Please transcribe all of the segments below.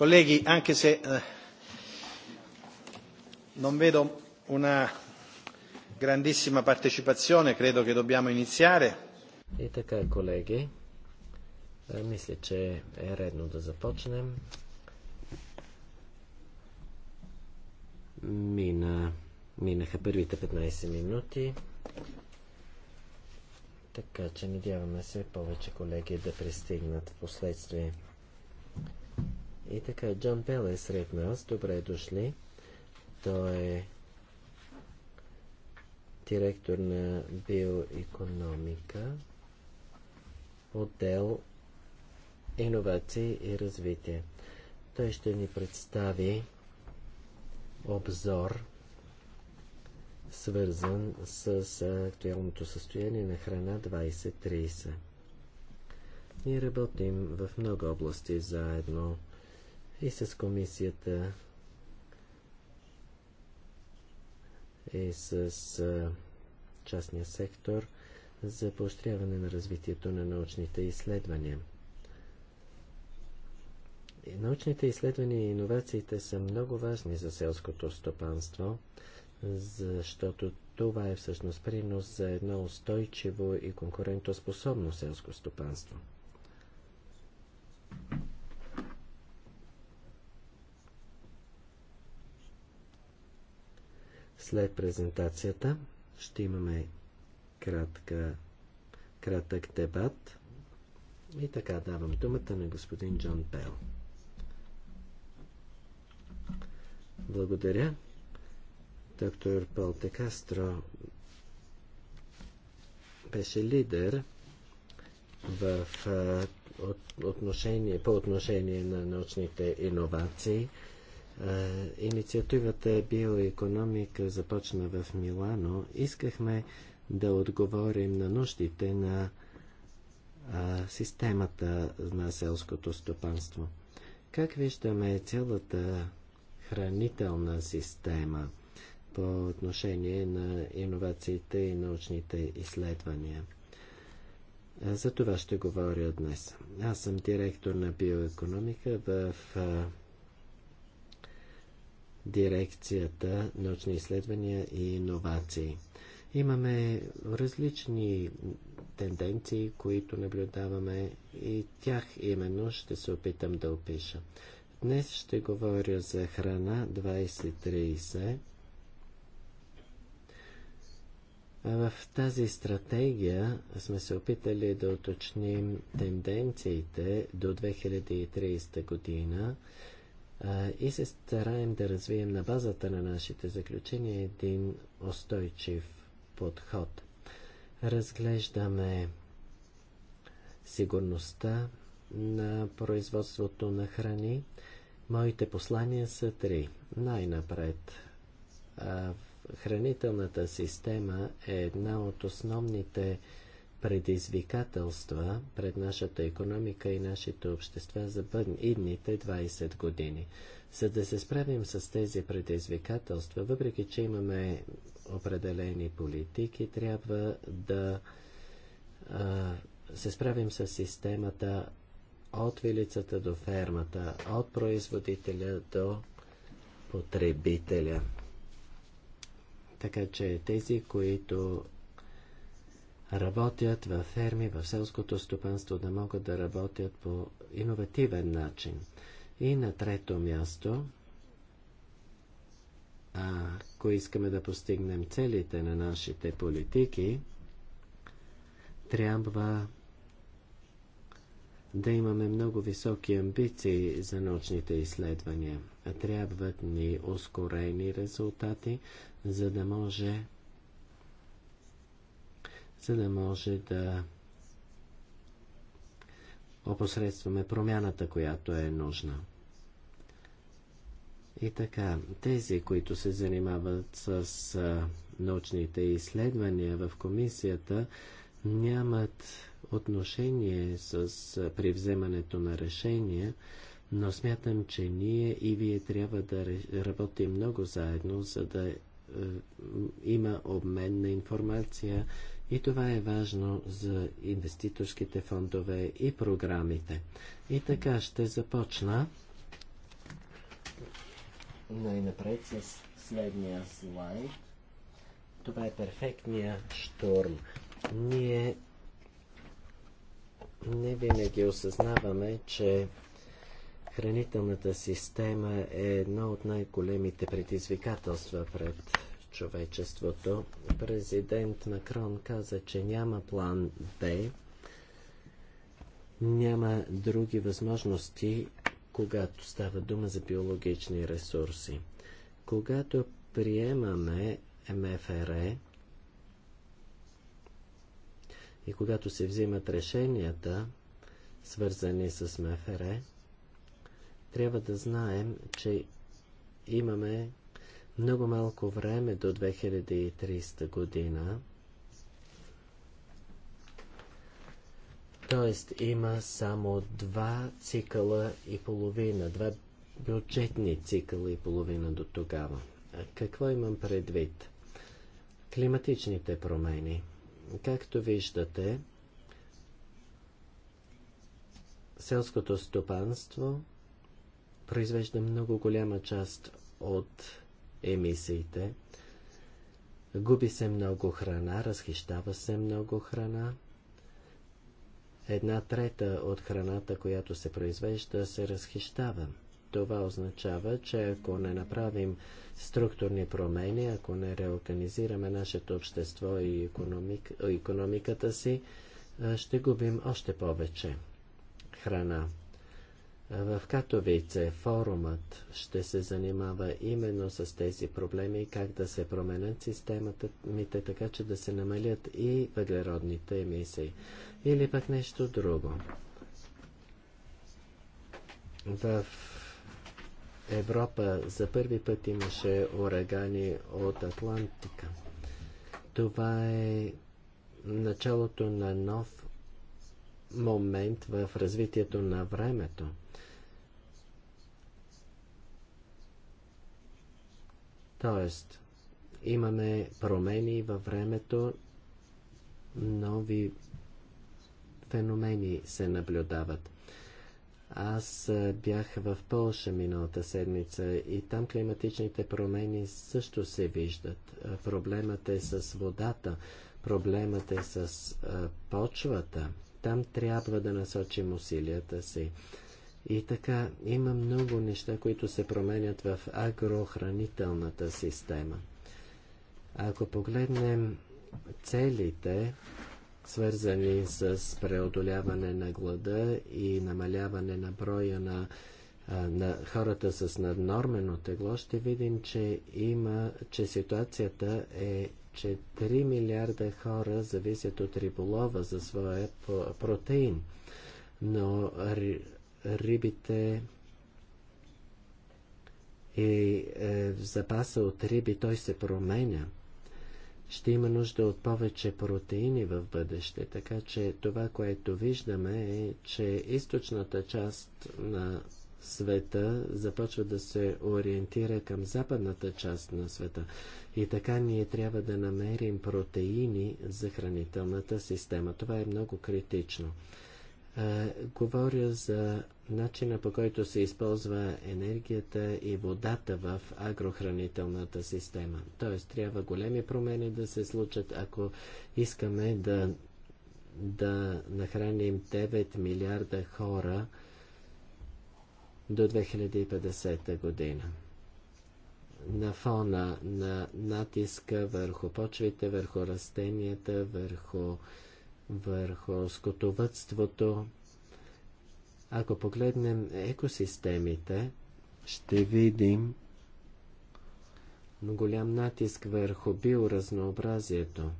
Colleghi, anche se eh, non vedo una grandissima partecipazione, credo che dobbiamo iniziare. И така, колеги, е, мисля, че е редно да започнем. Мина, минаха първите 15 минути. Така че надяваме се повече колеги да пристигнат в последствие. И така, Джон Бел е сред нас. Добре дошли. Той е директор на биоекономика, отдел иновации и развитие. Той ще ни представи обзор, свързан с актуалното състояние на храна 2030. Ние работим в много области заедно и с комисията и с частния сектор за поощряване на развитието на научните изследвания. И научните изследвания и иновациите са много важни за селското стопанство, защото това е всъщност принос за едно устойчиво и конкурентоспособно селско стопанство. След презентацията ще имаме кратка, кратък дебат. И така давам думата на господин Джон Пел. Благодаря. Доктор Пол Текастро беше лидер в отношение, по отношение на научните иновации. Е, инициативата е Биоекономика започна в Милано. Искахме да отговорим на нуждите на системата на селското стопанство. Как виждаме цялата хранителна система по отношение на иновациите и научните изследвания? Е, за това ще говоря днес. Аз съм директор на биоекономика в дирекцията научни изследвания и иновации. Имаме различни тенденции, които наблюдаваме и тях именно ще се опитам да опиша. Днес ще говоря за храна 2030. В тази стратегия сме се опитали да уточним тенденциите до 2030 година и се стараем да развием на базата на нашите заключения един устойчив подход. Разглеждаме сигурността на производството на храни. Моите послания са три. Най-напред хранителната система е една от основните предизвикателства пред нашата економика и нашите общества за идните 20 години. За да се справим с тези предизвикателства, въпреки че имаме определени политики, трябва да а, се справим с системата от вилицата до фермата, от производителя до потребителя. Така че тези, които работят във ферми, в селското стопанство, да могат да работят по иновативен начин. И на трето място, ако искаме да постигнем целите на нашите политики, трябва да имаме много високи амбиции за научните изследвания. Трябват ни ускорени резултати, за да може за да може да опосредстваме промяната, която е нужна. И така, тези, които се занимават с научните изследвания в комисията, нямат отношение с при вземането на решения, но смятам, че ние и вие трябва да работим много заедно, за да има обмен на информация и това е важно за инвеститорските фондове и програмите. И така ще започна най-напред с следния слайд. Това е перфектния шторм. Ние не винаги осъзнаваме, че хранителната система е едно от най-големите предизвикателства пред човечеството. Президент Макрон каза, че няма план Б, няма други възможности, когато става дума за биологични ресурси. Когато приемаме МФР и когато се взимат решенията, свързани с МФР, трябва да знаем, че имаме много малко време до 2300 година. Тоест има само два цикъла и половина, два бюджетни цикъла и половина до тогава. Какво имам предвид? Климатичните промени. Както виждате, селското стопанство произвежда много голяма част от емисиите. Губи се много храна, разхищава се много храна. Една трета от храната, която се произвежда, се разхищава. Това означава, че ако не направим структурни промени, ако не реорганизираме нашето общество и економик, економиката си, ще губим още повече храна. В Катовице форумът ще се занимава именно с тези проблеми и как да се променят мите, така че да се намалят и въглеродните емисии. Или пък нещо друго. В Европа за първи път имаше урагани от Атлантика. Това е началото на нов момент в развитието на времето. Тоест, имаме промени във времето, нови феномени се наблюдават. Аз бях в Польша миналата седмица и там климатичните промени също се виждат. Проблемът е с водата, проблемът е с почвата. Там трябва да насочим усилията си. И така, има много неща, които се променят в агрохранителната система. Ако погледнем целите, свързани с преодоляване на глада и намаляване на броя на, на хората с наднормено тегло, ще видим, че, има, че ситуацията е, че 3 милиарда хора зависят от риболова за своя протеин. Но рибите и е, запаса от риби, той се променя. Ще има нужда от повече протеини в бъдеще, така че това, което виждаме е, че източната част на света започва да се ориентира към западната част на света. И така ние трябва да намерим протеини за хранителната система. Това е много критично говоря за начина по който се използва енергията и водата в агрохранителната система. Тоест, трябва големи промени да се случат, ако искаме да, да нахраним 9 милиарда хора до 2050 година. На фона на натиска върху почвите, върху растенията, върху върху скотовътството. Ако погледнем екосистемите, ще видим голям натиск върху биоразнообразието.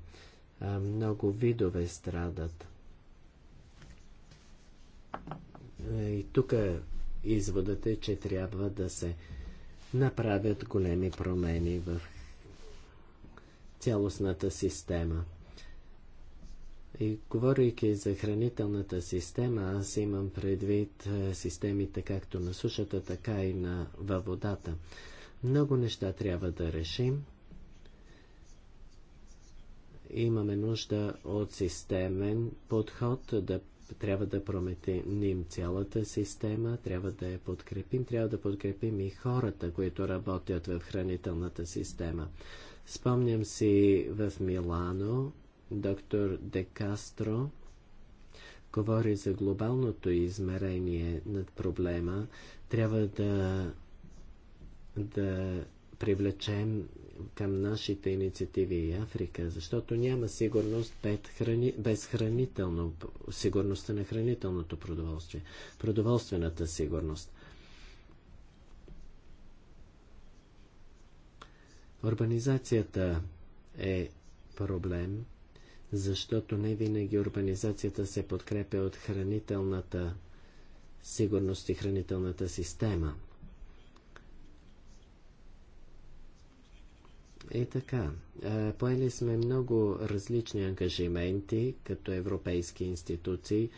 Много видове страдат. Е, и тук изводът е, че трябва да се направят големи промени в цялостната система. И говорейки за хранителната система, аз имам предвид е, системите както на сушата, така и на във водата. Много неща трябва да решим. Имаме нужда от системен подход, да трябва да променим цялата система, трябва да я подкрепим, трябва да подкрепим и хората, които работят в хранителната система. Спомням си в Милано, Доктор Де Кастро говори за глобалното измерение над проблема. Трябва да, да привлечем към нашите инициативи и Африка, защото няма сигурност без, храни, без хранително, сигурността на хранителното продоволствие, продоволствената сигурност. Урбанизацията е проблем, защото не винаги урбанизацията се подкрепя от хранителната сигурност и хранителната система. И така, поели сме много различни ангажименти като европейски институции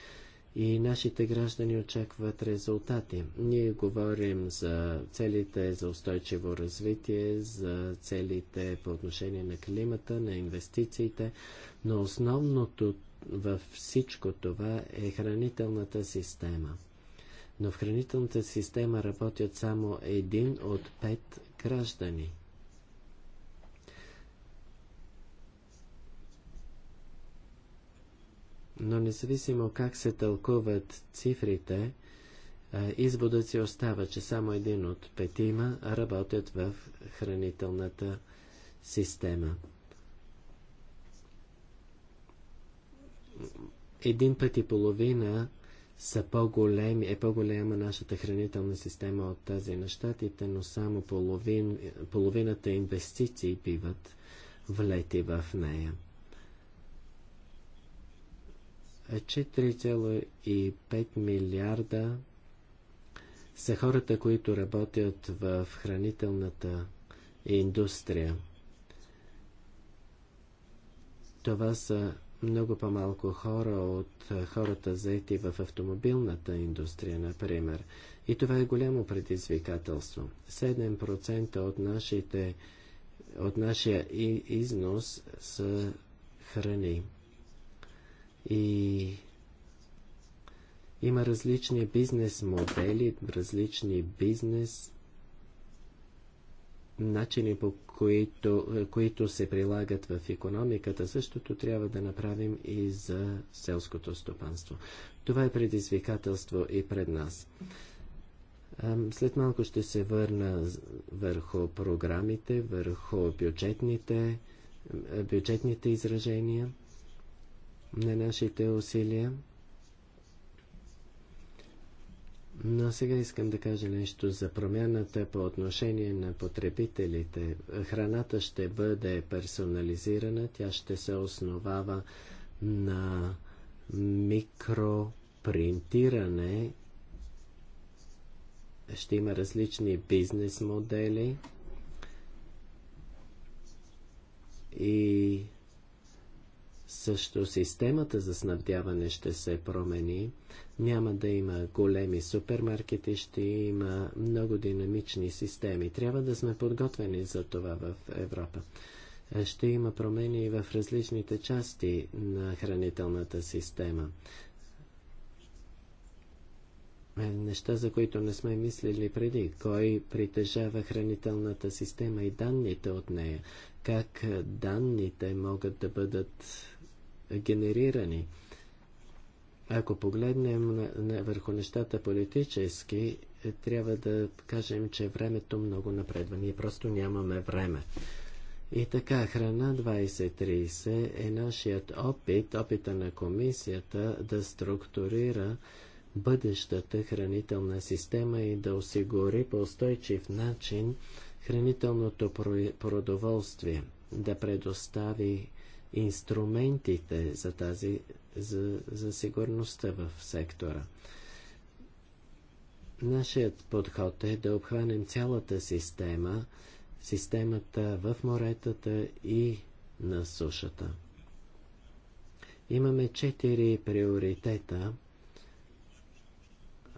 и нашите граждани очакват резултати. Ние говорим за целите за устойчиво развитие, за целите по отношение на климата, на инвестициите, но основното във всичко това е хранителната система. Но в хранителната система работят само един от пет граждани – Но независимо как се тълкуват цифрите, е, изводът си остава, че само един от петима работят в хранителната система. Един път и половина са по-големи, е по-голяма нашата хранителна система от тази на щатите, но само половин, половината инвестиции биват влети в нея. 4,5 милиарда са хората, които работят в хранителната индустрия. Това са много по-малко хора от хората заети в автомобилната индустрия, например. И това е голямо предизвикателство. 7% от, нашите, от нашия износ са храни. И има различни бизнес модели, различни бизнес начини, по които, които се прилагат в економиката. Същото трябва да направим и за селското стопанство. Това е предизвикателство и пред нас. След малко ще се върна върху програмите, върху бюджетните, бюджетните изражения на нашите усилия. Но сега искам да кажа нещо за промяната по отношение на потребителите. Храната ще бъде персонализирана, тя ще се основава на микропринтиране. Ще има различни бизнес модели и също системата за снабдяване ще се промени. Няма да има големи супермаркети, ще има много динамични системи. Трябва да сме подготвени за това в Европа. Е, ще има промени и в различните части на хранителната система. Е, неща, за които не сме мислили преди. Кой притежава хранителната система и данните от нея? Как данните могат да бъдат генерирани. Ако погледнем на, на, върху нещата политически, е, трябва да кажем, че времето много напредва. Ние просто нямаме време. И така, храна 2030 е нашият опит, опита на комисията да структурира бъдещата хранителна система и да осигури по устойчив начин хранителното продоволствие, да предостави инструментите за, тази, за, за сигурността в сектора. Нашият подход е да обхванем цялата система, системата в моретата и на сушата. Имаме четири приоритета.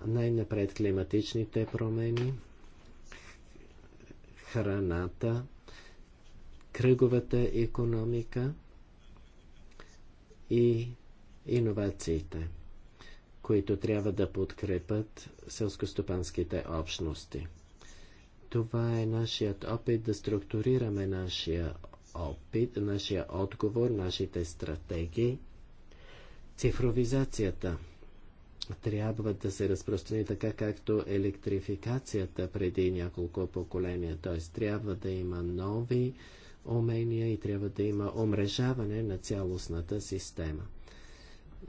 Най-напред климатичните промени, храната, кръговата економика – и иновациите, които трябва да подкрепят селскостопанските общности. Това е нашият опит да структурираме нашия опит, нашия отговор, нашите стратегии. Цифровизацията трябва да се разпространи така, както електрификацията преди няколко поколения. Т.е. трябва да има нови умения и трябва да има омрежаване на цялостната система.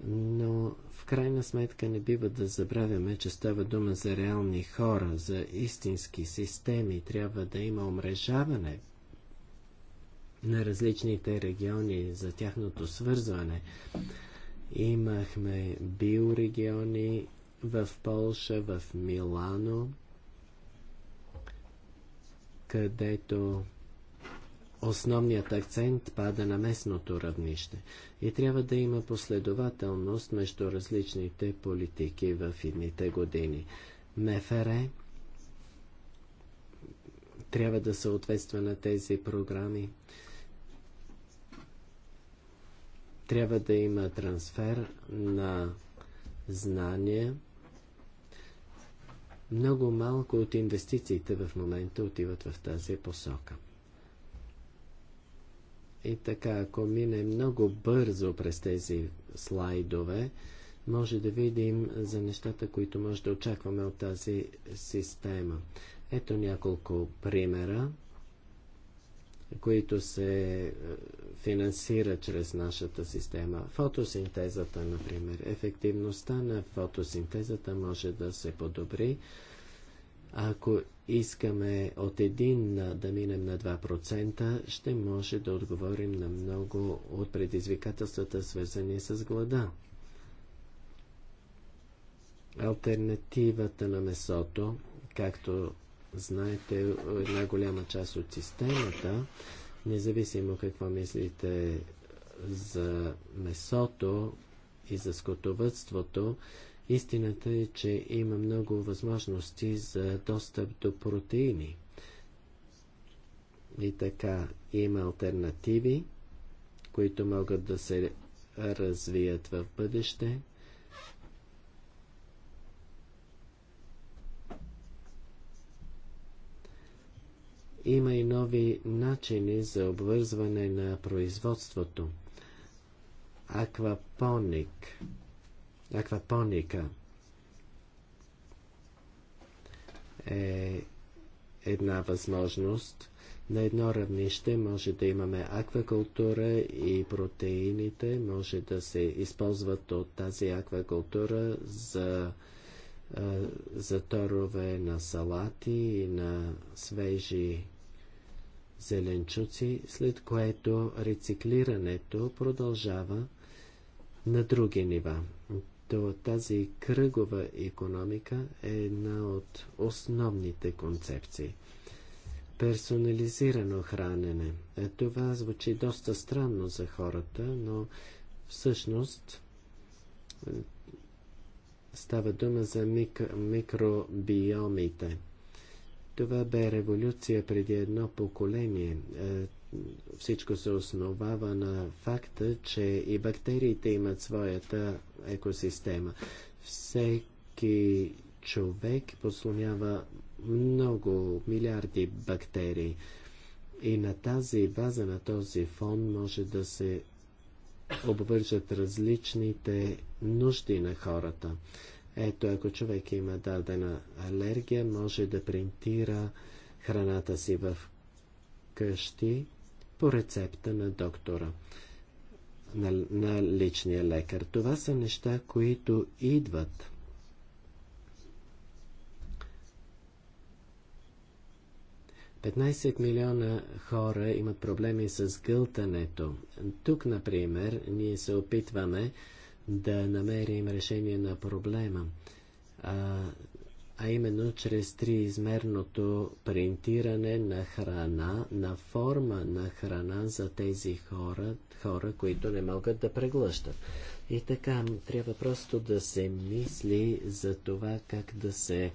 Но в крайна сметка не бива да забравяме, че става дума за реални хора, за истински системи. Трябва да има омрежаване на различните региони, за тяхното свързване. Имахме биорегиони в Полша, в Милано, където основният акцент пада на местното равнище и трябва да има последователност между различните политики в едните години. МФР трябва да съответства на тези програми. Трябва да има трансфер на знания. Много малко от инвестициите в момента отиват в тази посока. И така, ако мине много бързо през тези слайдове, може да видим за нещата, които може да очакваме от тази система. Ето няколко примера, които се е, финансира чрез нашата система. Фотосинтезата, например. Ефективността на фотосинтезата може да се подобри, ако искаме от 1 на, да минем на 2%, ще може да отговорим на много от предизвикателствата, свързани с глада. Альтернативата на месото, както знаете, една голяма част от системата, независимо какво мислите за месото и за скотовътството, Истината е, че има много възможности за достъп до протеини. И така има альтернативи, които могат да се развият в бъдеще. Има и нови начини за обвързване на производството. Аквапоник – Аквапоника е една възможност. На едно равнище може да имаме аквакултура и протеините може да се използват от тази аквакултура за, за торове на салати и на свежи зеленчуци, след което рециклирането продължава на други нива. Следователно тази кръгова економика е една от основните концепции. Персонализирано хранене. Е, това звучи доста странно за хората, но всъщност е, става дума за мик... микробиомите. Това бе революция преди едно поколение. Е, всичко се основава на факта, че и бактериите имат своята екосистема. Всеки човек послонява много милиарди бактерии. И на тази база, на този фон може да се обвържат различните нужди на хората. Ето, ако човек има дадена алергия, може да принтира храната си в къщи по рецепта на доктора, на, на личния лекар. Това са неща, които идват. Петнайсет милиона хора имат проблеми с гълтането. Тук, например, ние се опитваме да намерим решение на проблема. А, а именно чрез триизмерното принтиране на храна, на форма на храна за тези хора, хора, които не могат да преглъщат. И така, трябва просто да се мисли за това как да се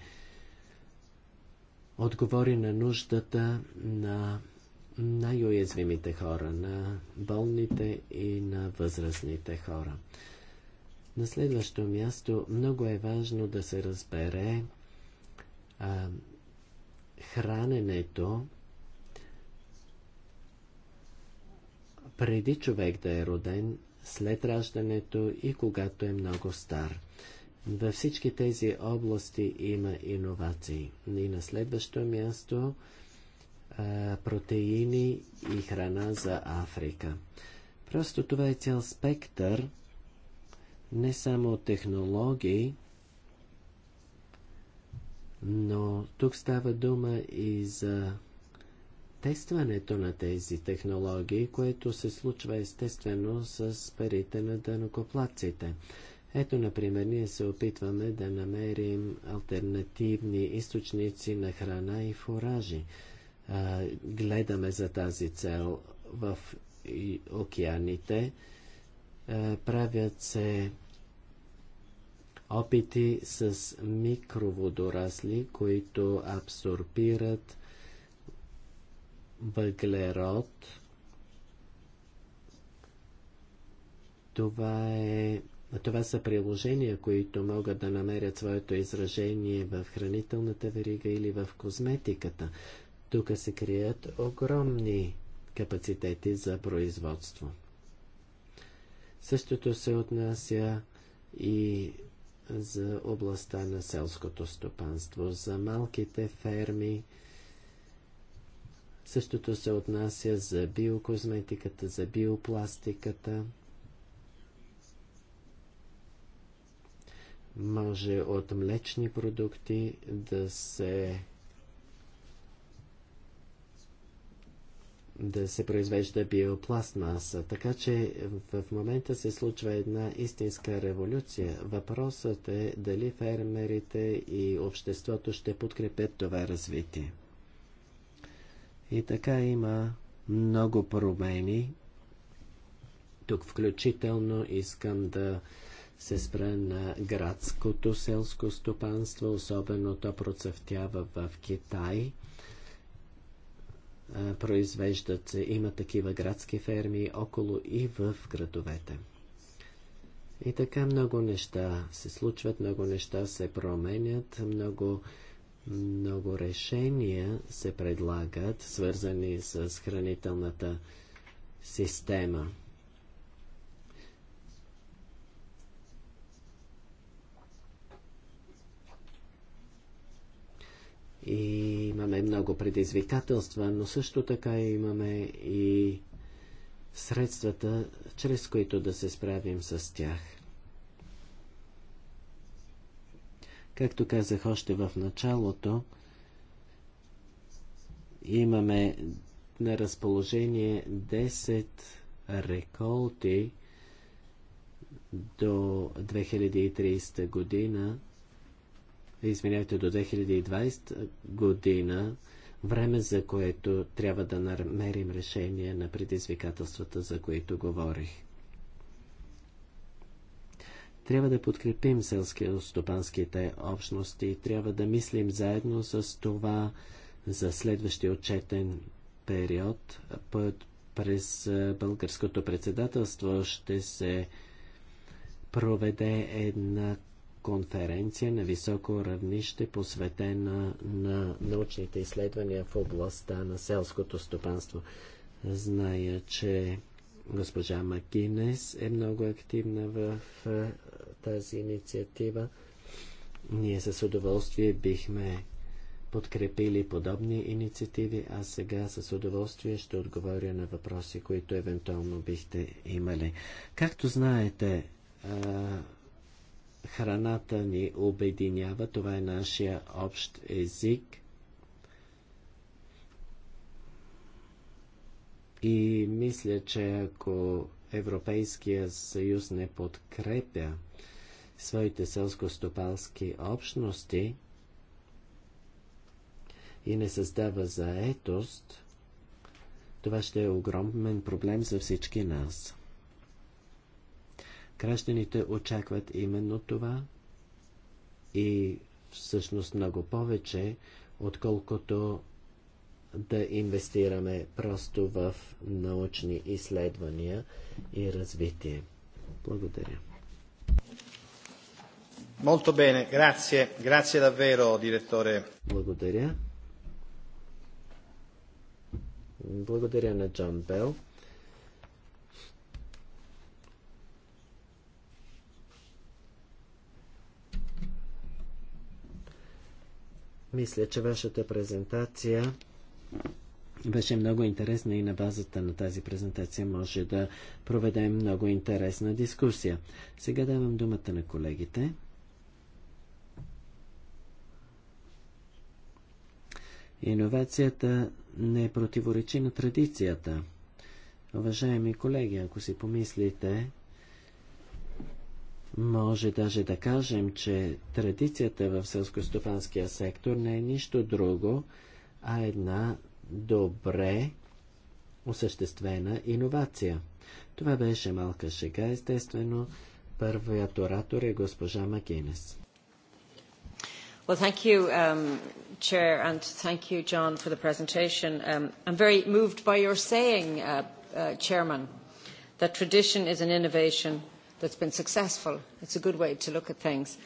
отговори на нуждата на най-уязвимите хора, на болните и на възрастните хора. На следващо място много е важно да се разбере а, храненето преди човек да е роден, след раждането и когато е много стар. Във всички тези области има иновации. И на следващо място а, протеини и храна за Африка. Просто това е цял спектър не само технологии, но тук става дума и за тестването на тези технологии, което се случва естествено с парите на дънокоплаците. Ето, например, ние се опитваме да намерим альтернативни източници на храна и фуражи. А, гледаме за тази цел в океаните. А, правят се опити с микроводорасли, които абсорбират въглерод. Това, е, това са приложения, които могат да намерят своето изражение в хранителната верига или в козметиката. Тук се крият огромни капацитети за производство. Същото се отнася и за областта на селското стопанство, за малките ферми. Същото се отнася за биокозметиката, за биопластиката. Може от млечни продукти да се да се произвежда биопластмаса. Така че в момента се случва една истинска революция. Въпросът е дали фермерите и обществото ще подкрепят това развитие. И така има много промени. Тук включително искам да се спра на градското селско стопанство, особено то процъфтява в Китай – произвеждат се. Има такива градски ферми около и в градовете. И така много неща се случват, много неща се променят, много, много решения се предлагат, свързани с хранителната система. и имаме много предизвикателства, но също така имаме и средствата, чрез които да се справим с тях. Както казах още в началото, имаме на разположение 10 реколти до 2030 година извинявайте, до 2020 година, време за което трябва да намерим решение на предизвикателствата, за които говорих. Трябва да подкрепим селски-стопанските общности и трябва да мислим заедно с това за следващия отчетен период. През българското председателство ще се проведе една конференция на високо равнище, посветена на научните изследвания в областта на селското стопанство. Зная, че госпожа Макинес е много активна в тази инициатива. Ние с удоволствие бихме подкрепили подобни инициативи, а сега с удоволствие ще отговоря на въпроси, които евентуално бихте имали. Както знаете, храната ни обединява, това е нашия общ език. И мисля, че ако Европейския съюз не подкрепя своите селско-стопалски общности и не създава заетост, това ще е огромен проблем за всички нас. Гражданите очакват именно това и всъщност много повече, отколкото да инвестираме просто в научни изследвания и развитие. Благодаря. Molto bene, grazie, grazie davvero, direttore. Благодаря. Благодаря на Джон Бел. Мисля, че вашата презентация беше много интересна и на базата на тази презентация може да проведем много интересна дискусия. Сега давам думата на колегите. Иновацията не противоречи на традицията. Уважаеми колеги, ако си помислите, може даже да кажем, че традицията в селскостопанския сектор не е нищо друго, а една добре осъществена иновация. Това беше малка шега, естествено. Първият оратор е госпожа Магинес. Well, thank you, um, Chair, and thank you, John, for the presentation. Um, I'm very moved by your saying, uh, uh, Chairman, that tradition is an innovation – that's been successful. It's a good way to look at things.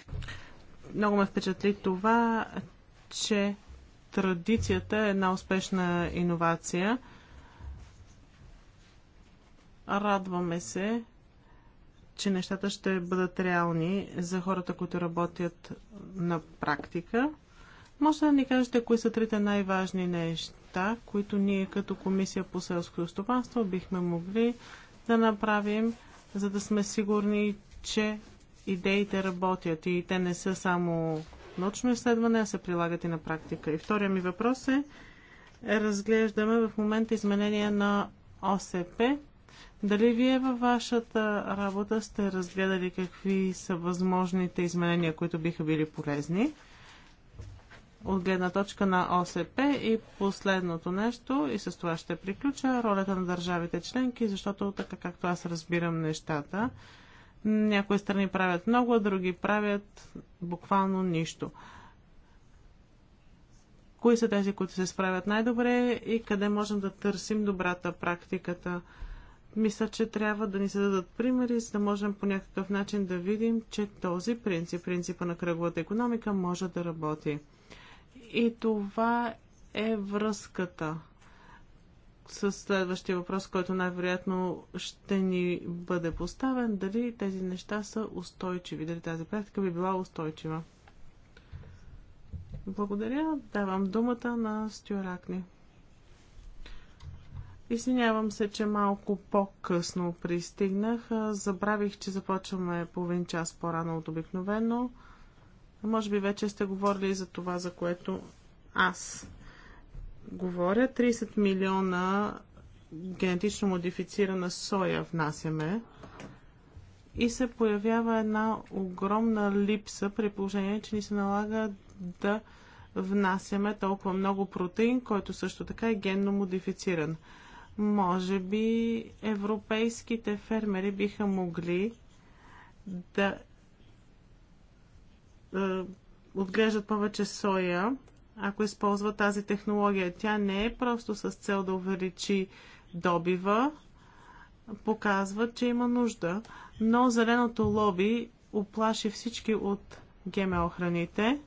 Много ме впечатли това, че традицията е една успешна иновация. Радваме се, че нещата ще бъдат реални за хората, които работят на практика. Може да ни кажете кои са трите най-важни неща, които ние като Комисия по селско стопанство бихме могли да направим, за да сме сигурни, че идеите работят и те не са само научно изследване, а се прилагат и на практика. И втория ми въпрос е, разглеждаме в момента изменения на ОСП. Дали вие във вашата работа сте разгледали какви са възможните изменения, които биха били полезни? от гледна точка на ОСП и последното нещо, и с това ще приключа, ролята на държавите членки, защото така както аз разбирам нещата, някои страни правят много, а други правят буквално нищо. Кои са тези, които се справят най-добре и къде можем да търсим добрата практиката? Мисля, че трябва да ни се дадат примери, за да можем по някакъв начин да видим, че този принцип, принципа на кръговата економика, може да работи. И това е връзката с следващия въпрос, който най-вероятно ще ни бъде поставен. Дали тези неща са устойчиви? Дали тази практика би била устойчива? Благодаря. Давам думата на Стюракни. Извинявам се, че малко по-късно пристигнах. Забравих, че започваме половин час по-рано от обикновено. Може би вече сте говорили за това, за което аз говоря. 30 милиона генетично модифицирана соя внасяме и се появява една огромна липса при положение, че ни се налага да внасяме толкова много протеин, който също така е генно модифициран. Може би европейските фермери биха могли да е, отглеждат повече соя, ако използват тази технология. Тя не е просто с цел да увеличи добива, показва, че има нужда, но зеленото лоби оплаши всички от ГМО храните.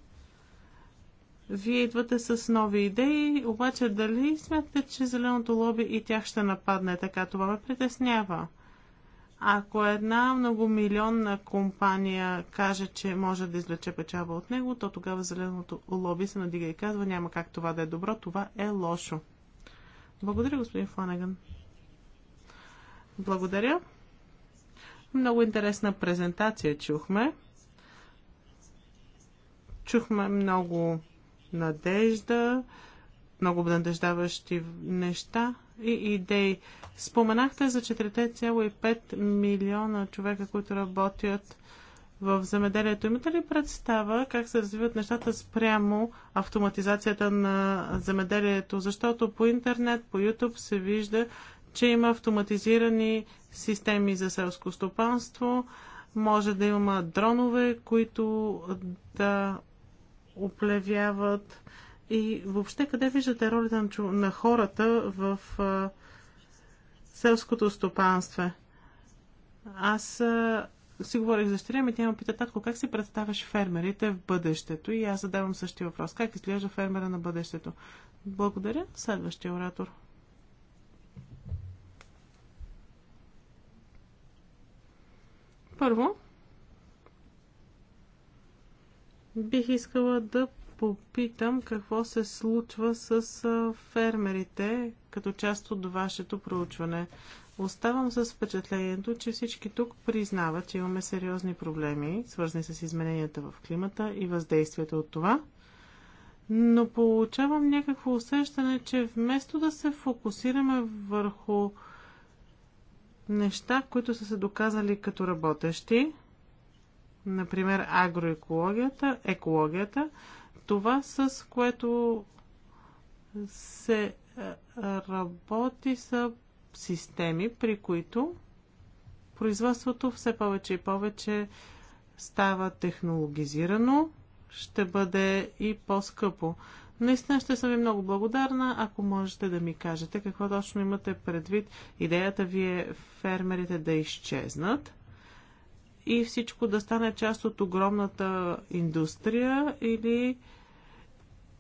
Вие идвате с нови идеи, обаче дали смятате, че зеленото лоби и тях ще нападне така? Това ме притеснява. Ако една многомилионна компания каже, че може да извлече печалба от него, то тогава зеленото лоби се надига и казва, няма как това да е добро, това е лошо. Благодаря, господин Фланеган. Благодаря. Много интересна презентация чухме. Чухме много надежда, много надеждаващи неща и идеи. Споменахте за 4,5 милиона човека, които работят в земеделието. Имате ли представа как се развиват нещата спрямо автоматизацията на земеделието? Защото по интернет, по YouTube се вижда, че има автоматизирани системи за селско стопанство, може да има дронове, които да оплевяват и въобще къде виждате ролята на, на хората в а, селското стопанство? Аз а, си говорих за дъщеря ми, тя ме пита, татко, как си представяш фермерите в бъдещето? И аз задавам същия въпрос. Как изглежда фермера на бъдещето? Благодаря. Следващия оратор. Първо, бих искала да попитам какво се случва с фермерите като част от вашето проучване. Оставам с впечатлението, че всички тук признават, че имаме сериозни проблеми, свързани с измененията в климата и въздействието от това. Но получавам някакво усещане, че вместо да се фокусираме върху неща, които са се доказали като работещи, например агроекологията, екологията, това, с което се е, работи, са системи, при които производството все повече и повече става технологизирано, ще бъде и по-скъпо. Наистина ще съм ви много благодарна, ако можете да ми кажете какво точно имате предвид. Идеята ви е фермерите да изчезнат и всичко да стане част от огромната индустрия или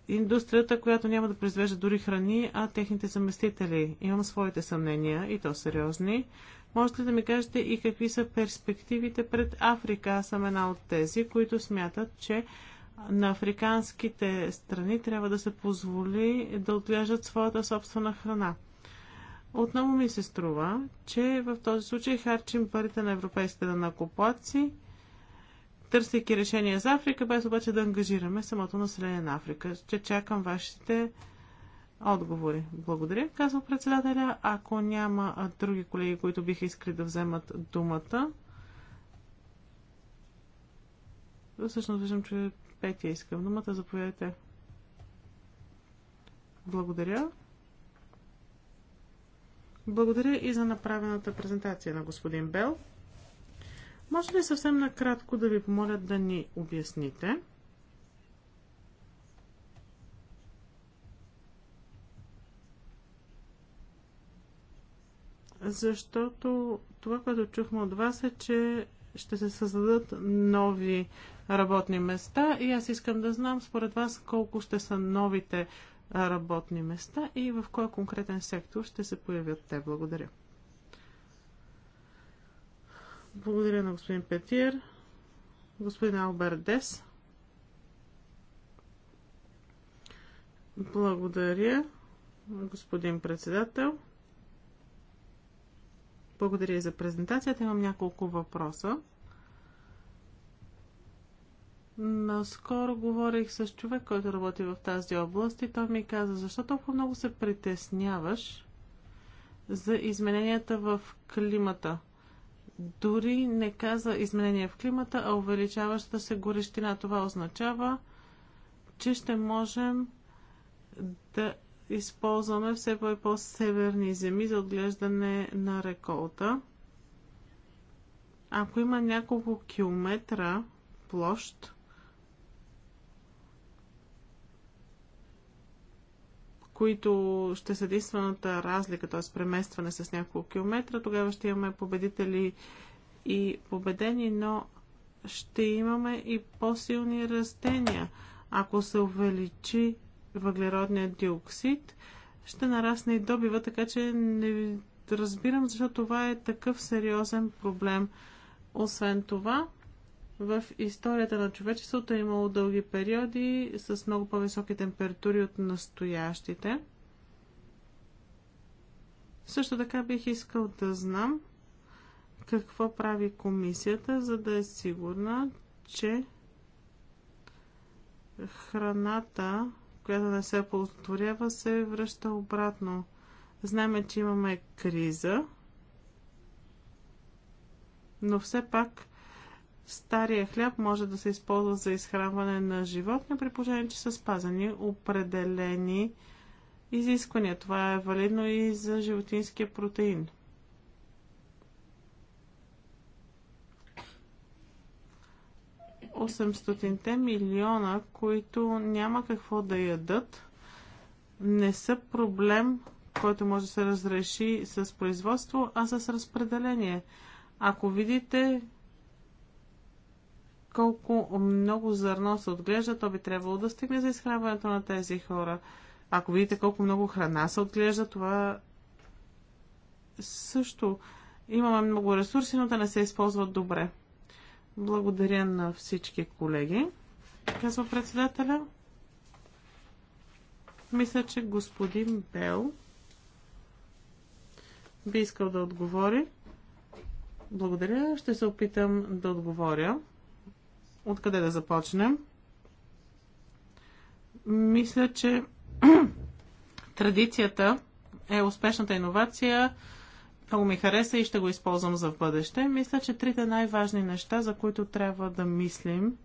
индустрията, която няма да произвежда дори храни, а техните заместители. Имам своите съмнения и то сериозни. Можете ли да ми кажете и какви са перспективите пред Африка? Аз съм една от тези, които смятат, че на африканските страни трябва да се позволи да отглеждат своята собствена храна. Отново ми се струва, че в този случай харчим парите на европейските данакоплатци – търсейки решение за Африка, без обаче да ангажираме самото население на Африка. Ще чакам вашите отговори. Благодаря, казва председателя. Ако няма други колеги, които биха искали да вземат думата, всъщност виждам, че Петя искам думата. Заповядайте. Благодаря. Благодаря и за направената презентация на господин Бел. Може ли съвсем накратко да ви помоля да ни обясните? Защото това, което чухме от вас е, че ще се създадат нови работни места и аз искам да знам според вас колко ще са новите работни места и в кой конкретен сектор ще се появят те. Благодаря. Благодаря на господин Петир. Господин Албер Дес. Благодаря, господин председател. Благодаря и за презентацията. Имам няколко въпроса. Наскоро говорих с човек, който работи в тази област и той ми каза, защо толкова много се притесняваш за измененията в климата? дори не каза изменение в климата, а увеличаваща се горещина. Това означава, че ще можем да използваме все по- по-северни земи за отглеждане на реколта. Ако има няколко километра площ, които ще са единствената разлика, т.е. преместване с няколко километра, тогава ще имаме победители и победени, но ще имаме и по-силни растения. Ако се увеличи въглеродният диоксид, ще нарасне и добива, така че не разбирам защо това е такъв сериозен проблем. Освен това, в историята на човечеството е имало дълги периоди с много по-високи температури от настоящите. Също така бих искал да знам какво прави комисията, за да е сигурна, че храната, която не се оползотворява, се връща обратно. Знаме, че имаме криза, но все пак стария хляб може да се използва за изхранване на животни, при положение, че са спазани определени изисквания. Това е валидно и за животинския протеин. Осемстотинте милиона, които няма какво да ядат, не са проблем, който може да се разреши с производство, а с разпределение. Ако видите колко много зърно се отглежда, то би трябвало да стигне за изхранването на тези хора. Ако видите колко много храна се отглежда, това също имаме много ресурси, но да не се използват добре. Благодаря на всички колеги, казва председателя. Мисля, че господин Бел би искал да отговори. Благодаря. Ще се опитам да отговоря. Откъде да започнем? Мисля, че традицията е успешната иновация. Много ми хареса и ще го използвам за в бъдеще. Мисля, че трите най-важни неща, за които трябва да мислим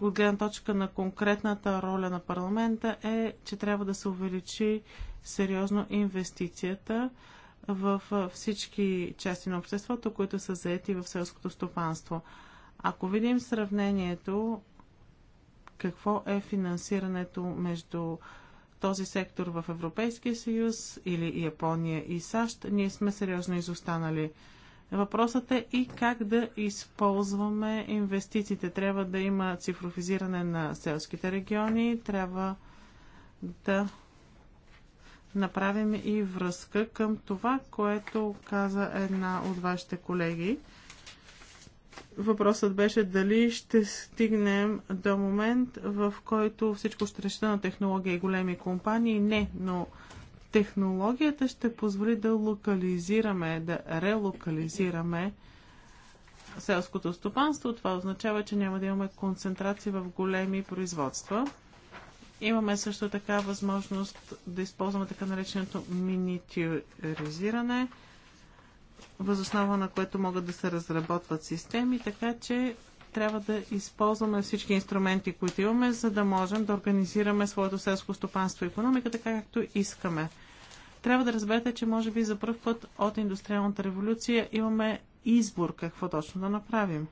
от гледна точка на конкретната роля на парламента е, че трябва да се увеличи сериозно инвестицията в всички части на обществото, които са заети в селското стопанство. Ако видим сравнението, какво е финансирането между този сектор в Европейския съюз или Япония и САЩ, ние сме сериозно изостанали. Въпросът е и как да използваме инвестициите. Трябва да има цифровизиране на селските региони, трябва да направим и връзка към това, което каза една от вашите колеги. Въпросът беше дали ще стигнем до момент, в който всичко ще реши на технология и големи компании. Не, но технологията ще позволи да локализираме, да релокализираме селското стопанство. Това означава, че няма да имаме концентрация в големи производства. Имаме също така възможност да използваме така нареченото минитюризиране, възоснова на което могат да се разработват системи, така че трябва да използваме всички инструменти, които имаме, за да можем да организираме своето селско стопанство и економика така, както искаме. Трябва да разберете, че може би за първ път от индустриалната революция имаме избор какво точно да направим.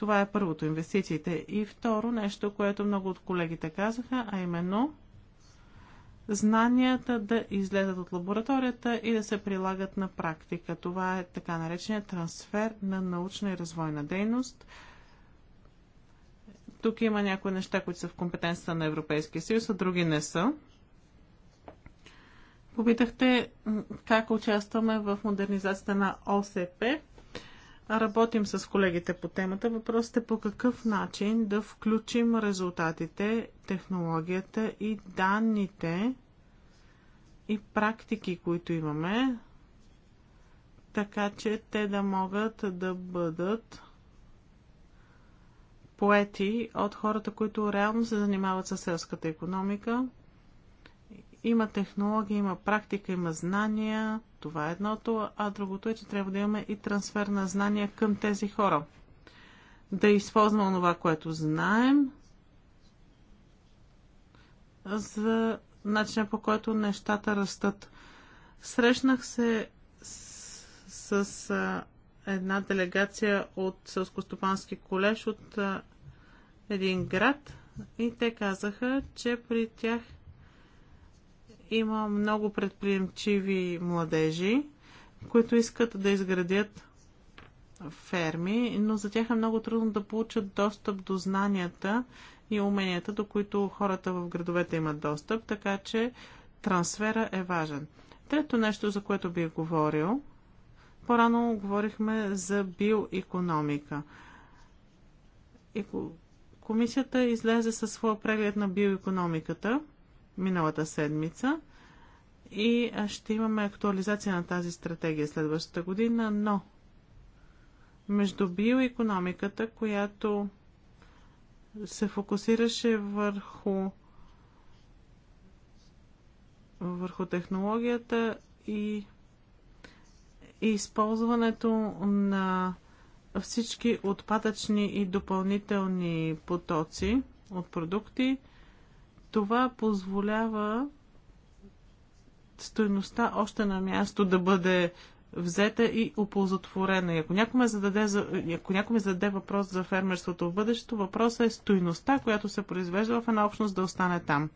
Това е първото, инвестициите. И второ, нещо, което много от колегите казаха, а именно знанията да излезат от лабораторията и да се прилагат на практика. Това е така наречения трансфер на научна и развойна дейност. Тук има някои неща, които са в компетенцията на Европейския съюз, а други не са. Попитахте как участваме в модернизацията на ОСП. Работим с колегите по темата. Въпросът е по какъв начин да включим резултатите, технологията и данните и практики, които имаме, така че те да могат да бъдат поети от хората, които реално се занимават с селската економика. Има технология, има практика, има знания, това е едното, а другото е, че трябва да имаме и трансфер на знания към тези хора. Да използваме това, което знаем, за начина по който нещата растат. Срещнах се с, с а, една делегация от Сълскостопански колеж от а, един град и те казаха, че при тях – има много предприемчиви младежи, които искат да изградят ферми, но за тях е много трудно да получат достъп до знанията и уменията, до които хората в градовете имат достъп, така че трансфера е важен. Трето нещо, за което бих говорил, по-рано говорихме за биоекономика. Комисията излезе със своя преглед на биоекономиката – миналата седмица и ще имаме актуализация на тази стратегия следващата година, но между биоекономиката, която се фокусираше върху върху технологията и, и използването на всички отпадъчни и допълнителни потоци от продукти – това позволява стоеността още на място да бъде взета и оползотворена. И ако някой зададе, ако някой зададе въпрос за фермерството в бъдещето, въпросът е стоеността, която се произвежда в една общност да остане там.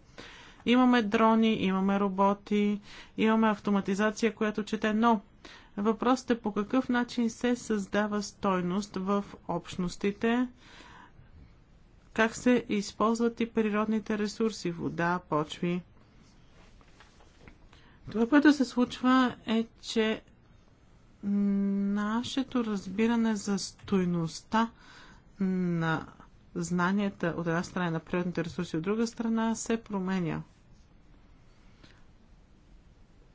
Имаме дрони, имаме роботи, имаме автоматизация, която чете, но въпросът е по какъв начин се създава стойност в общностите, как се използват и природните ресурси вода, почви. Това, което се случва е, че нашето разбиране за стойността на знанията от една страна на природните ресурси, от друга страна се променя.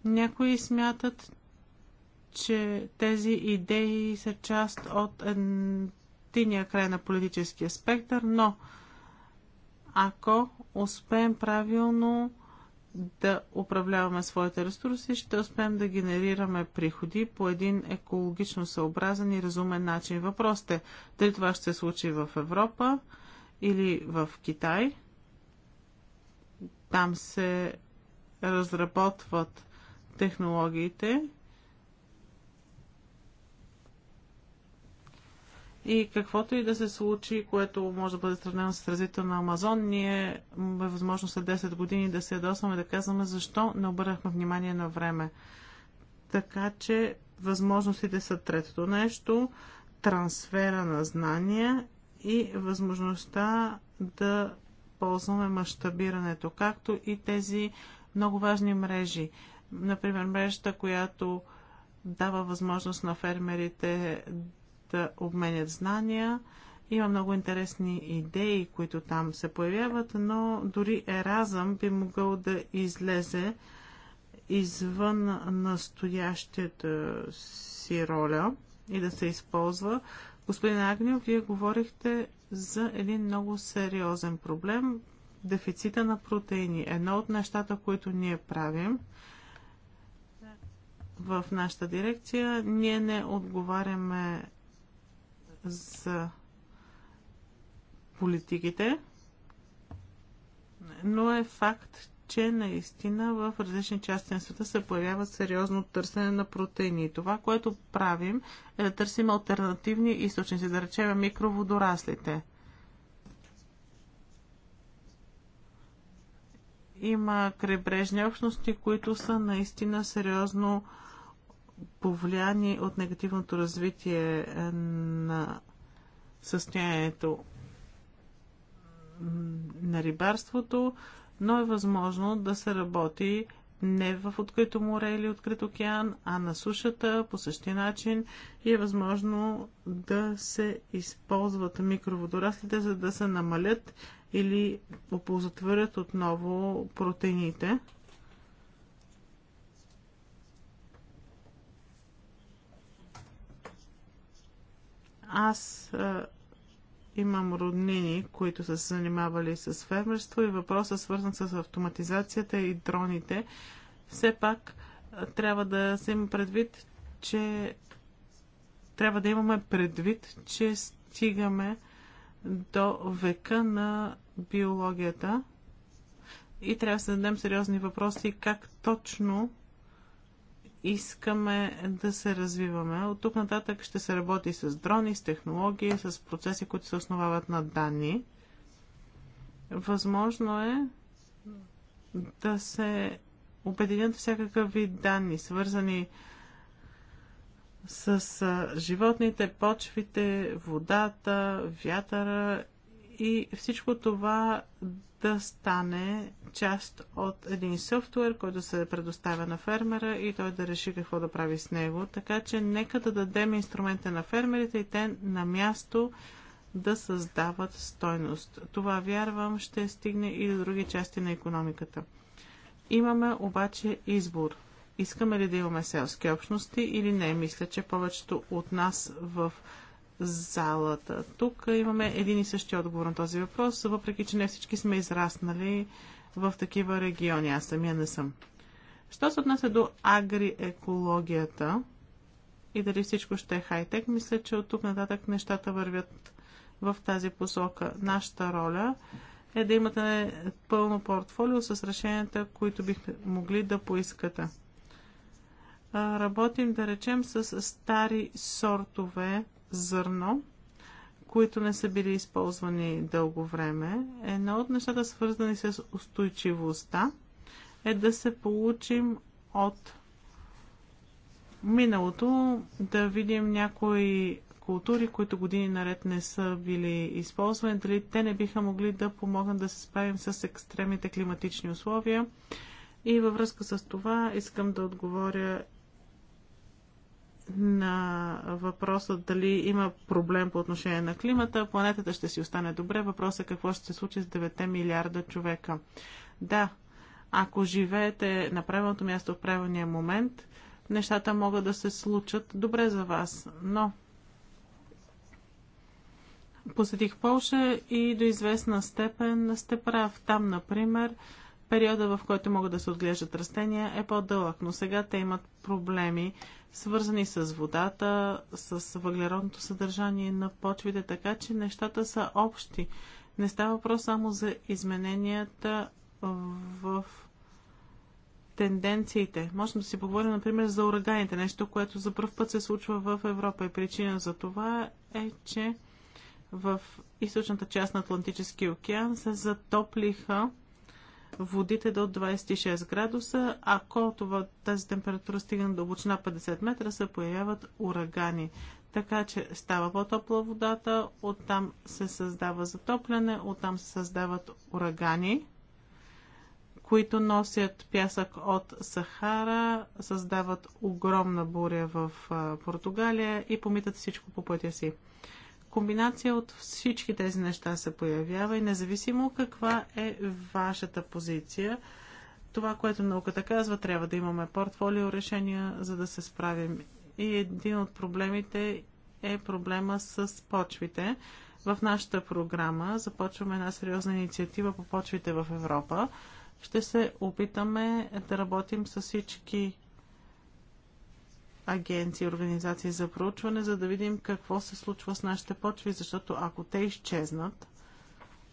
Някои смятат, че тези идеи са част от крайния край на политическия спектър, но ако успеем правилно да управляваме своите ресурси, ще успеем да генерираме приходи по един екологично съобразен и разумен начин. Въпросът е дали това ще се случи в Европа или в Китай. Там се разработват технологиите, И каквото и да се случи, което може да бъде сравнено с развитието на Амазон, ние е възможно след 10 години да се ядосваме да казваме защо не обърнахме внимание на време. Така че възможностите са третото нещо, трансфера на знания и възможността да ползваме мащабирането, както и тези много важни мрежи. Например, мрежата, която дава възможност на фермерите да обменят знания. Има много интересни идеи, които там се появяват, но дори Еразъм би могъл да излезе извън настоящата е, си роля и да се използва. Господин Агнио, вие говорихте за един много сериозен проблем – дефицита на протеини. Едно от нещата, които ние правим в нашата дирекция, ние не отговаряме за политиките, но е факт, че наистина в различни части на света се появява сериозно търсене на протеини. това, което правим, е да търсим альтернативни източници, да речем микроводораслите. Има крайбрежни общности, които са наистина сериозно повлияни от негативното развитие е, на състоянието на рибарството, но е възможно да се работи не в открито море или открит океан, а на сушата по същия начин и е възможно да се използват микроводораслите, за да се намалят или оползотворят отново протеините. Аз а, имам роднини, които са се занимавали с фермерство и въпроса, е свързан с автоматизацията и дроните. Все пак а, трябва да се има предвид, че трябва да имаме предвид, че стигаме до века на биологията и трябва да се зададем сериозни въпроси как точно искаме да се развиваме. От тук нататък ще се работи с дрони, с технологии, с процеси, които се основават на данни. Възможно е да се обединят всякакъв вид данни, свързани с животните, почвите, водата, вятъра и всичко това да стане част от един софтуер, който се предоставя на фермера и той да реши какво да прави с него. Така че нека да дадем инструмента на фермерите и те на място да създават стойност. Това, вярвам, ще стигне и до други части на економиката. Имаме обаче избор. Искаме ли да имаме селски общности или не? Мисля, че повечето от нас в залата. Тук имаме един и същи отговор на този въпрос, въпреки че не всички сме израснали в такива региони. Аз самия не съм. Що се отнася до агриекологията и дали всичко ще е хай-тек, мисля, че от тук нататък нещата вървят в тази посока. Нашата роля е да имате пълно портфолио с решенията, които бихте могли да поискате. Работим, да речем, с стари сортове зърно, които не са били използвани дълго време. Едно от нещата, свързани с устойчивостта, е да се получим от миналото, да видим някои култури, които години наред не са били използвани, дали те не биха могли да помогнат да се справим с екстремните климатични условия. И във връзка с това искам да отговоря на въпроса дали има проблем по отношение на климата. Планетата ще си остане добре. Въпросът е какво ще се случи с 9 милиарда човека. Да, ако живеете на правилното място в правилния момент, нещата могат да се случат добре за вас. Но посетих Полша и до известна степен сте прав. Там, например, периода, в който могат да се отглеждат растения е по-дълъг, но сега те имат проблеми свързани с водата, с въглеродното съдържание на почвите, така че нещата са общи. Не става въпрос само за измененията в тенденциите. Можем да си поговорим, например, за ураганите, нещо, което за първ път се случва в Европа. И причина за това е, че в източната част на Атлантическия океан се затоплиха водите до 26 градуса. Ако това, тази температура стигне до дълбочина 50 метра, се появяват урагани. Така че става по-топла водата, оттам се създава затопляне, оттам се създават урагани, които носят пясък от Сахара, създават огромна буря в Португалия и помитат всичко по пътя си. Комбинация от всички тези неща се появява и независимо каква е вашата позиция, това, което науката казва, трябва да имаме портфолио решения, за да се справим. И един от проблемите е проблема с почвите. В нашата програма започваме една сериозна инициатива по почвите в Европа. Ще се опитаме да работим с всички агенции организации за проучване, за да видим какво се случва с нашите почви, защото ако те изчезнат,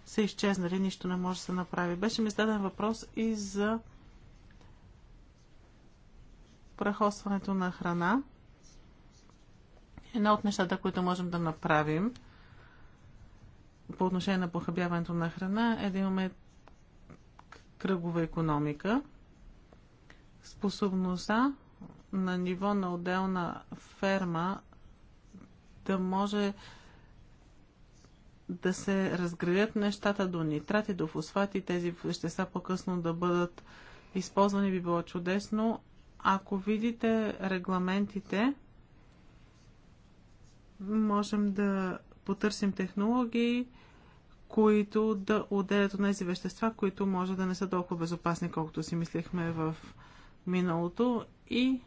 са изчезнали, нищо не може да се направи. Беше ми зададен въпрос и за прахосването на храна. Една от нещата, които можем да направим по отношение на похабяването на храна е да имаме кръгова економика. Способността на ниво на отделна ферма да може да се разградят нещата до нитрати, до фосфати, тези вещества по-късно да бъдат използвани би било чудесно. Ако видите регламентите, можем да потърсим технологии, които да отделят от тези вещества, които може да не са толкова безопасни, колкото си мислихме, в миналото и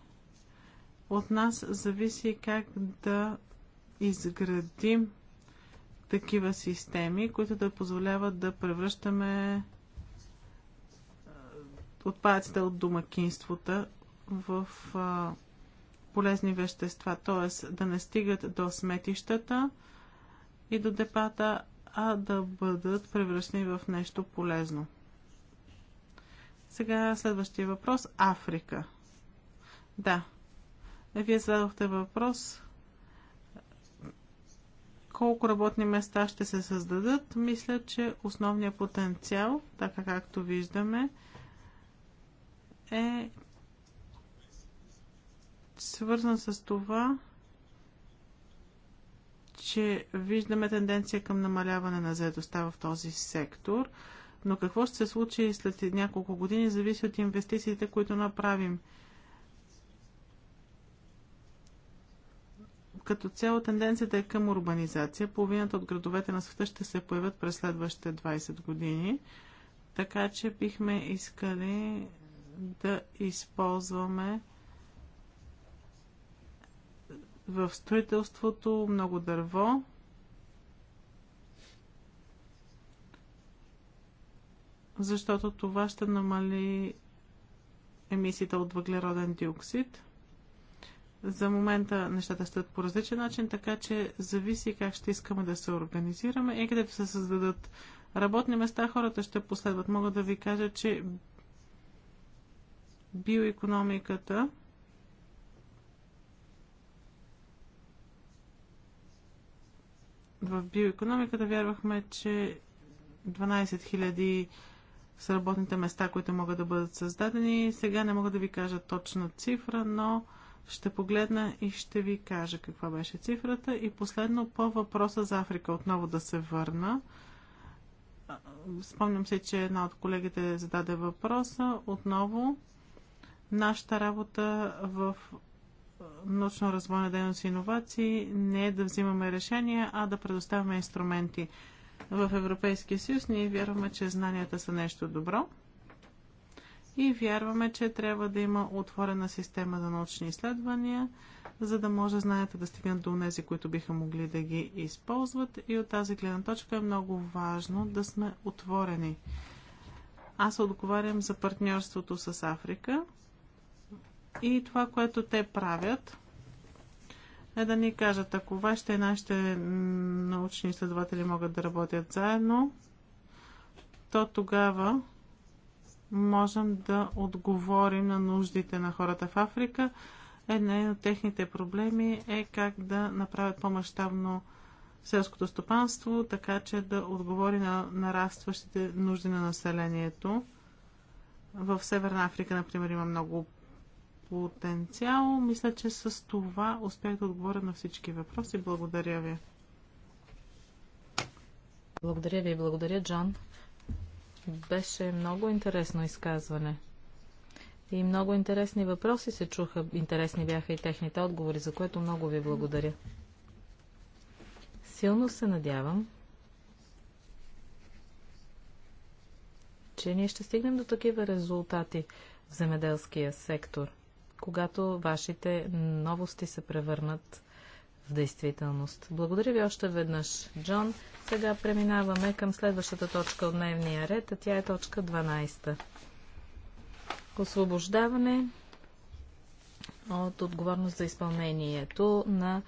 от нас зависи как да изградим такива системи, които да позволяват да превръщаме отпадъците от домакинствата в а, полезни вещества, т.е. да не стигат до сметищата и до депата, а да бъдат превръщани в нещо полезно. Сега следващия въпрос. Африка. Да. Вие зададохте въпрос колко работни места ще се създадат. Мисля, че основният потенциал, така както виждаме, е свързан с това, че виждаме тенденция към намаляване на заедостта в този сектор – но какво ще се случи след няколко години, зависи от инвестициите, които направим. Като цяло тенденцията е към урбанизация. Половината от градовете на света ще се появят през следващите 20 години. Така че бихме искали да използваме в строителството много дърво, защото това ще намали емисията от въглероден диоксид. За момента нещата стоят по различен начин, така че зависи как ще искаме да се организираме и където се създадат работни места, хората ще последват. Мога да ви кажа, че биоекономиката в биоекономиката вярвахме, че 12 000 с работните места, които могат да бъдат създадени. Сега не мога да ви кажа точна цифра, но ще погледна и ще ви кажа каква беше цифрата. И последно по въпроса за Африка отново да се върна. Спомням се, че една от колегите зададе въпроса. Отново нашата работа в научно-развойна дейност и иновации не е да взимаме решения, а да предоставяме инструменти в Европейския съюз. Ние вярваме, че знанията са нещо добро и вярваме, че трябва да има отворена система за научни изследвания, за да може знанията да стигнат до тези, които биха могли да ги използват. И от тази гледна точка е много важно да сме отворени. Аз отговарям за партньорството с Африка и това, което те правят – е да ни кажат, ако вашите и нашите научни изследователи могат да работят заедно, то тогава можем да отговорим на нуждите на хората в Африка. Една от техните проблеми е как да направят по-масштабно селското стопанство, така че да отговори на нарастващите нужди на населението. В Северна Африка, например, има много потенциал. Мисля, че с това успях да отговоря на всички въпроси. Благодаря ви. Благодаря ви. Благодаря, Джон. Беше много интересно изказване. И много интересни въпроси се чуха. Интересни бяха и техните отговори, за което много ви благодаря. Силно се надявам, че ние ще стигнем до такива резултати в земеделския сектор когато вашите новости се превърнат в действителност. Благодаря ви още веднъж, Джон. Сега преминаваме към следващата точка от дневния ред, а тя е точка 12. Освобождаване от отговорност за изпълнението на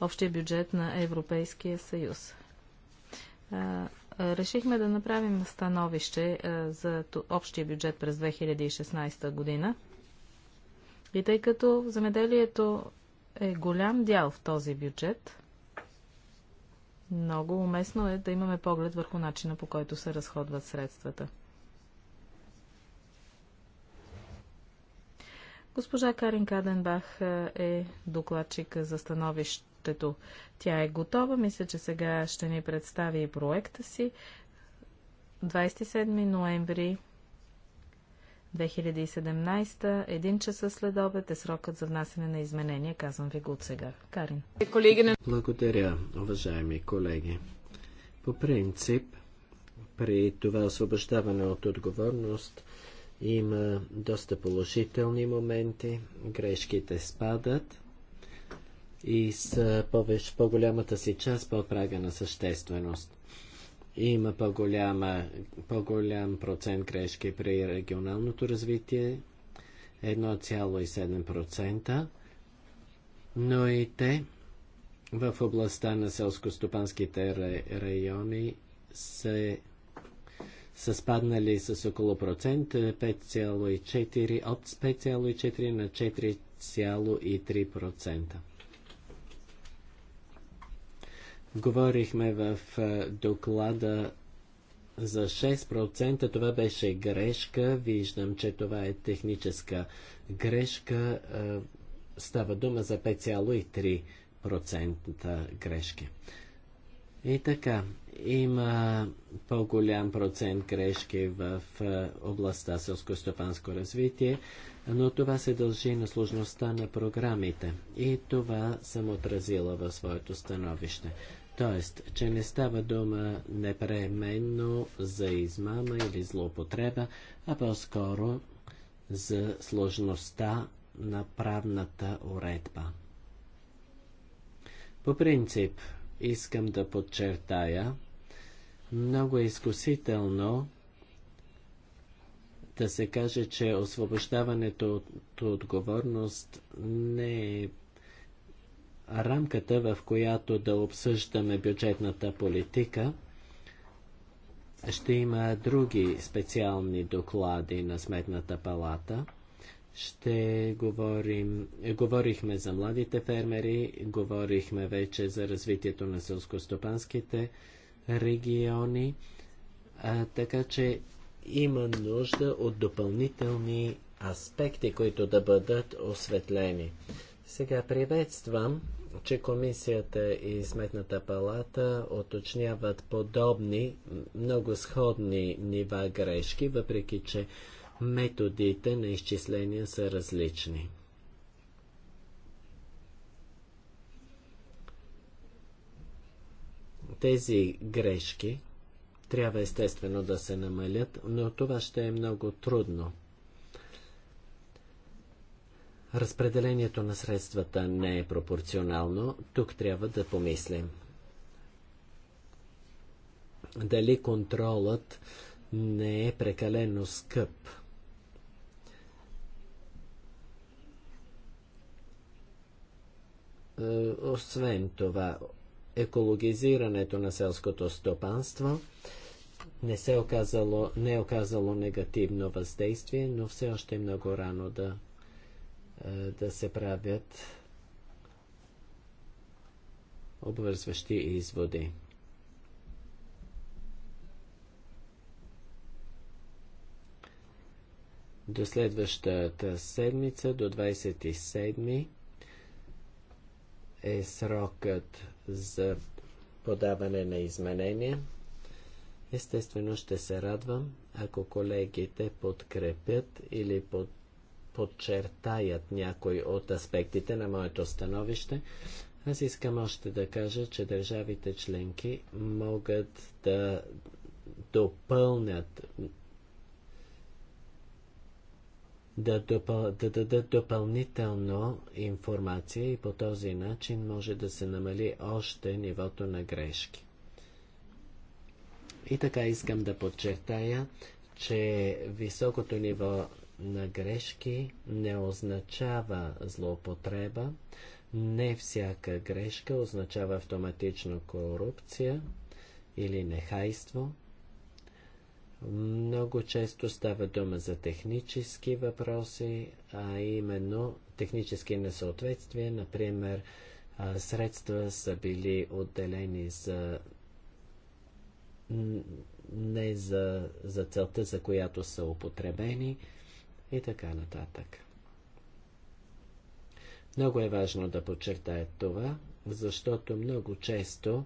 общия бюджет на Европейския съюз. Решихме да направим становище за общия бюджет през 2016 година. И тъй като земеделието е голям дял в този бюджет, много уместно е да имаме поглед върху начина по който се разходват средствата. Госпожа Карин Каденбах е, е докладчика за становището. Тя е готова. Мисля, че сега ще ни представи и проекта си. 27 ноември 2017, един часа след обед е срокът за внасяне на изменения. Казвам ви го от сега. Карин. Благодаря, уважаеми колеги. По принцип, при това освобождаване от отговорност има доста положителни моменти. Грешките спадат и с по-голямата си част по прага на същественост. Има по-голям по процент грешки при регионалното развитие 1,7%, но и те в областта на селско-стопанските райони се са спаднали с около процент 5,4 е, от 5,4 на 4,3%. Говорихме в доклада за 6%. Това беше грешка. Виждам, че това е техническа грешка. Става дума за 5,3% грешки. И така, има по-голям процент грешки в областта селско-стопанско развитие, но това се дължи на сложността на програмите и това съм отразила в своето становище. Тоест, че не става дума непременно за измама или злоупотреба, а по-скоро за сложността на правната уредба. По принцип, искам да подчертая, много е изкусително да се каже, че освобождаването от отговорност не е рамката, в която да обсъждаме бюджетната политика, ще има други специални доклади на Сметната палата. Ще говорим, говорихме за младите фермери, говорихме вече за развитието на селскостопанските региони, а, така че има нужда от допълнителни аспекти, които да бъдат осветлени. Сега приветствам, че комисията и сметната палата оточняват подобни, много сходни нива грешки, въпреки че методите на изчисления са различни. Тези грешки трябва естествено да се намалят, но това ще е много трудно разпределението на средствата не е пропорционално, тук трябва да помислим. Дали контролът не е прекалено скъп? Е, освен това, екологизирането на селското стопанство не, се оказало, не е оказало негативно въздействие, но все още е много рано да да се правят обвързващи изводи. До следващата седмица, до 27 е срокът за подаване на изменения. Естествено ще се радвам, ако колегите подкрепят или под подчертаят някои от аспектите на моето становище. Аз искам още да кажа, че държавите членки могат да допълнят да, допъл... да дадат допълнително информация и по този начин може да се намали още нивото на грешки. И така искам да подчертая, че високото ниво на грешки не означава злоупотреба. Не всяка грешка означава автоматично корупция или нехайство. Много често става дума за технически въпроси, а именно технически несъответствия. Например, средства са били отделени за не за, за целта, за която са употребени и така нататък. Много е важно да подчертая това, защото много често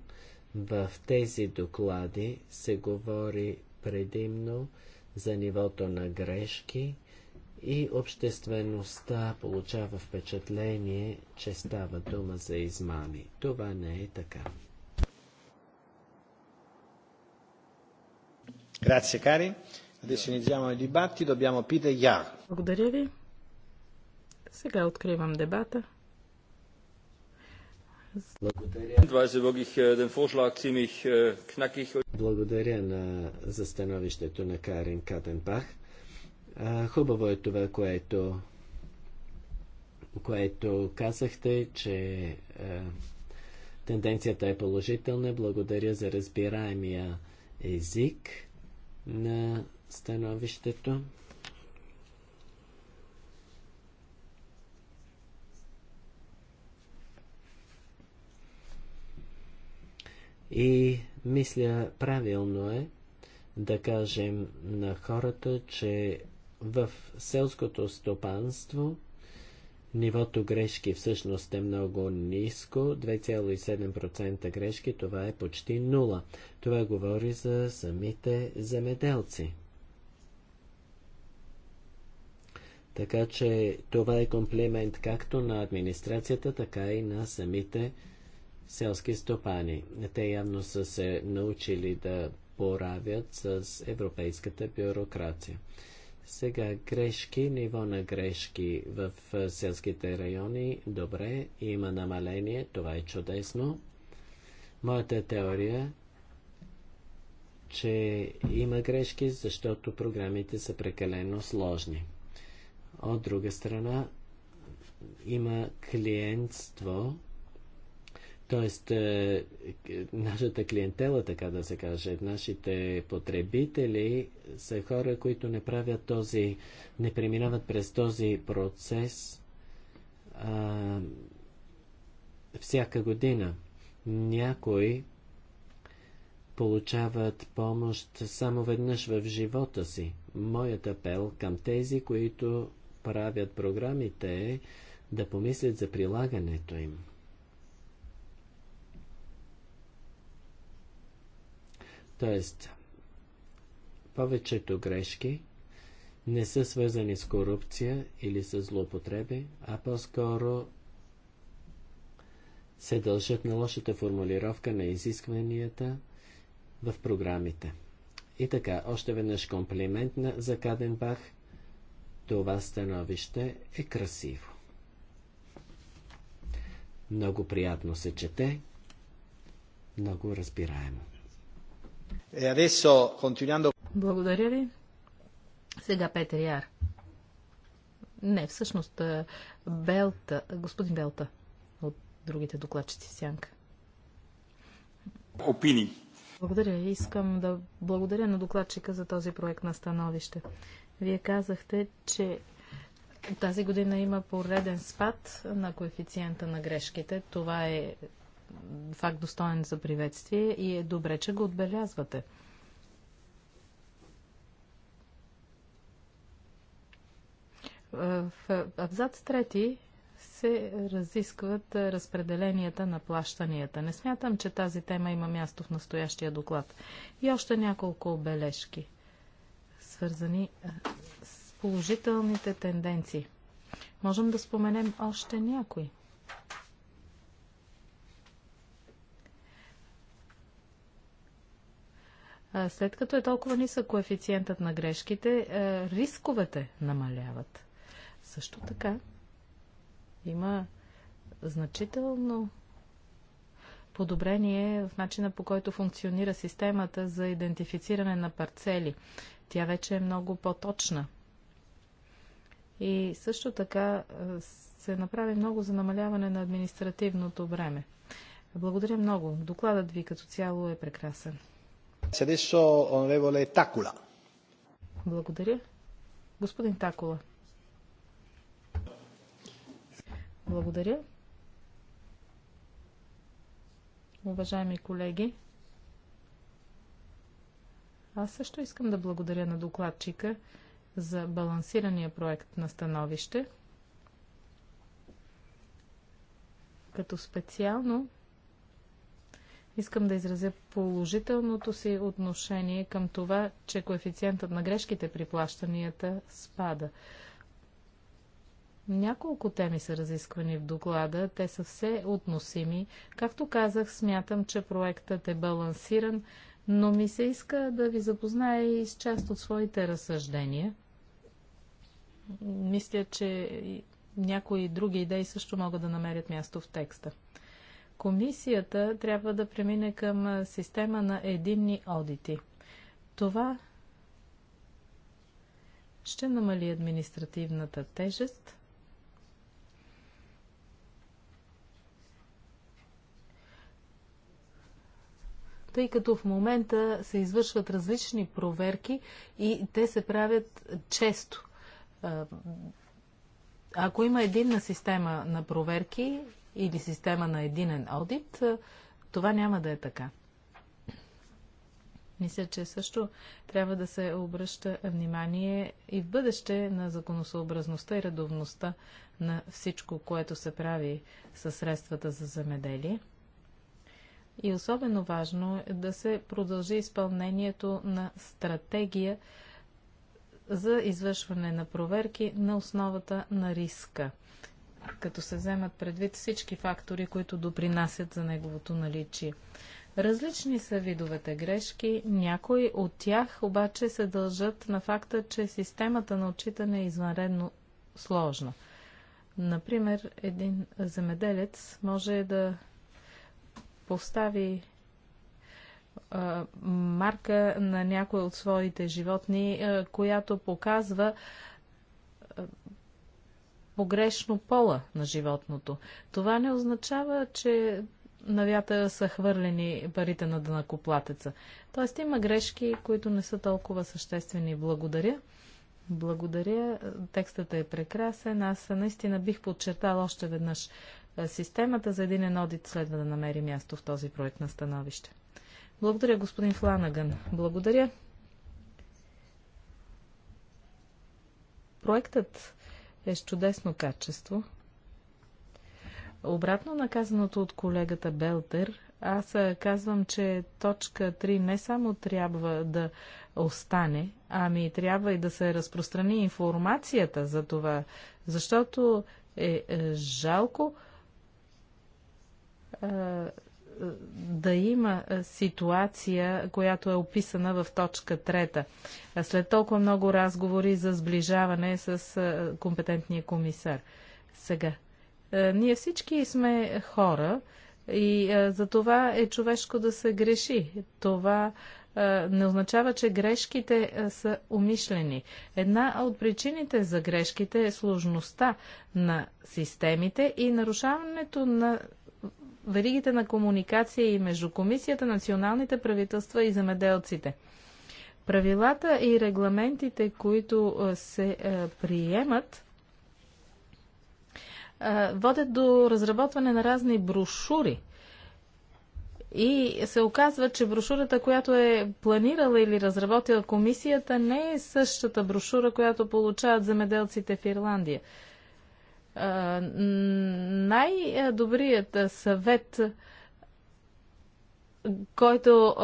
в тези доклади се говори предимно за нивото на грешки и обществеността получава впечатление, че става дума за измами. Това не е така. Grazie, Cari. Благодаря ви. Сега откривам дебата. Благодаря. Е, е, на, за становището на Карен Каденбах. Хубаво е това, което, което казахте, че е, тенденцията е положителна. Благодаря за разбираемия език на становището. И мисля, правилно е да кажем на хората, че в селското стопанство нивото грешки всъщност е много ниско, 2,7% грешки, това е почти нула. Това говори за самите земеделци. Така че това е комплимент както на администрацията, така и на самите селски стопани. Те явно са се научили да поравят с европейската бюрокрация. Сега грешки, ниво на грешки в селските райони. Добре, има намаление, това е чудесно. Моята теория че има грешки, защото програмите са прекалено сложни. От друга страна, има клиентство, т.е. нашата клиентела, така да се каже, нашите потребители са хора, които не правят този, не преминават през този процес а, всяка година. Някои получават помощ само веднъж в живота си. Моят апел към тези, които правят програмите е да помислят за прилагането им. Тоест, повечето грешки не са свързани с корупция или с злоупотреби, а по-скоро се дължат на лошата формулировка на изискванията в програмите. И така, още веднъж комплимент на, за Бах. Това становище е красиво. Много приятно се чете, много разбираемо. Е, благодаря ви. Сега Петър Яр. Не, всъщност е, Белта, господин Белта от другите докладчици Сянка. Опини. Благодаря. Искам да благодаря на докладчика за този проект на становище. Вие казахте, че тази година има пореден спад на коефициента на грешките. Това е факт достоен за приветствие и е добре, че го отбелязвате. В абзац трети се разискват разпределенията на плащанията. Не смятам, че тази тема има място в настоящия доклад. И още няколко обележки – свързани е, с положителните тенденции. Можем да споменем още някои. Е, след като е толкова нисък коефициентът на грешките, е, рисковете намаляват. Също така има значително подобрение в начина по който функционира системата за идентифициране на парцели. Тя вече е много по-точна. И също така е, се направи много за намаляване на административното време. Благодаря много. Докладът ви като цяло е прекрасен. Благодаря. Господин Такола. Благодаря. Уважаеми колеги, аз също искам да благодаря на докладчика за балансирания проект на становище, като специално искам да изразя положителното си отношение към това, че коефициентът на грешките при плащанията спада. Няколко теми са разисквани в доклада, те са все относими. Както казах, смятам, че проектът е балансиран, но ми се иска да ви запозная и с част от своите разсъждения. Мисля, че някои други идеи също могат да намерят място в текста. Комисията трябва да премине към система на единни одити. Това ще намали административната тежест тъй като в момента се извършват различни проверки и те се правят често. Ако има единна система на проверки или система на единен аудит, това няма да е така. Мисля, че също трябва да се обръща внимание и в бъдеще на законосъобразността и редовността на всичко, което се прави със средствата за земеделие. И особено важно е да се продължи изпълнението на стратегия за извършване на проверки на основата на риска, като се вземат предвид всички фактори, които допринасят за неговото наличие. Различни са видовете грешки, някои от тях обаче се дължат на факта, че системата на отчитане е извънредно сложна. Например, един земеделец може да постави а, марка на някой от своите животни, а, която показва а, погрешно пола на животното. Това не означава, че на вятъра са хвърлени парите на дънакоплатеца. Тоест има грешки, които не са толкова съществени. Благодаря. Благодаря. Текстът е прекрасен. Аз наистина бих подчертал още веднъж. Е, системата за един одит следва да намери място в този проект на становище. Благодаря, господин Фланаган. Благодаря. Проектът е с чудесно качество. Обратно на казаното от колегата Белтер, аз е, казвам, че точка 3 не само трябва да остане, ами трябва и да се разпространи информацията за това, защото е, е жалко е, да има ситуация, която е описана в точка трета. След толкова много разговори за сближаване с е, компетентния комисар. Сега. Е, ние всички сме хора и за това е човешко да се греши. Това не означава, че грешките са умишлени. Една от причините за грешките е сложността на системите и нарушаването на веригите на комуникация и между комисията, националните правителства и замеделците. Правилата и регламентите, които е, се е, приемат, е, водят до разработване на разни брошури. И се оказва, че брошурата, която е планирала или разработила комисията, не е същата брошура, която получават замеделците в Ирландия най-добрият съвет, който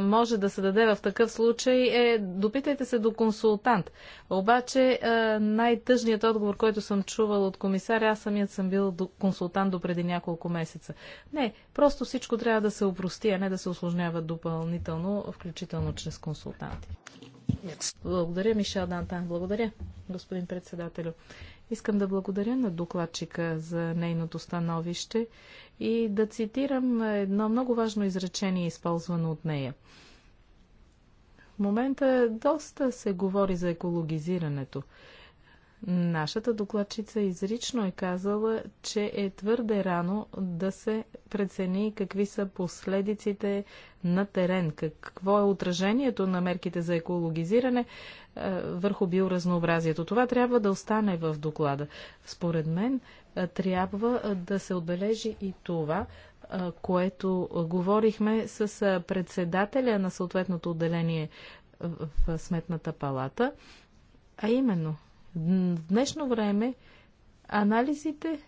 може да се даде в такъв случай е допитайте се до консултант. Обаче най-тъжният отговор, който съм чувал от комисаря, аз самият съм бил консултант до преди няколко месеца. Не, просто всичко трябва да се опрости, а не да се осложнява допълнително, включително чрез консултанти. Благодаря, Мишел Дантан. Благодаря, господин председателю. Искам да благодаря на докладчика за нейното становище и да цитирам едно много важно изречение, използвано от нея. В момента доста се говори за екологизирането. Нашата докладчица изрично е казала, че е твърде рано да се прецени какви са последиците на терен, какво е отражението на мерките за екологизиране е, върху биоразнообразието. Това трябва да остане в доклада. Според мен е, трябва е, да се отбележи и това, което говорихме с председателя на съответното отделение в Сметната палата, а именно – в днешно време анализите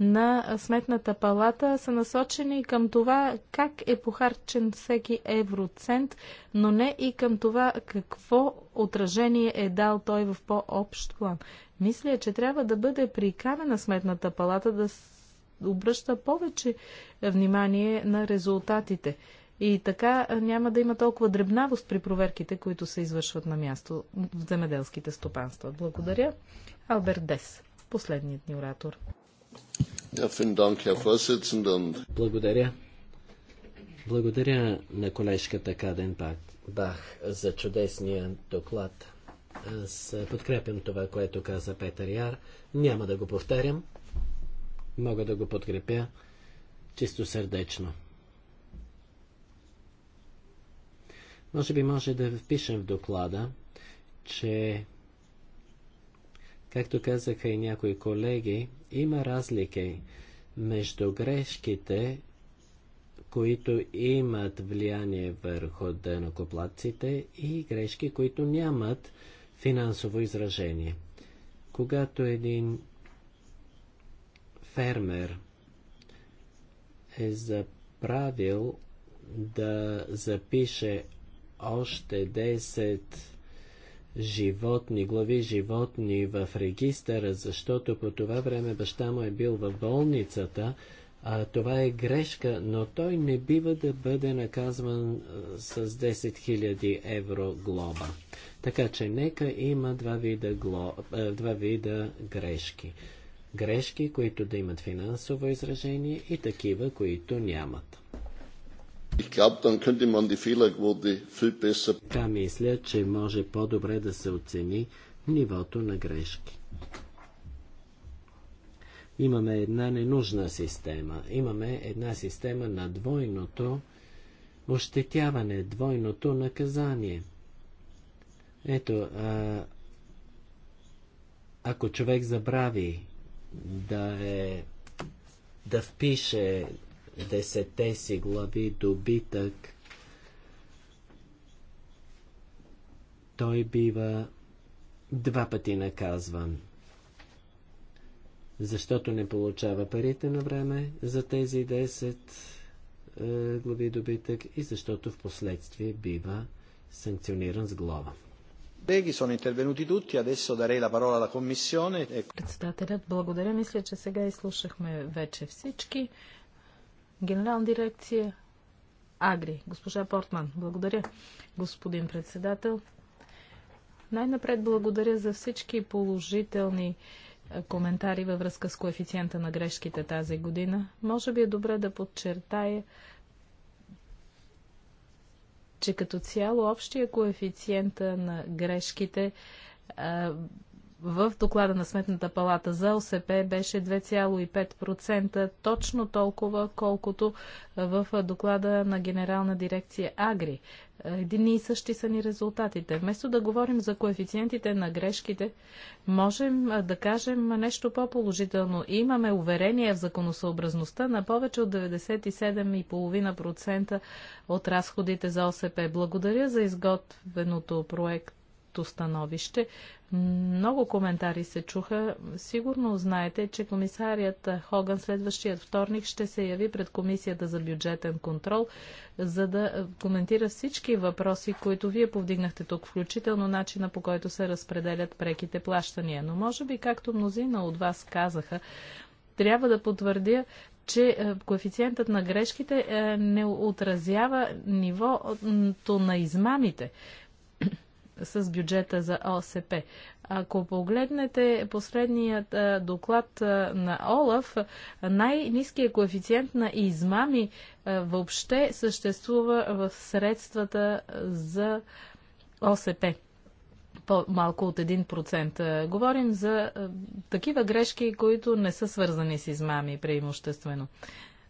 на Сметната палата са насочени към това как е похарчен всеки евроцент, но не и към това какво отражение е дал той в по-общ план. Мисля, че трябва да бъде приканена Сметната палата да обръща повече внимание на резултатите. И така няма да има толкова дребнавост при проверките, които се извършват на място в земеделските стопанства. Благодаря. Алберт Дес, последният ни оратор. Благодаря. Благодаря на колежката Каден Бах за чудесния доклад. Аз подкрепям това, което каза Петър Яр. Няма да го повтарям. Мога да го подкрепя чисто сърдечно. Може би може да впишем в доклада, че, както казаха и някои колеги, има разлики между грешките, които имат влияние върху денокоплатците и грешки, които нямат финансово изражение. Когато един фермер е заправил да запише още 10 животни, глави животни в регистъра, защото по това време баща му е бил в болницата. А, това е грешка, но той не бива да бъде наказван а, с 10 000 евро глоба. Така че нека има два вида, гло, а, два вида грешки. Грешки, които да имат финансово изражение и такива, които нямат. Така мисля, че може по-добре да се оцени нивото на грешки. Имаме една ненужна система. Имаме една система на двойното ощетяване, двойното наказание. Ето, а, ако човек забрави да е да впише десете си глави добитък, той бива два пъти наказван. Защото не получава парите на време за тези 10 е, глави добитък и защото в последствие бива санкциониран с глава. Председателят, благодаря. Мисля, че сега изслушахме вече всички. Генерална дирекция Агри. Госпожа Портман, благодаря, господин председател. Най-напред благодаря за всички положителни е, коментари във връзка с коефициента на грешките тази година. Може би е добре да подчертая, че като цяло общия коефициент на грешките а, е, в доклада на Сметната палата за ОСП беше 2,5%, точно толкова, колкото в доклада на Генерална дирекция Агри. Едини и същи са ни резултатите. Вместо да говорим за коефициентите на грешките, можем да кажем нещо по-положително. Имаме уверение в законосъобразността на повече от 97,5% от разходите за ОСП. Благодаря за изготвеното проект своето становище. Много коментари се чуха. Сигурно знаете, че комисарият Хоган следващият вторник ще се яви пред Комисията за бюджетен контрол, за да коментира всички въпроси, които вие повдигнахте тук, включително начина по който се разпределят преките плащания. Но може би, както мнозина от вас казаха, трябва да потвърдя, че е, коефициентът на грешките е, не отразява нивото на измамите с бюджета за ОСП. Ако погледнете последният доклад на ОЛАФ, най-низкият коефициент на измами въобще съществува в средствата за ОСП по-малко от 1%. Говорим за такива грешки, които не са свързани с измами преимуществено.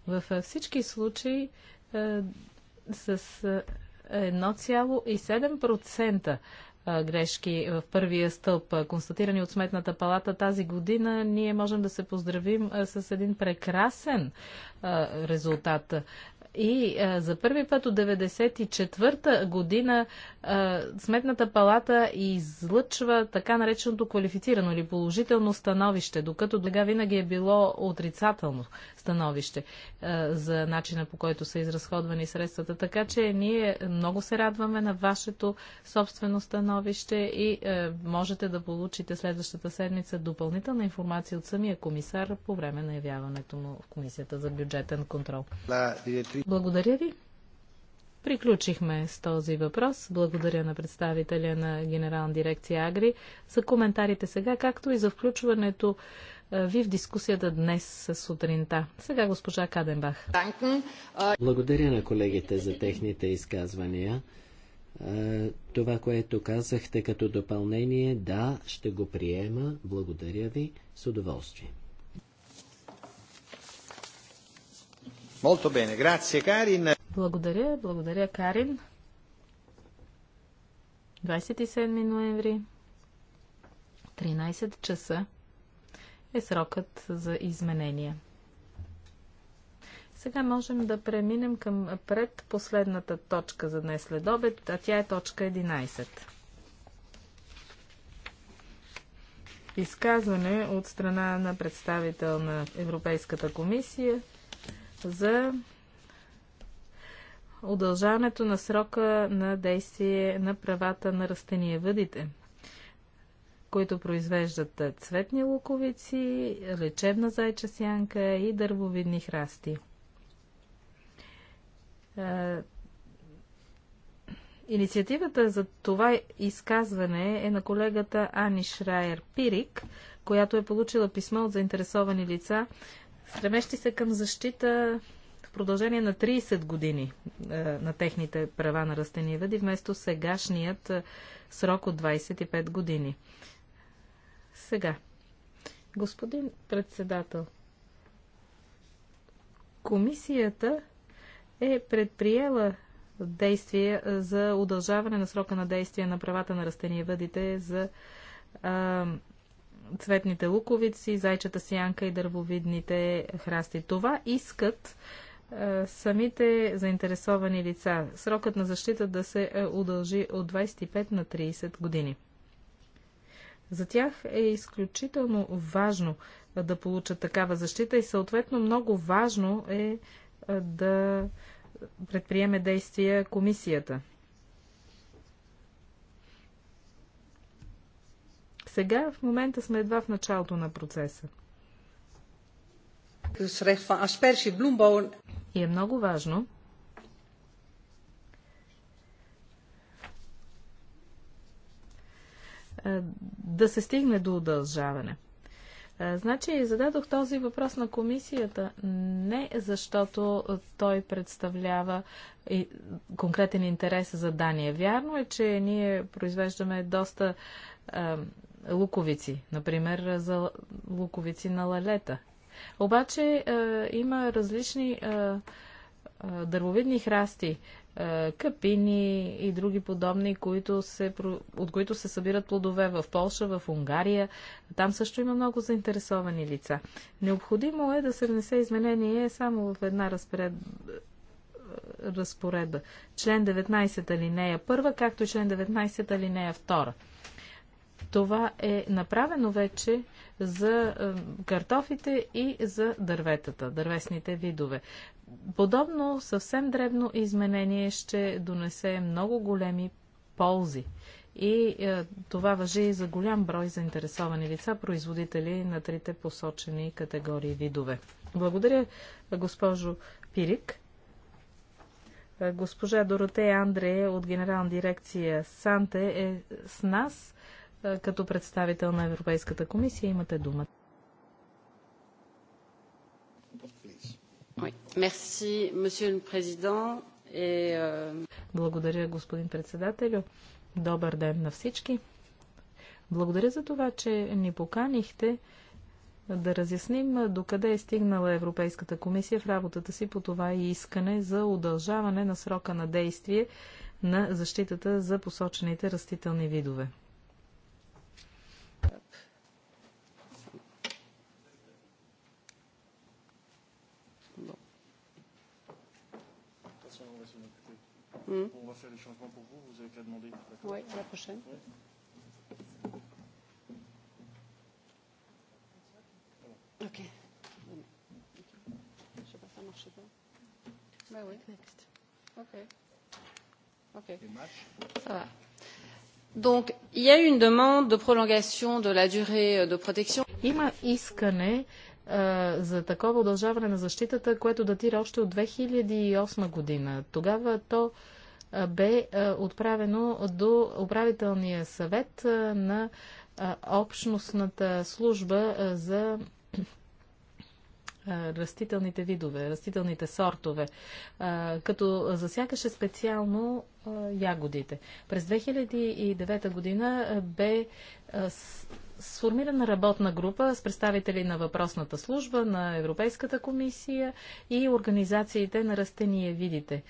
Във всички случаи с 1,7% грешки в първия стълб, констатирани от Сметната палата тази година, ние можем да се поздравим с един прекрасен резултат. И за първи път от 1994 година е, Сметната палата излъчва така нареченото квалифицирано или положително становище, докато сега винаги е било отрицателно становище е, за начина по който са изразходвани средствата. Така че ние много се радваме на вашето собствено становище и е, можете да получите следващата седмица допълнителна информация от самия комисар по време на явяването му в Комисията за бюджетен контрол. Благодаря ви. Приключихме с този въпрос. Благодаря на представителя на Генерална дирекция Агри за коментарите сега, както и за включването ви в дискусията днес сутринта. Сега госпожа Каденбах. Благодаря на колегите за техните изказвания. Това, което казахте като допълнение, да, ще го приема. Благодаря ви с удоволствие. Molto bene, grazie Karin. Благодаря, благодаря, Карин. 27 ноември, 13 часа е срокът за изменения. Сега можем да преминем към предпоследната точка за днес след обед, а тя е точка 11. Изказване от страна на представител на Европейската комисия за удължаването на срока на действие на правата на растениевъдите, които произвеждат цветни луковици, лечебна зайча сянка и дървовидни храсти. Е, инициативата за това изказване е на колегата Ани Шрайер Пирик, която е получила писмо от заинтересовани лица, стремещи се към защита продължение на 30 години е, на техните права на растениевъди, вместо сегашният е, срок от 25 години. Сега, господин председател, комисията е предприела действия е, за удължаване на срока на действие на правата на растениевъдите за а, е, цветните луковици, зайчата сянка и дървовидните храсти. Това искат е, самите заинтересовани лица. Срокът на защита да се е, удължи от 25 на 30 години. За тях е изключително важно е, да получат такава защита и съответно много важно е да предприеме действия комисията. Сега в момента сме едва в началото на процеса. И е много важно е, да се стигне до удължаване. Е, значи, зададох този въпрос на комисията не защото той представлява конкретен интерес за Дания. Вярно е, че ние произвеждаме доста е, луковици, например за луковици на лалета обаче е, има различни е, е дървовидни храсти, е, капини и други подобни, които се, от които се събират плодове в Полша, в Унгария. Там също има много заинтересовани лица. Необходимо е да се внесе изменение само в една разпред... разпоредба. Член 19 алинея 1, както и член 19 алинея 2. Това е направено вече за е, картофите и за дърветата, дървесните видове. Подобно съвсем дребно изменение ще донесе много големи ползи. И е, това въжи и за голям брой заинтересовани лица, производители на трите посочени категории видове. Благодаря, госпожо Пирик. Е, госпожа Доротея Андрея от Генерална дирекция Санте е с нас. Е, като представител на Европейската комисия. Имате думата. Euh, Благодаря, господин председателю. Добър ден на всички. Благодаря за това, че ни поканихте да разясним докъде е стигнала Европейската комисия в работата си по това и искане за удължаване на срока на действие на защитата за посочените растителни видове. Mmh. On va faire les changements pour vous, vous avez qu'à demander. Oui, à la prochaine. Ouais. Ok. Je sais pas, ça marche pas. Bah oui. Next. Ok. Ok. Ça va. Donc, il y a eu une demande de prolongation de la durée de protection. Има искане е, за такова удължаване на защитата, което датира още от 2008 година. Тогава то е, бе е, отправено до управителния съвет на общностната служба за растителните видове, растителните сортове, като засякаше специално ягодите. През 2009 година бе сформирана работна група с представители на въпросната служба, на Европейската комисия и организациите на растения видите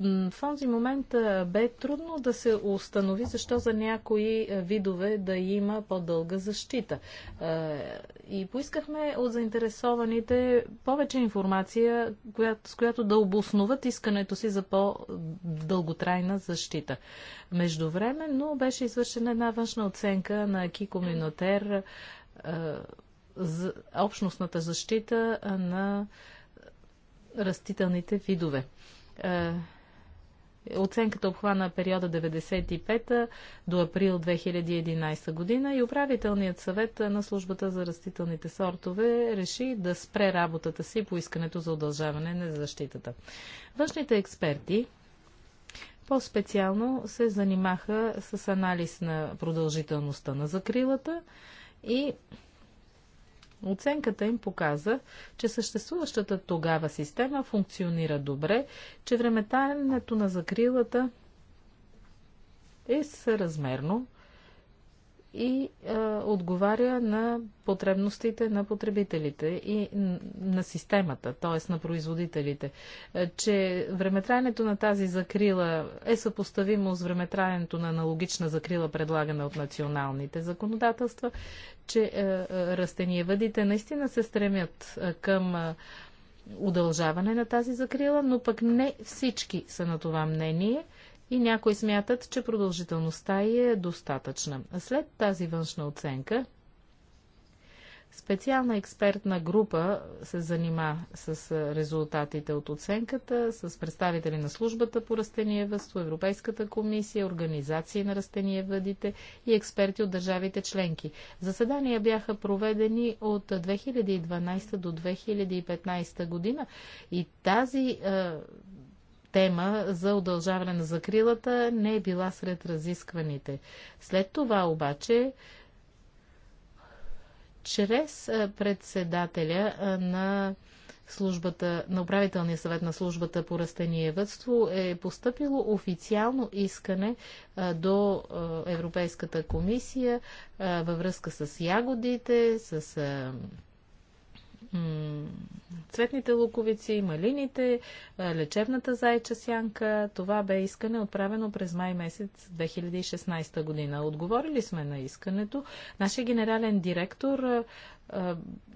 в този момент бе трудно да се установи защо за някои видове да има по-дълга защита. И поискахме от заинтересованите повече информация, с която да обосноват искането си за по-дълготрайна защита. Между време, но беше извършена една външна оценка на Кико Минотер за общностната защита на растителните видове. Оценката обхвана периода 95 до април 2011 година и управителният съвет на службата за растителните сортове реши да спре работата си по искането за удължаване на защитата. Външните експерти по-специално се занимаха с анализ на продължителността на закрилата и Оценката им показа, че съществуващата тогава система функционира добре, че времетането на закрилата е съразмерно и а, отговаря на потребностите на потребителите и на системата, т.е. на производителите. че времетраенето на тази закрила е съпоставимо с времетраенето на аналогична закрила, предлагана от националните законодателства, че а, растениевъдите наистина се стремят а, към а, удължаване на тази закрила, но пък не всички са на това мнение – и някои смятат, че продължителността й е достатъчна. След тази външна оценка, специална експертна група се занима с резултатите от оценката, с представители на службата по растениевъдство, Европейската комисия, организации на растениевъдите и експерти от държавите членки. Заседания бяха проведени от 2012 до 2015 година и тази тема за удължаване на закрилата не е била сред разискваните. След това обаче, чрез председателя на службата, на управителния съвет на службата по растениевътство е поступило официално искане до Европейската комисия във връзка с ягодите, с цветните луковици, малините, лечебната зайча сянка. Това бе искане отправено през май месец 2016 година. Отговорили сме на искането. Нашия генерален директор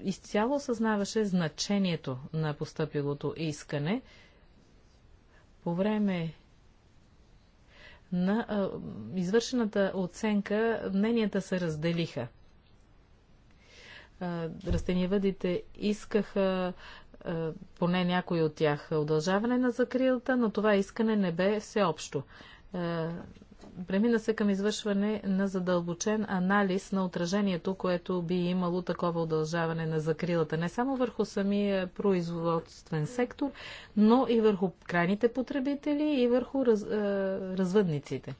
изцяло съзнаваше значението на поступилото искане. По време на извършената оценка мненията се разделиха растениевъдите искаха поне някои от тях удължаване на закрилата, но това искане не бе всеобщо. Премина се към извършване на задълбочен анализ на отражението, което би имало такова удължаване на закрилата не само върху самия производствен сектор, но и върху крайните потребители и върху раз, развъдниците.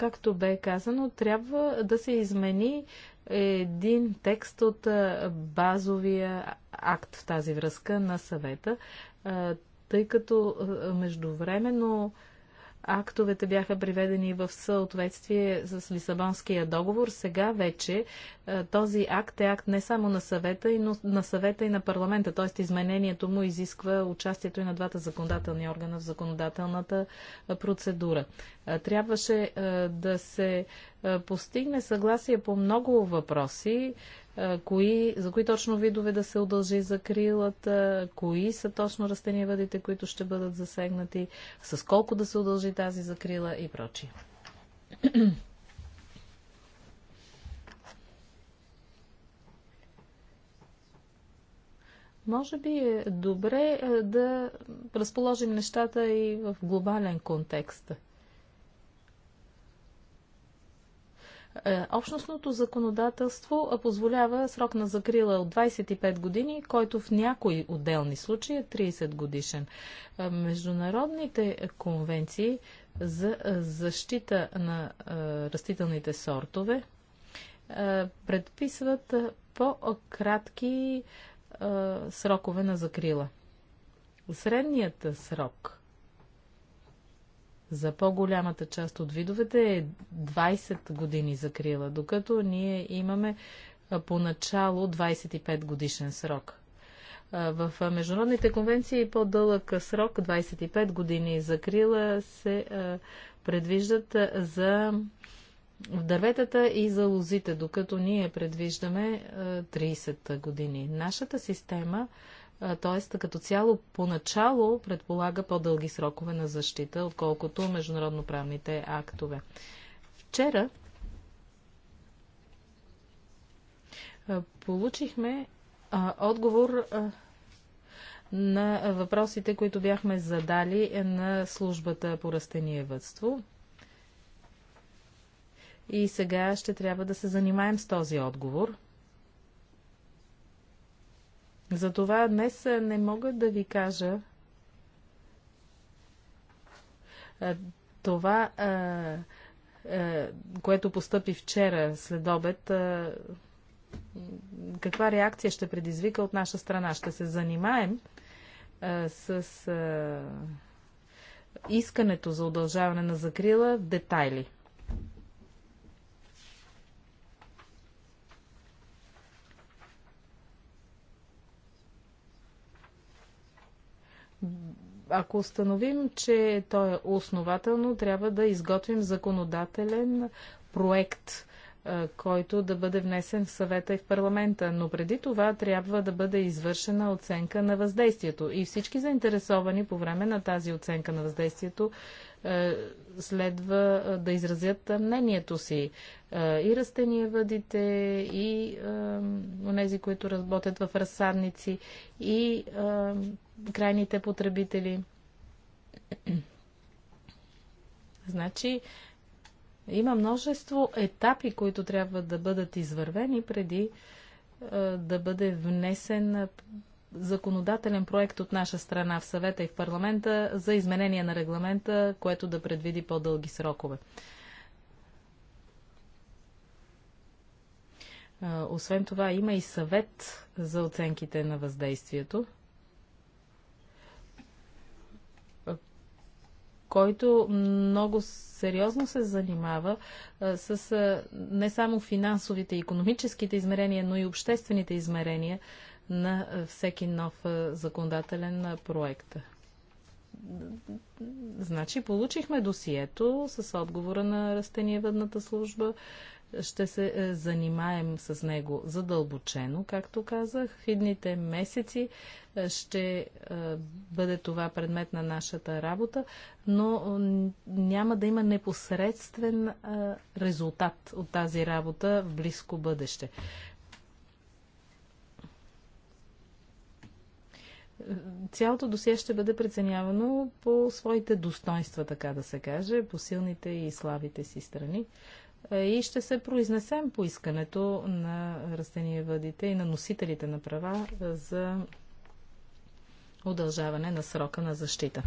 както бе казано, трябва да се измени един текст от базовия акт в тази връзка на съвета, тъй като междувременно актовете бяха приведени в съответствие с Лисабонския договор. Сега вече е, този акт е акт не само на съвета, но на съвета и на парламента. Т.е. изменението му изисква участието и на двата законодателни органа в законодателната е, процедура. Е, трябваше да се е, постигне съгласие по много въпроси, е, кои, за кои точно видове да се удължи закрилата, е, кои са точно растениевъдите, които ще бъдат засегнати, с колко да се удължи тази закрила и прочие. Може би е добре да разположим нещата и в глобален контекст. Е, общностното законодателство позволява срок на закрила от 25 години, който в някои отделни случаи е 30 годишен. Е, международните конвенции за е, защита на растителните сортове предписват по-кратки срокове на закрила. Средният срок за по-голямата част от видовете е 20 години закрила, докато ние имаме поначало 25 годишен срок. В международните конвенции по-дълъг срок, 25 години закрила, се предвиждат за дърветата и за лозите, докато ние предвиждаме 30 години. Нашата система т.е. като цяло поначало предполага по-дълги срокове на защита, отколкото международноправните актове. Вчера получихме отговор на въпросите, които бяхме задали на службата по растениевътство. И сега ще трябва да се занимаем с този отговор – затова днес не мога да ви кажа това, което постъпи вчера след обед, каква реакция ще предизвика от наша страна. Ще се занимаем с искането за удължаване на закрила в детайли. ако установим, че то е основателно, трябва да изготвим законодателен проект, е, който да бъде внесен в съвета и в парламента. Но преди това трябва да бъде извършена оценка на въздействието. И всички заинтересовани по време на тази оценка на въздействието е, следва е, да изразят мнението си. Е, и растениевъдите, и онези, които работят в разсадници, и крайните потребители. Значи, има множество етапи, които трябва да бъдат извървени преди да бъде внесен законодателен проект от наша страна в съвета и в парламента за изменение на регламента, което да предвиди по-дълги срокове. Освен това, има и съвет за оценките на въздействието, който много сериозно се занимава с не само финансовите и економическите измерения, но и обществените измерения на всеки нов законодателен проект. Значи получихме досието с отговора на растениевъдната служба. Ще се занимаем с него задълбочено, както казах. В идните месеци ще бъде това предмет на нашата работа, но няма да има непосредствен резултат от тази работа в близко бъдеще. цялото досие ще бъде преценявано по своите достоинства, така да се каже, по силните и слабите си страни. Е, и ще се произнесем по искането на растениевъдите и на носителите на права е, за удължаване на срока на защита.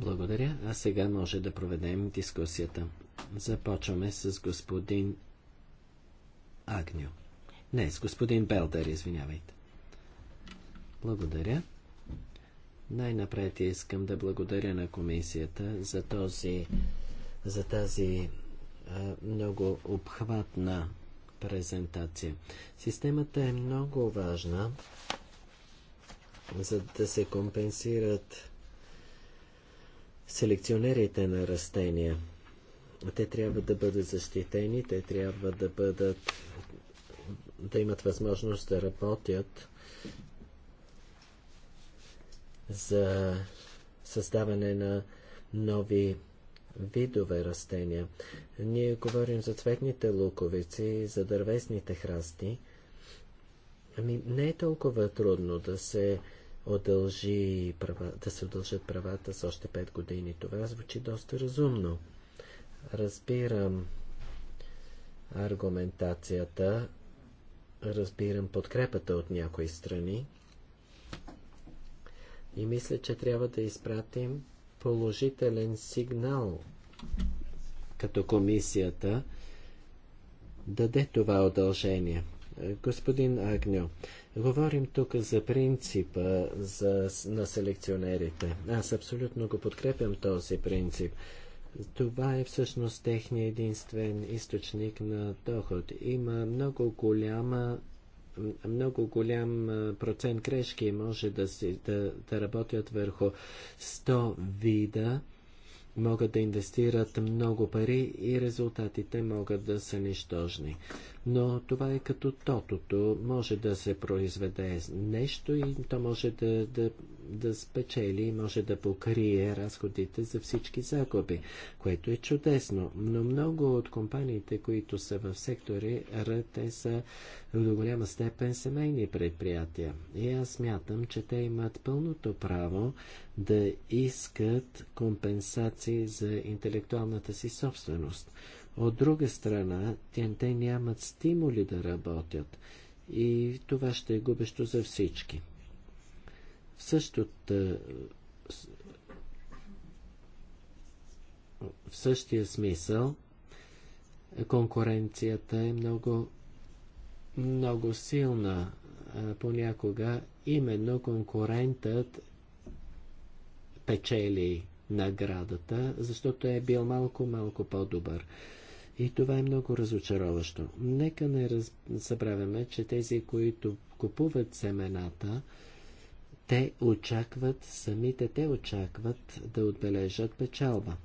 Благодаря. А сега може да проведем дискусията. Започваме с господин Агню. Не, с господин Белдер, извинявайте. Благодаря. Най-напред искам да благодаря на комисията за, този, за тази а, много обхватна презентация. Системата е много важна, за да се компенсират селекционерите на растения. Те трябва да бъдат защитени, те трябва да бъдат да имат възможност да работят за създаване на нови видове растения. Ние говорим за цветните луковици, за дървесните храсти. Ами не е толкова трудно да се удължи права, да се удължат правата с още 5 години. Това звучи доста разумно. Разбирам аргументацията разбирам подкрепата от някои страни и мисля, че трябва да изпратим положителен сигнал като комисията даде това удължение. Господин Агньо, говорим тук за принципа за, на селекционерите. Аз абсолютно го подкрепям този принцип. Това е всъщност техния единствен източник на доход. Има много голяма много голям процент грешки може да, си, да, да работят върху 100 вида, могат да инвестират много пари и резултатите могат да са нищожни. Но това е като тотото. Може да се произведе нещо и то може да, да да спечели и може да покрие разходите за всички загуби, което е чудесно. Но много от компаниите, които са в сектори, те са до голяма степен семейни предприятия. И аз смятам, че те имат пълното право да искат компенсации за интелектуалната си собственост. От друга страна, те нямат стимули да работят и това ще е губещо за всички. В същото е, в същия смисъл конкуренцията е много, много силна. Е, понякога именно конкурентът печели наградата, защото е бил малко-малко по-добър. И това е много разочароващо. Нека не събравяме, забравяме, че тези, които купуват семената, те очакват, самите те очакват да отбележат печалба.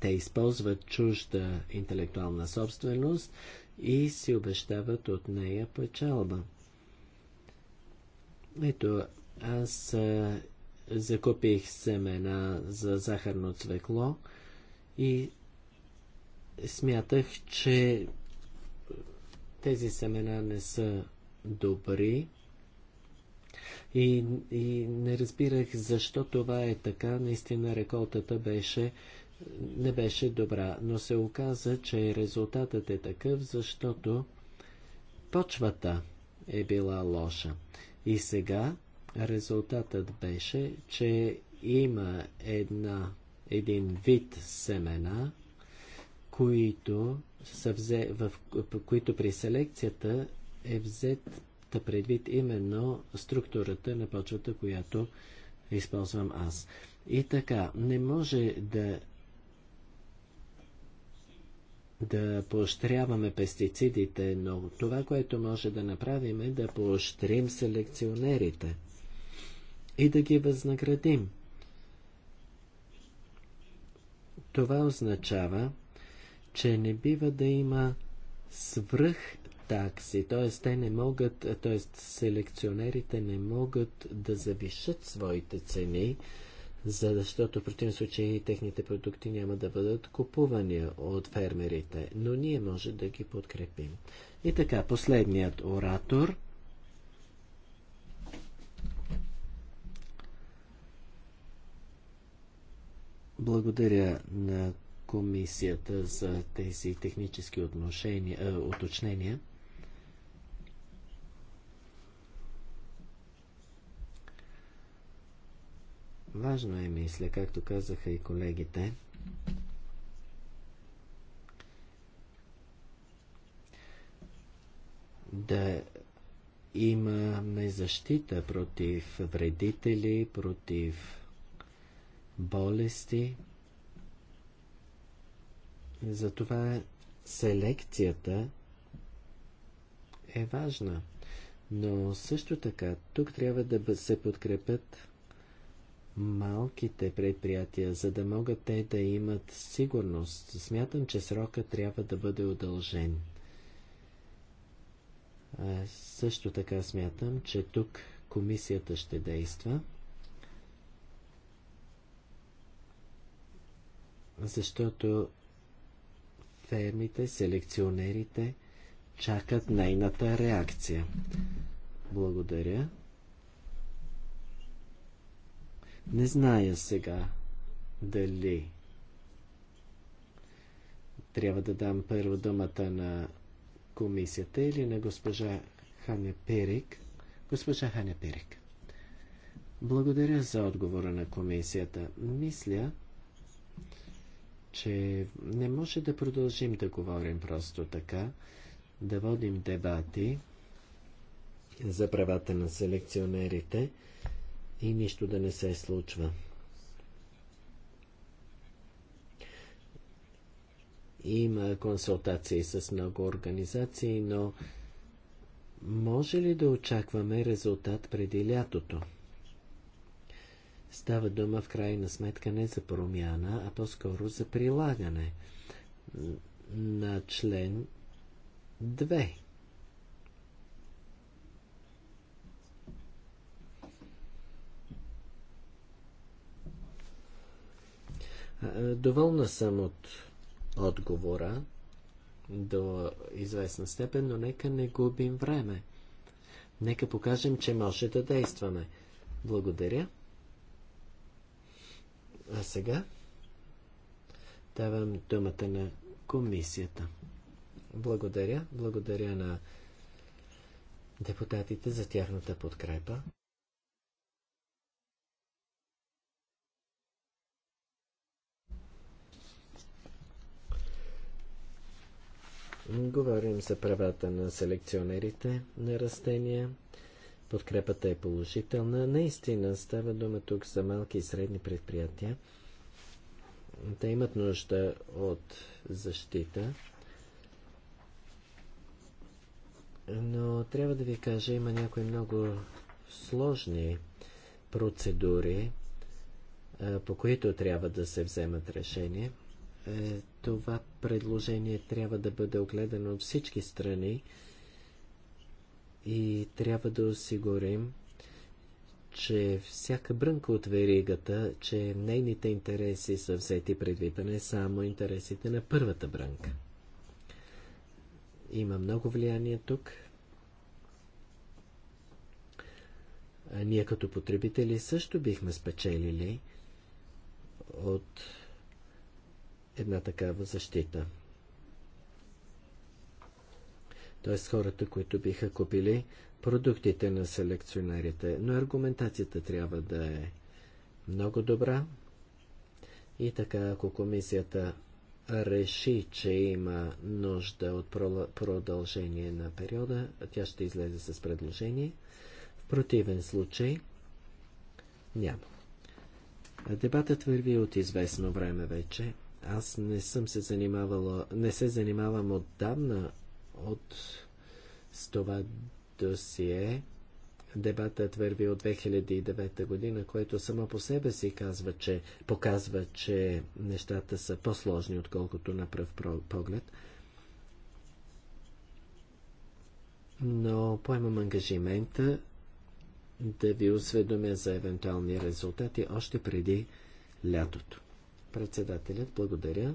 Те използват чужда интелектуална собственост и си обещават от нея печалба. Ето, аз а, закупих семена за захарно цвекло и смятах, че тези семена не са добри, и, и не разбирах защо това е така. Наистина реколтата беше, не беше добра, но се оказа, че резултатът е такъв, защото почвата е била лоша. И сега резултатът беше, че има една, един вид семена, които, са взе, в, които при селекцията е взет та предвид именно структурата на почвата, която използвам аз. И така, не може да да поощряваме пестицидите, но това, което може да направим е да поощрим селекционерите и да ги възнаградим. Това означава, че не бива да има свръх такси, т.е. те не могат, т.е. селекционерите не могат да завишат своите цени, защото в противен случай техните продукти няма да бъдат купувани от фермерите, но ние може да ги подкрепим. И така, последният оратор. Благодаря на комисията за тези технически отношения, уточнения. Важно е, мисля, както казаха и колегите, да имаме защита против вредители, против болести. Затова селекцията е важна. Но също така, тук трябва да се подкрепят малките предприятия, за да могат те да имат сигурност. Смятам, че срока трябва да бъде удължен. А също така смятам, че тук комисията ще действа, защото фермите, селекционерите чакат нейната реакция. Благодаря. Не зная сега дали трябва да дам първо думата на комисията или на госпожа Ханя Перик. Госпожа Ханя Перик. Благодаря за отговора на комисията. Мисля, че не може да продължим да говорим просто така, да водим дебати за правата на селекционерите и нищо да не се случва. Има консултации с много организации, но може ли да очакваме резултат преди лятото? Става дума в крайна сметка не за промяна, а по-скоро за прилагане на член Доволна съм от отговора до известна степен, но нека не губим време. Нека покажем, че може да действаме. Благодаря. А сега давам думата на комисията. Благодаря. Благодаря на депутатите за тяхната подкрепа. Говорим за правата на селекционерите на растения. Подкрепата е положителна. Наистина става дума тук за малки и средни предприятия. Те имат нужда от защита. Но трябва да ви кажа, има някои много сложни процедури, по които трябва да се вземат решения. Е, това предложение трябва да бъде огледано от всички страни и трябва да осигурим, че всяка брънка от веригата, че нейните интереси са взети предвид, а не само интересите на първата брънка. Има много влияние тук. А ние като потребители също бихме спечелили от една такава защита. Тоест хората, които биха купили продуктите на селекционерите. Но аргументацията трябва да е много добра. И така, ако комисията реши, че има нужда от продължение на периода, тя ще излезе с предложение. В противен случай няма. Дебатът върви от известно време вече. Аз не съм се занимавала, не се занимавам отдавна от с това досие. Дебатът върви от 2009 година, което само по себе си казва, че, показва, че нещата са по-сложни, отколкото на пръв поглед. Но поемам ангажимента да ви осведомя за евентуални резултати още преди лятото. Председателят, благодаря.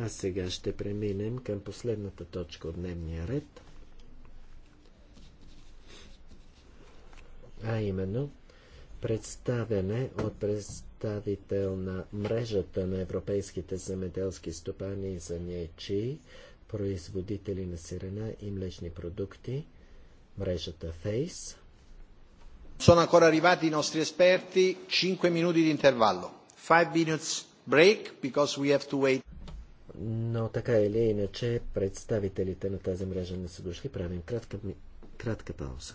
А сега ще преминем към последната точка от дневния ред. А именно, представяне от представител на мрежата на европейските земеделски стопани и занаячи, производители на сирена и млечни продукти, мрежата FACE. Sono ancora arrivati i nostri esperti, 5 minuti di intervallo. Five minutes break, because we have to wait. Но така или иначе, представителите на тази мрежа не са дошли. Правим кратка, кратка пауза.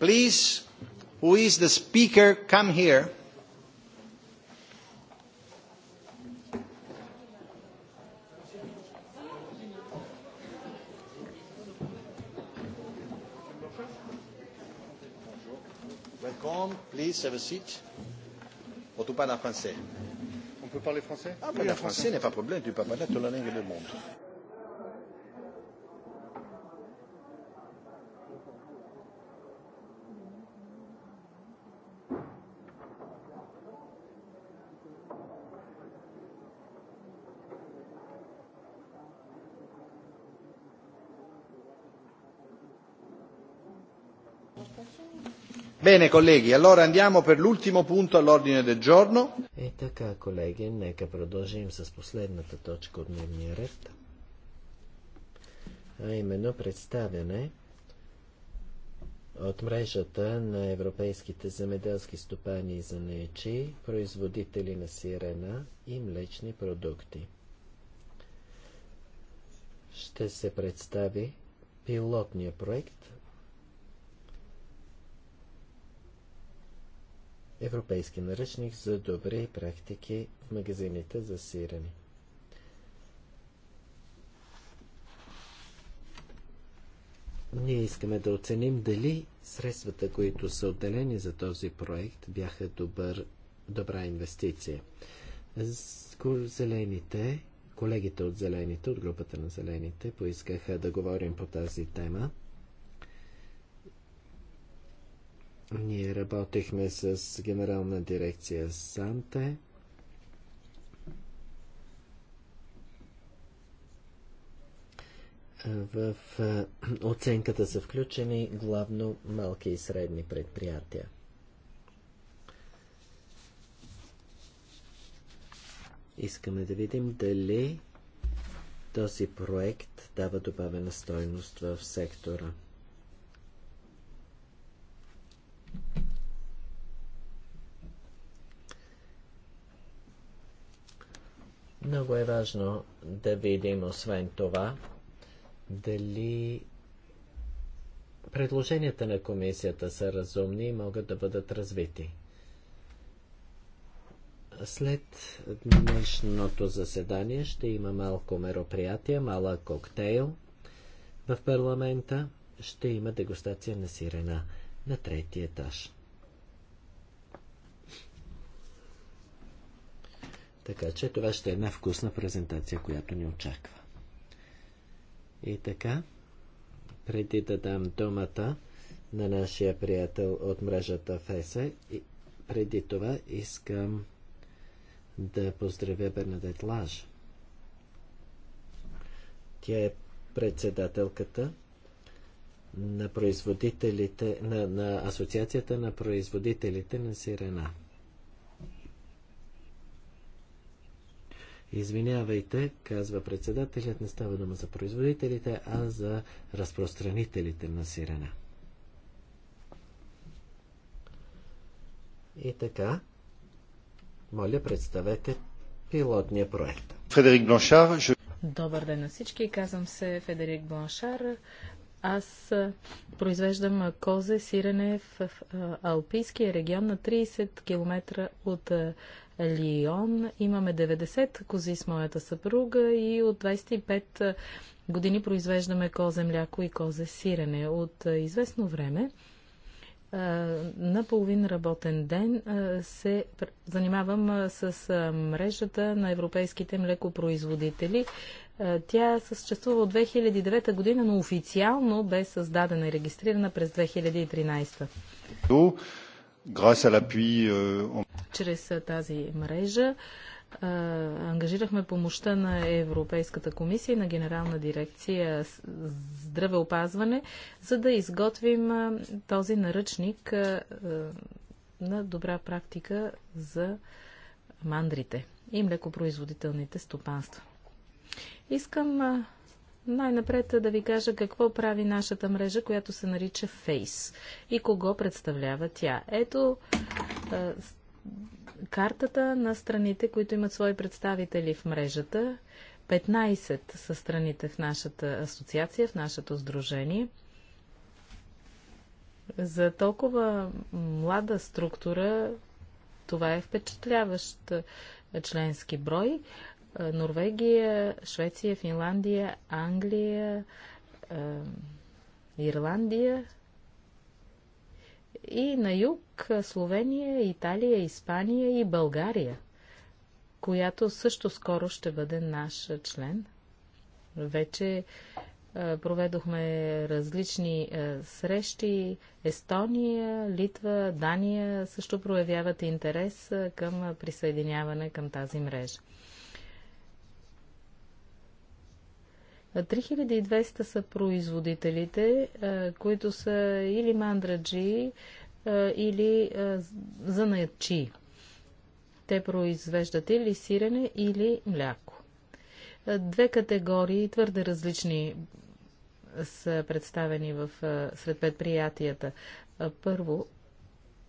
Please, who is the speaker, come here. Welcome, please have a seat. Bon, tu parles français. On peut parler français Ah, parler français n'est pas problème, tu peux parler toute la langue du monde. Bene, colleghi, allora andiamo per l'ultimo punto all'ordine del giorno. E така, колеги, нека продължим с последната точка от дневния ред. А именно представяне от мрежата на европейските земеделски стопани и занечи, производители на сирена и млечни продукти. Ще се представи пилотния проект Европейски наръчник за добри практики в магазините за сирене. Ние искаме да оценим дали средствата, които са отделени за този проект, бяха добър, добра инвестиция. Зелените, колегите от Зелените, от групата на Зелените, поискаха да говорим по тази тема. Ние работихме с генерална дирекция Санте. В оценката са включени главно малки и средни предприятия. Искаме да видим дали този проект дава добавена стойност в сектора. Много е важно да видим, освен това, дали предложенията на комисията са разумни и могат да бъдат развити. След днешното заседание ще има малко мероприятие, малък коктейл в парламента. Ще има дегустация на сирена на третия етаж. Така че това ще е една вкусна презентация, която ни очаква. И така, преди да дам думата на нашия приятел от мрежата ФЕСЕ, и преди това искам да поздравя Бернадет Лаж. Тя е председателката на производителите, на, на Асоциацията на производителите на сирена. Извинявайте, казва председателят, не става дума за производителите, а за разпространителите на сирена. И така, моля, представете пилотния проект. Фредерик Бланшар. Добър ден на всички. Казвам се Федерик Бланшар. Аз произвеждам козе, сирене в Алпийския регион на 30 км от Лион. Имаме 90 кози с моята съпруга и от 25 години произвеждаме козе мляко и козе сирене. От известно време на половин работен ден се занимавам с мрежата на европейските млекопроизводители. Тя съществува от 2009 година, но официално бе създадена и регистрирана през 2013. Euh, Чрез тази мрежа ангажирахме помощта на Европейската комисия и на Генерална дирекция здравеопазване, за да изготвим този наръчник на добра практика за мандрите и млекопроизводителните стопанства. Искам най-напред да ви кажа какво прави нашата мрежа, която се нарича FACE и кого представлява тя. Ето картата на страните, които имат свои представители в мрежата. 15 са страните в нашата асоциация, в нашето сдружение. За толкова млада структура това е впечатляващ членски брой. Норвегия, Швеция, Финландия, Англия, Ирландия и на юг Словения, Италия, Испания и България, която също скоро ще бъде наш член. Вече е, проведохме различни е, срещи. Естония, Литва, Дания също проявяват интерес е, към присъединяване към тази мрежа. 3200 са производителите, е, които са или мандраджи, е, или е, занаячи. Те произвеждат или сирене, или мляко. Две категории, твърде различни, са представени в, сред предприятията. Първо,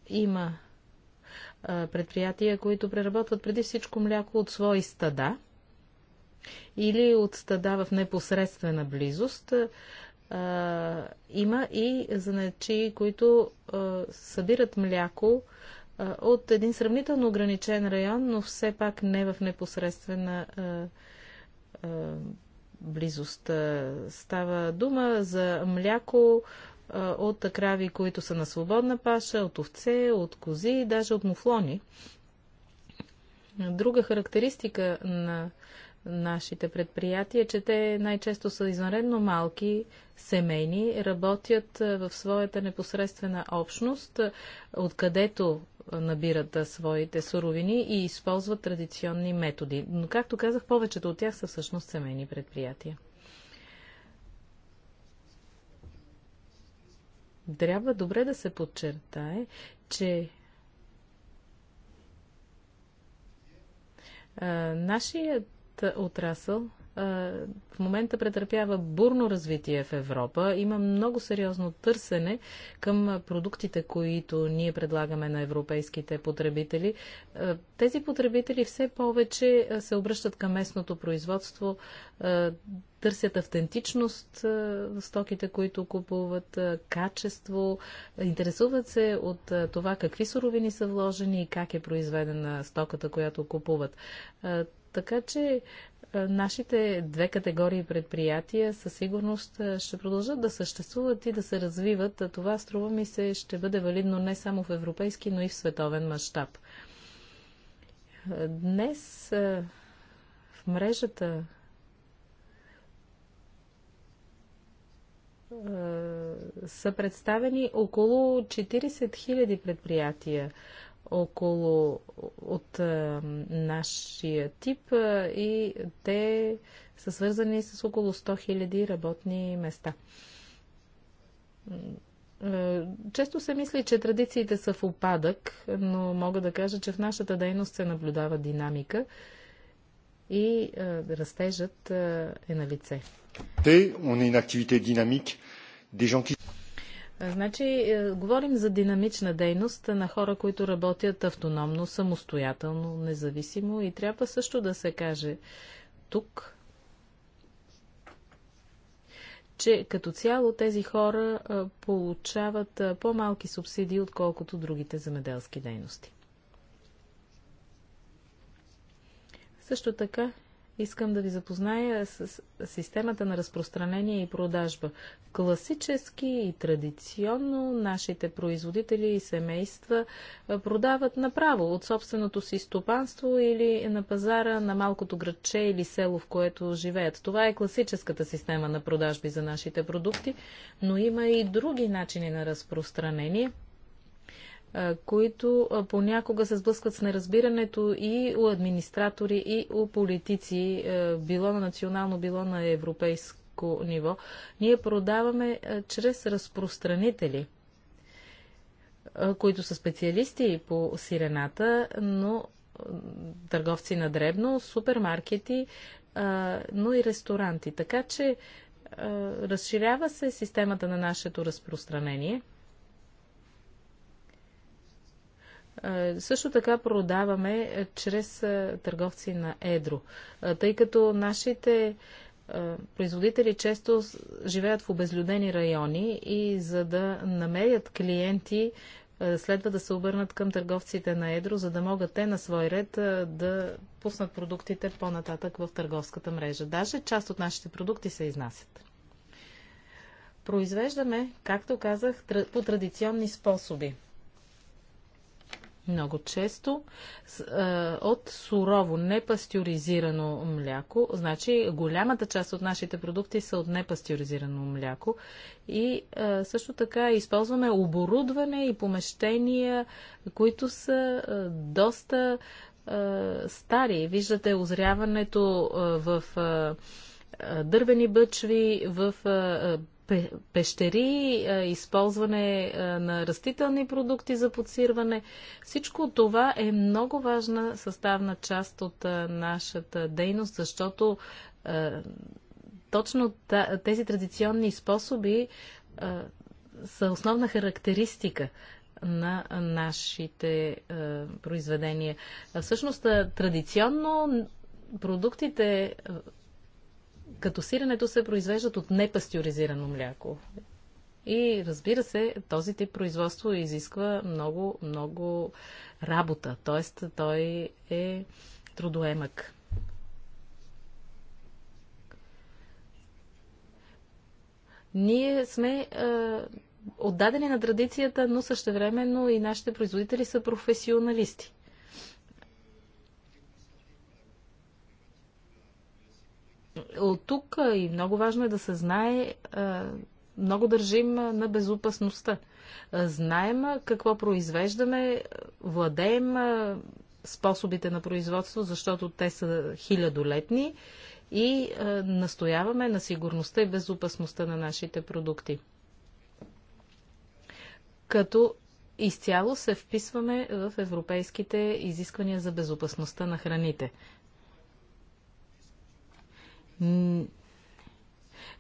има предприятия, които преработват преди всичко мляко от свои стада – или от стада в непосредствена близост. А, има и заначи, които а, събират мляко а, от един сравнително ограничен район, но все пак не в непосредствена близост. Става дума за мляко от крави, които са на свободна паша, от овце, от кози и даже от муфлони. Друга характеристика на нашите предприятия, че те най-често са извънредно малки, семейни, работят в своята непосредствена общност, откъдето набират своите суровини и използват традиционни методи. Но, както казах, повечето от тях са всъщност семейни предприятия. Трябва добре да се подчертае, че нашия нашият отрасъл в момента претърпява бурно развитие в Европа. Има много сериозно търсене към продуктите, които ние предлагаме на европейските потребители. Тези потребители все повече се обръщат към местното производство, търсят автентичност в стоките, които купуват, качество, интересуват се от това какви суровини са вложени и как е произведена стоката, която купуват. Така че нашите две категории предприятия със сигурност ще продължат да съществуват и да се развиват. а Това, струва ми се, ще бъде валидно не само в европейски, но и в световен мащаб. Днес в мрежата са представени около 40 000 предприятия около от а, нашия тип а, и те са свързани с около 100 000 работни места. Често се мисли, че традициите са в опадък, но мога да кажа, че в нашата дейност се наблюдава динамика и а, растежът а, е на лице. Те, on est une activité dynamique, des gens qui... Е, значи, е, говорим за динамична дейност на хора, които работят автономно, самостоятелно, независимо и трябва също да се каже тук, че като цяло тези хора е, получават по-малки субсидии, отколкото другите земеделски дейности. Също така искам да ви запозная с системата на разпространение и продажба. Класически и традиционно нашите производители и семейства продават направо от собственото си стопанство или на пазара на малкото градче или село, в което живеят. Това е класическата система на продажби за нашите продукти, но има и други начини на разпространение – които понякога се сблъскват с неразбирането и у администратори, и у политици, било на национално, било на европейско ниво. Ние продаваме чрез разпространители, които са специалисти по сирената, но търговци на дребно, супермаркети, но и ресторанти. Така че разширява се системата на нашето разпространение – Също така продаваме чрез търговци на едро, тъй като нашите производители често живеят в обезлюдени райони и за да намерят клиенти, следва да се обърнат към търговците на едро, за да могат те на свой ред да пуснат продуктите по-нататък в търговската мрежа. Даже част от нашите продукти се изнасят. Произвеждаме, както казах, по традиционни способи – много често е, от сурово, непастюризирано мляко. Значи голямата част от нашите продукти са от непастюризирано мляко. И е, също така използваме оборудване и помещения, които са е, доста стари. Виждате озряването в дървени бъчви, в пещери, използване на растителни продукти за подсирване. Всичко това е много важна съставна част от нашата дейност, защото точно тези традиционни способи са основна характеристика на нашите произведения. Всъщност, традиционно продуктите като сиренето се произвеждат от непастеризирано мляко. И разбира се, този тип производство изисква много, много работа, т.е. той е трудоемък. Ние сме е, отдадени на традицията, но същевременно и нашите производители са професионалисти. От тук и много важно е да се знае, много държим на безопасността. Знаем какво произвеждаме, владеем способите на производство, защото те са хилядолетни и настояваме на сигурността и безопасността на нашите продукти. Като изцяло се вписваме в европейските изисквания за безопасността на храните.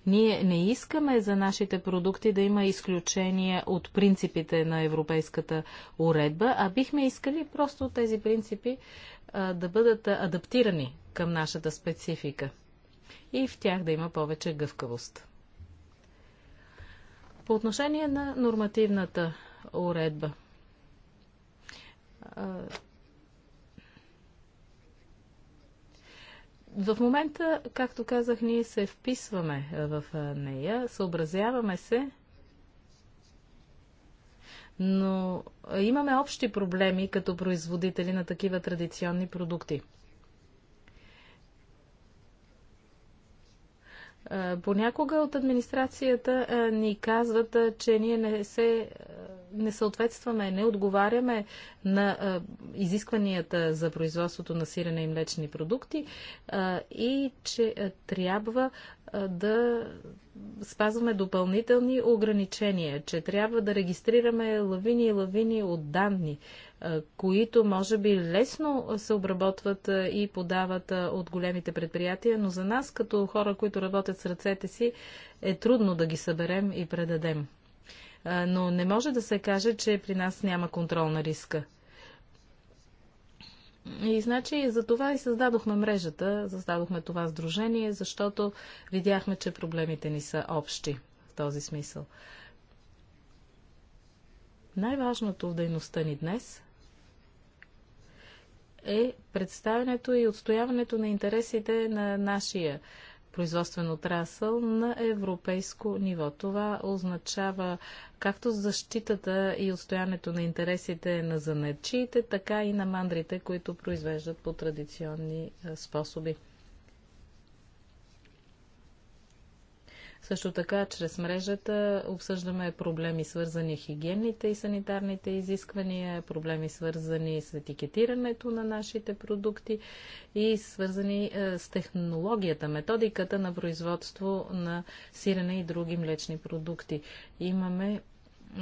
Ние не искаме за нашите продукти да има изключения от принципите на европейската уредба, а бихме искали просто тези принципи а, да бъдат адаптирани към нашата специфика и в тях да има повече гъвкавост. По отношение на нормативната уредба. В момента, както казах, ние се вписваме в нея, съобразяваме се, но имаме общи проблеми като производители на такива традиционни продукти. Понякога от администрацията ни казват, че ние не се не съответстваме, не отговаряме на изискванията за производството на сирене и млечни продукти и че трябва да спазваме допълнителни ограничения, че трябва да регистрираме лавини и лавини от данни, които може би лесно се обработват и подават от големите предприятия, но за нас като хора, които работят с ръцете си, е трудно да ги съберем и предадем но не може да се каже, че при нас няма контрол на риска. И значи за това и създадохме мрежата, създадохме това сдружение, защото видяхме, че проблемите ни са общи в този смисъл. Най-важното в дейността ни днес е представянето и отстояването на интересите на нашия производствен отрасъл на европейско ниво. Това означава както защитата и отстоянето на интересите на занечиите, така и на мандрите, които произвеждат по традиционни способи. Също така, чрез мрежата обсъждаме проблеми свързани с хигиенните и санитарните изисквания, проблеми свързани с етикетирането на нашите продукти и свързани е, с технологията, методиката на производство на сирене и други млечни продукти. Имаме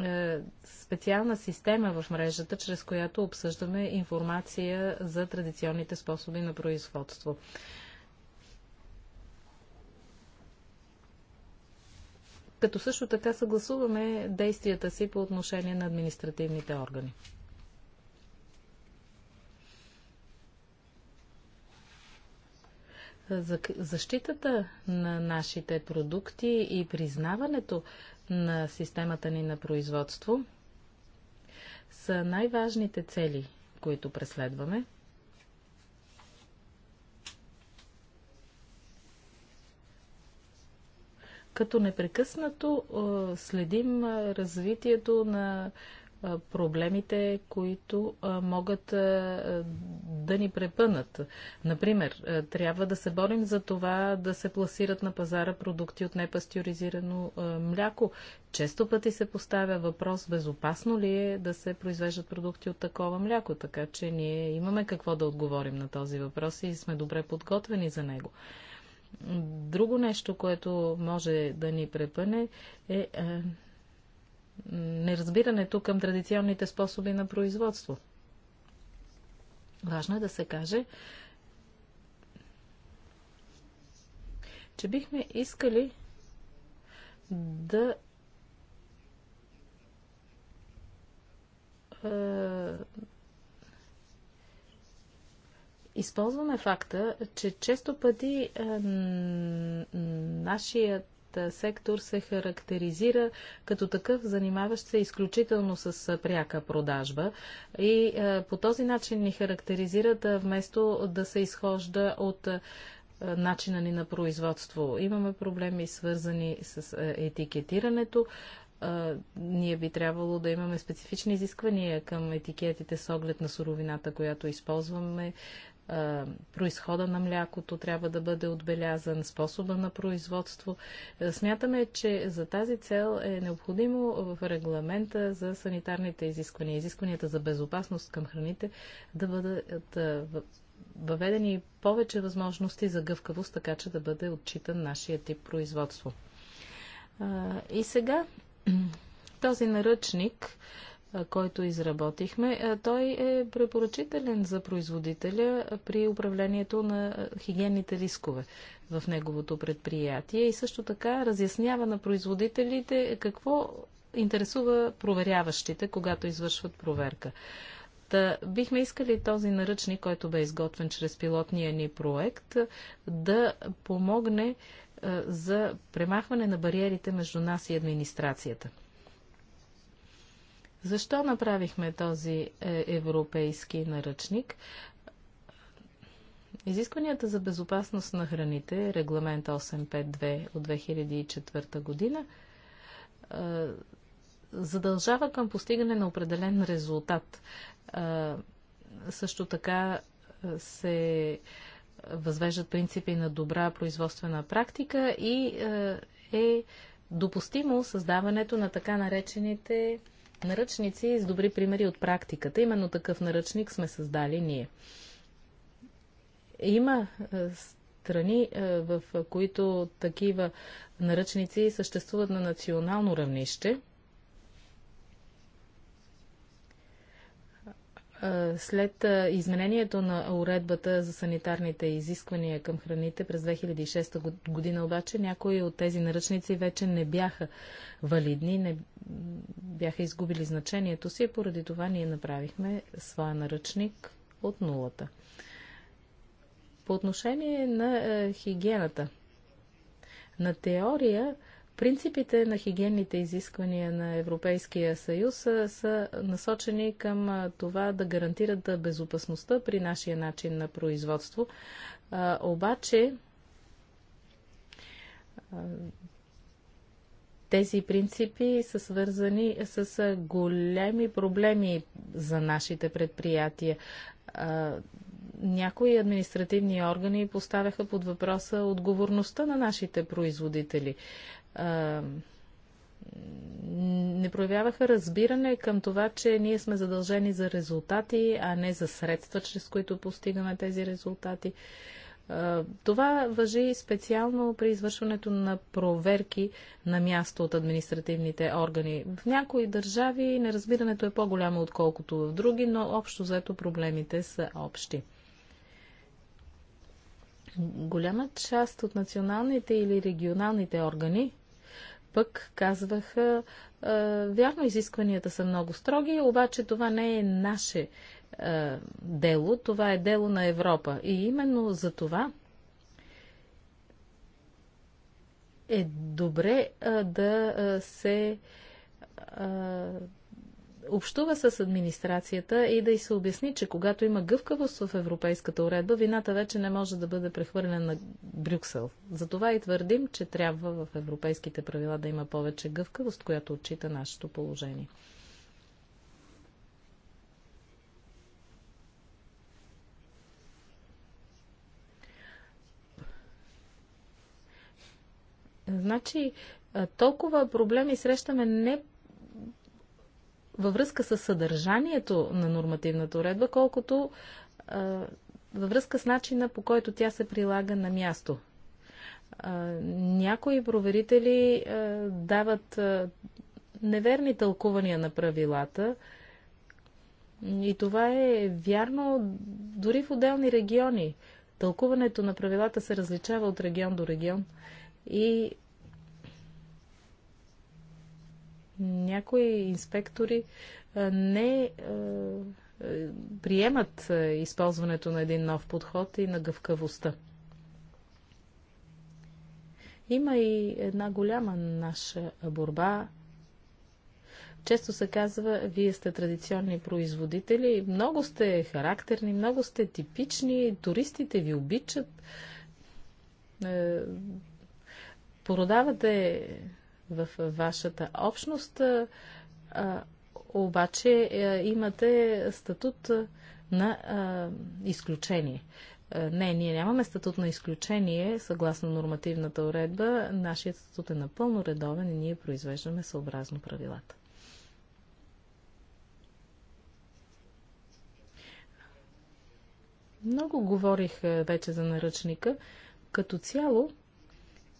е, специална система в мрежата, чрез която обсъждаме информация за традиционните способи на производство. като също така съгласуваме действията си по отношение на административните органи. За защитата на нашите продукти и признаването на системата ни на производство са най-важните цели, които преследваме – като непрекъснато следим развитието на проблемите, които могат да ни препънат. Например, трябва да се борим за това да се пласират на пазара продукти от непастеризирано мляко. Често пъти се поставя въпрос безопасно ли е да се произвеждат продукти от такова мляко, така че ние имаме какво да отговорим на този въпрос и сме добре подготвени за него. Друго нещо, което може да ни препъне е, е неразбирането към традиционните способи на производство. Важно е да се каже, че бихме искали да е, използваме факта, че често пъти е, нашият е, сектор се характеризира като такъв, занимаващ се изключително с е, пряка продажба. И е, по този начин ни характеризират, вместо да се изхожда от начина ни на производство. Имаме проблеми свързани с етикетирането. ние би трябвало да имаме специфични изисквания към етикетите с оглед на суровината, която използваме, е, происхода на млякото трябва да бъде отбелязан, способа на производство. Е, смятаме, че за тази цел е необходимо в регламента за санитарните изисквания, изискванията за безопасност към храните да бъдат е, въведени повече възможности за гъвкавост, така че да бъде отчитан нашия тип производство. И сега този наръчник който изработихме, той е препоръчителен за производителя при управлението на хигиенните рискове в неговото предприятие и също така разяснява на производителите какво интересува проверяващите, когато извършват проверка. Та, бихме искали този наръчник, който бе изготвен чрез пилотния ни проект, да помогне за премахване на бариерите между нас и администрацията. Защо направихме този е, европейски наръчник? Изискванията за безопасност на храните, регламент 852 от 2004 година, задължава към постигане на определен резултат. Също така се възвеждат принципи на добра производствена практика и е допустимо създаването на така наречените наръчници с добри примери от практиката. Именно такъв наръчник сме създали ние. Има е, страни, е, в които такива наръчници съществуват на национално равнище. След изменението на уредбата за санитарните изисквания към храните през 2006 година обаче някои от тези наръчници вече не бяха валидни, не бяха изгубили значението си и поради това ние направихме своя наръчник от нулата. По отношение на хигиената. На теория Принципите на хигиенните изисквания на Европейския съюз са, са насочени към това да гарантират безопасността при нашия начин на производство. А, обаче, а, тези принципи са свързани с големи проблеми за нашите предприятия. Някои административни органи поставяха под въпроса отговорността на нашите производители не проявяваха разбиране към това, че ние сме задължени за резултати, а не за средства, чрез които постигаме тези резултати. Това въжи специално при извършването на проверки на място от административните органи. В някои държави неразбирането е по-голямо, отколкото в други, но общо взето проблемите са общи. Голяма част от националните или регионалните органи пък казваха, вярно, изискванията са много строги, обаче това не е наше дело, това е дело на Европа. И именно за това е добре да се общува с администрацията и да й се обясни, че когато има гъвкавост в европейската уредба, вината вече не може да бъде прехвърлена на Брюксел. Затова и твърдим, че трябва в европейските правила да има повече гъвкавост, която отчита нашето положение. Значи, толкова проблеми срещаме не във връзка с съдържанието на нормативната уредба, колкото а, във връзка с начина по който тя се прилага на място. А, някои проверители а, дават а, неверни тълкувания на правилата и това е вярно дори в отделни региони. Тълкуването на правилата се различава от регион до регион и някои инспектори не приемат използването на един нов подход и на гъвкавостта. Има и една голяма наша борба. Често се казва, вие сте традиционни производители, много сте характерни, много сте типични, туристите ви обичат, е, продавате в вашата общност, а, обаче а, е, имате статут на а, изключение. Не, ние нямаме статут на изключение, съгласно нормативната уредба. Нашият статут е напълно редовен и ние произвеждаме съобразно правилата. Много говорих вече за наръчника. Като цяло,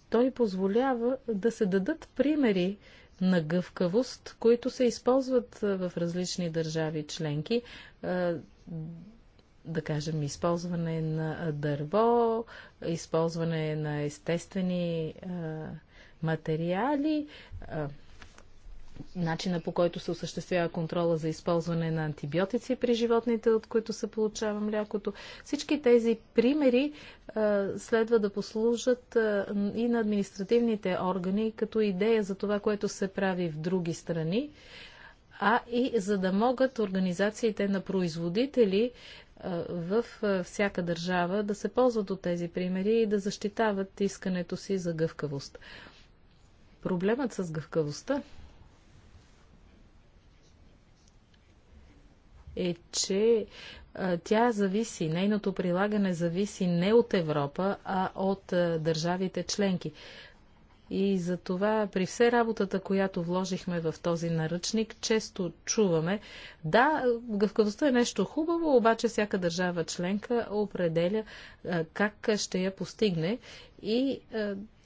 той позволява да се дадат примери на гъвкавост, които се използват в различни държави членки. Да кажем, използване на дърво, използване на естествени материали, начина по който се осъществява контрола за използване на антибиотици при животните, от които се получава млякото. Всички тези примери а, следва да послужат а, и на административните органи като идея за това, което се прави в други страни, а и за да могат организациите на производители в всяка държава да се ползват от тези примери и да защитават искането си за гъвкавост. Проблемът с гъвкавостта е, че тя зависи, нейното прилагане зависи не от Европа, а от държавите членки. И за това при все работата, която вложихме в този наръчник, често чуваме, да, гъвкавостта е нещо хубаво, обаче всяка държава членка определя как ще я постигне и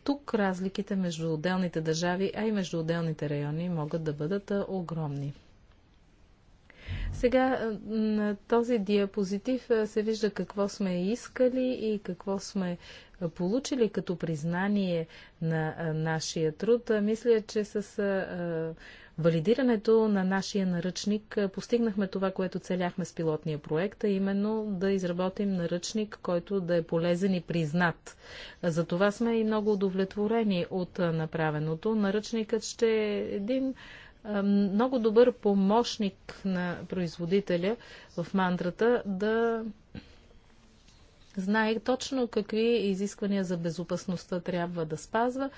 тук разликите между отделните държави, а и между отделните райони могат да бъдат огромни. Сега е, на този диапозитив е, се вижда какво сме искали и какво сме е, получили като признание на нашия труд. Мисля, че с валидирането на нашия наръчник постигнахме това, което целяхме с пилотния проект, а именно да изработим наръчник, който да е полезен и признат. За това сме и много удовлетворени от направеното. Наръчникът ще е един е, много добър помощник на производителя в мандрата да знае точно какви изисквания за безопасността трябва да спазва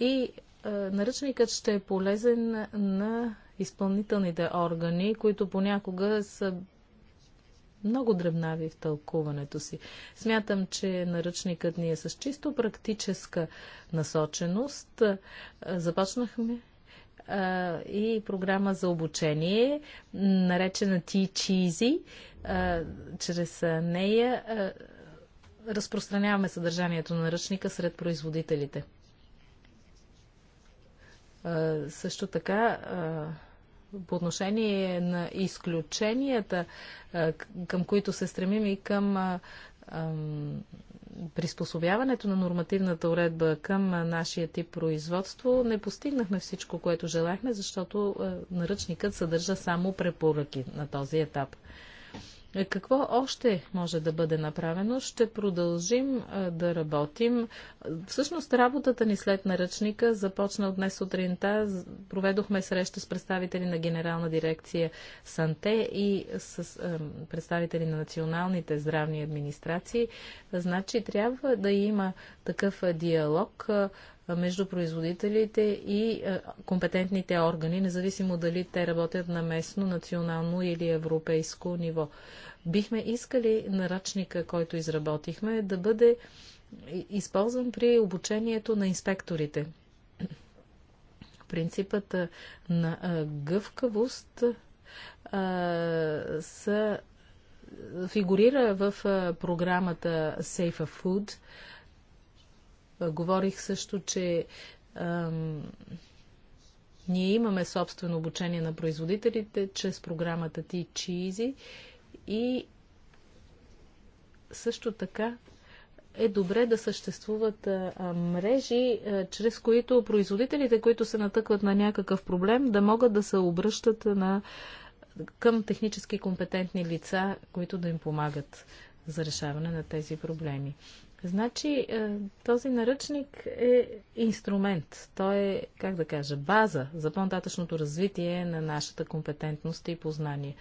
и е, наръчникът ще е полезен на изпълнителните органи, които понякога са много дребнави в тълкуването си. Смятам, че наръчникът ни е с чисто практическа насоченост. Е, започнахме и програма за обучение, наречена T-Cheesy. Чрез нея разпространяваме съдържанието на ръчника сред производителите. Също така, по отношение на изключенията, към които се стремим и към приспособяването на нормативната уредба към нашия тип производство не постигнахме всичко, което желахме, защото наръчникът съдържа само препоръки на този етап. Какво още може да бъде направено? Ще продължим да работим. Всъщност работата ни след наръчника започна от днес сутринта. Проведохме среща с представители на Генерална дирекция Санте и с представители на националните здравни администрации. Значи трябва да има такъв диалог между производителите и е, компетентните органи, независимо дали те работят на местно, национално или европейско ниво. Бихме искали наръчника, който изработихме, да бъде използван при обучението на инспекторите. Принципът е, на е, гъвкавост са, фигурира в програмата Safer Food – Говорих също, че ам, ние имаме собствено обучение на производителите чрез програмата Ти Чизи и също така е добре да съществуват а, мрежи, а, чрез които производителите, които се натъкват на някакъв проблем, да могат да се обръщат на, към технически компетентни лица, които да им помагат за решаване на тези проблеми. Значи е, този наръчник е инструмент. Той е, как да кажа, база за по-нататъчното развитие на нашата компетентност и познание.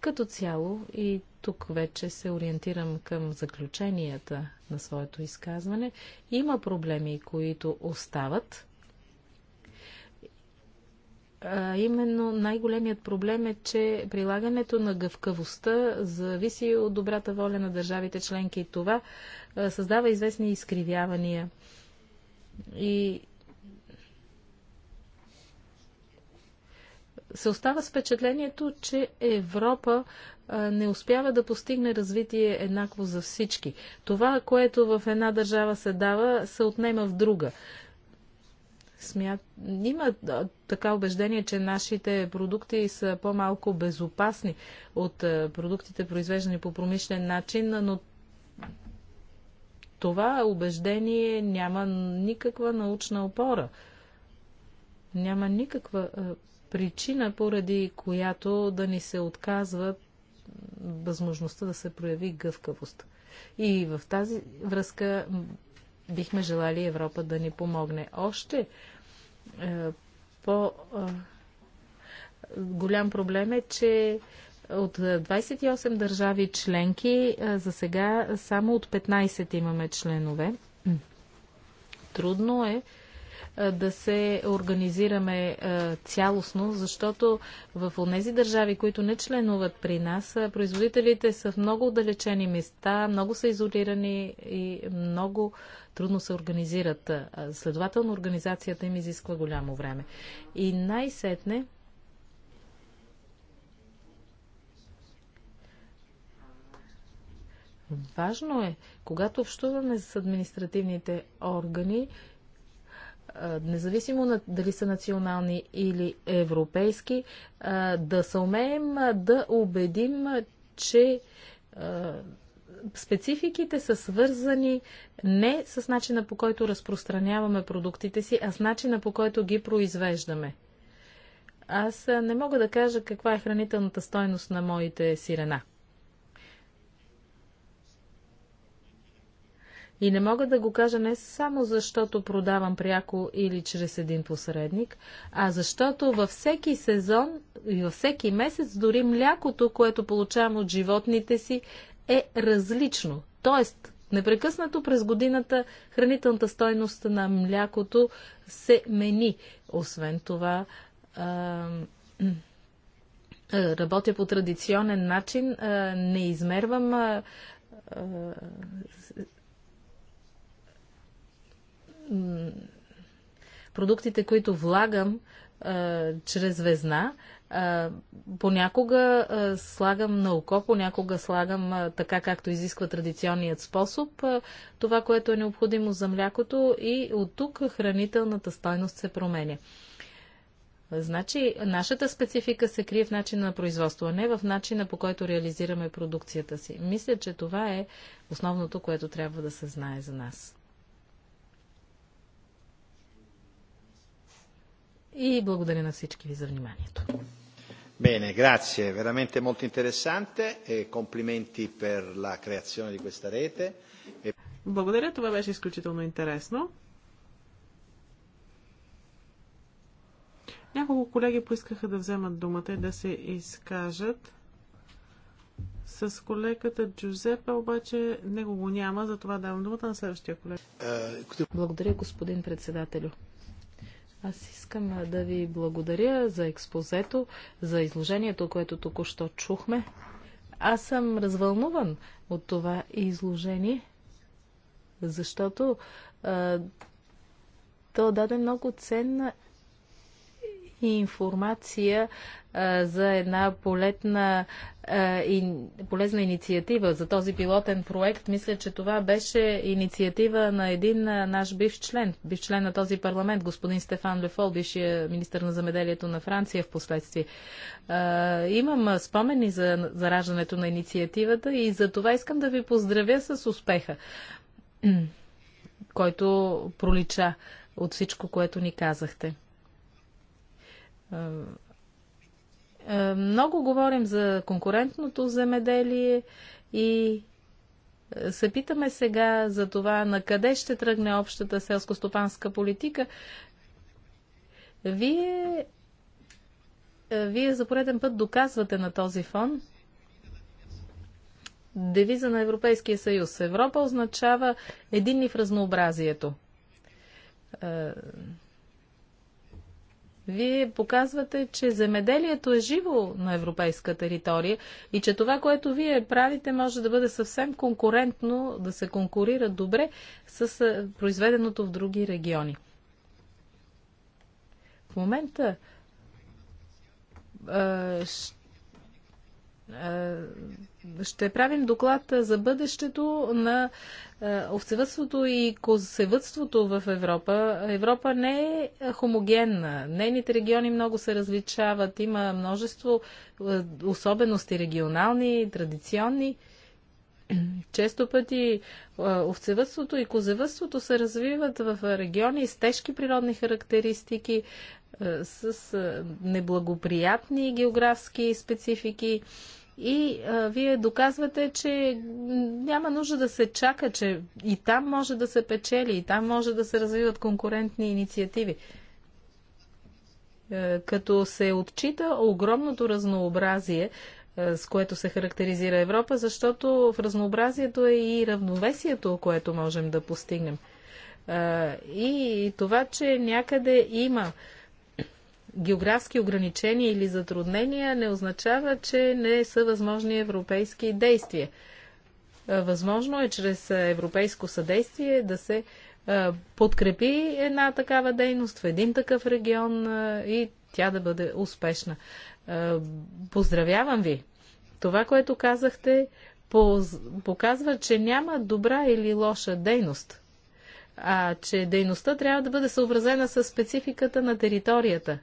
Като цяло, и тук вече се ориентирам към заключенията на своето изказване, има проблеми, които остават а именно най-големият проблем е, че прилагането на гъвкавостта зависи от добрата воля на държавите членки. и Това а, създава известни изкривявания. И се остава с впечатлението, че Европа не успява да постигне развитие еднакво за всички. Това, което в една държава се дава, се отнема в друга смят... има така убеждение, че нашите продукти са по-малко безопасни от продуктите, произвеждани по промишлен начин, но това убеждение няма никаква научна опора. Няма никаква причина, поради която да ни се отказва възможността да се прояви гъвкавост. И в тази връзка бихме желали Европа да ни помогне. Още е, по е, голям проблем е, че от 28 държави членки е, за сега само от 15 имаме членове. Трудно е да се организираме цялостно, защото в тези държави, които не членуват при нас, производителите са в много отдалечени места, много са изолирани и много трудно се организират. Следователно, организацията им изисква голямо време. И най-сетне Важно е, когато общуваме с административните органи, независимо на, дали са национални или европейски, да се умеем да убедим, че спецификите са свързани не с начина по който разпространяваме продуктите си, а с начина по който ги произвеждаме. Аз не мога да кажа каква е хранителната стойност на моите сирена – И не мога да го кажа не само защото продавам пряко или чрез един посредник, а защото във всеки сезон и във всеки месец дори млякото, което получавам от животните си, е различно. Тоест, непрекъснато през годината хранителната стойност на млякото се мени. Освен това, работя по традиционен начин, не измервам продуктите, които влагам а, чрез везна, а, понякога а, слагам на око, понякога слагам а, така, както изисква традиционният способ, а, това, което е необходимо за млякото и от тук хранителната стойност се променя. Значи, нашата специфика се крие в начина на производство, а не в начина по който реализираме продукцията си. Мисля, че това е основното, което трябва да се знае за нас. и благодаря на всички ви за вниманието. Bene, grazie, veramente molto interessante e complimenti per la creazione di questa rete. E благодаря, това беше изключително интересно. Няколко колеги поискаха да вземат думата и да се изкажат. С колегата Джузепе обаче него го няма, затова давам думата на следващия колега. Е, благодаря, господин председателю. Аз искам да ви благодаря за експозето, за изложението, което току-що чухме. Аз съм развълнуван от това изложение, защото а, то даде много ценна информация а, за една полетна е, и полезна инициатива за този пилотен проект. Мисля, че това беше инициатива на един е, наш бив член, Бив член на този парламент, господин Стефан Лефол, бившия министр на замеделието на Франция в последствие. Е, имам спомени за зараждането на инициативата и за това искам да ви поздравя с успеха, който пролича от всичко, което ни казахте е, много говорим за конкурентното земеделие и е, се питаме сега за това на къде ще тръгне общата селско-стопанска политика. Вие, е, вие за пореден път доказвате на този фон девиза на Европейския съюз. Европа означава единни в разнообразието вие показвате, че земеделието е живо на европейска територия и че това, което вие правите, може да бъде съвсем конкурентно, да се конкурира добре с произведеното в други региони. В момента ще е, ще правим доклад за бъдещето на е, овцевътството и козевътството в Европа. Европа не е хомогенна. Нейните региони много се различават. Има множество е, особености регионални, традиционни. Често пъти овцевътството и козевътството се развиват в региони с тежки природни характеристики, с неблагоприятни географски специфики и а, вие доказвате, че няма нужда да се чака, че и там може да се печели, и там може да се развиват конкурентни инициативи. А, е, като се отчита огромното разнообразие, а, е, с което се характеризира Европа, защото в разнообразието е и равновесието, което можем да постигнем. А, е, и това, че някъде има. А, географски ограничения или затруднения не означава, че не са възможни европейски действия. Възможно е чрез европейско съдействие да се подкрепи една такава дейност в един такъв регион и тя да бъде успешна. Поздравявам ви! Това, което казахте, показва, че няма добра или лоша дейност, а че дейността трябва да бъде съобразена с спецификата на територията.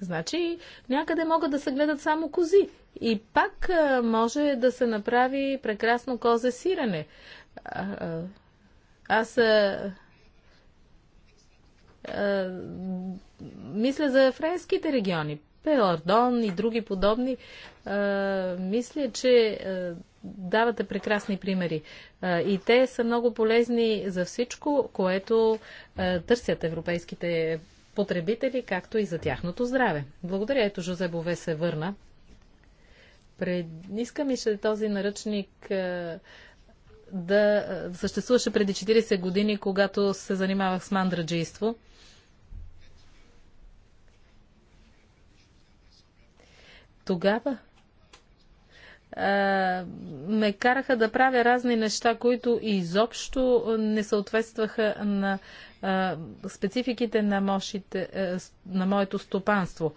Значи някъде могат да се гледат само кози. И пак може да се направи прекрасно козе сирене. А, а, аз а, а, мисля за френските региони. Пелардон и други подобни. А, мисля, че а, давате прекрасни примери. А, и те са много полезни за всичко, което а, търсят европейските потребители, както и за тяхното здраве. Благодаря, ето Жозе Бове се върна. Пред... Иска ми ще този наръчник е, да е, съществуваше преди 40 години, когато се занимавах с мандраджийство. Тогава ме караха да правя разни неща, които изобщо не съответстваха на спецификите на, мошите, на моето стопанство.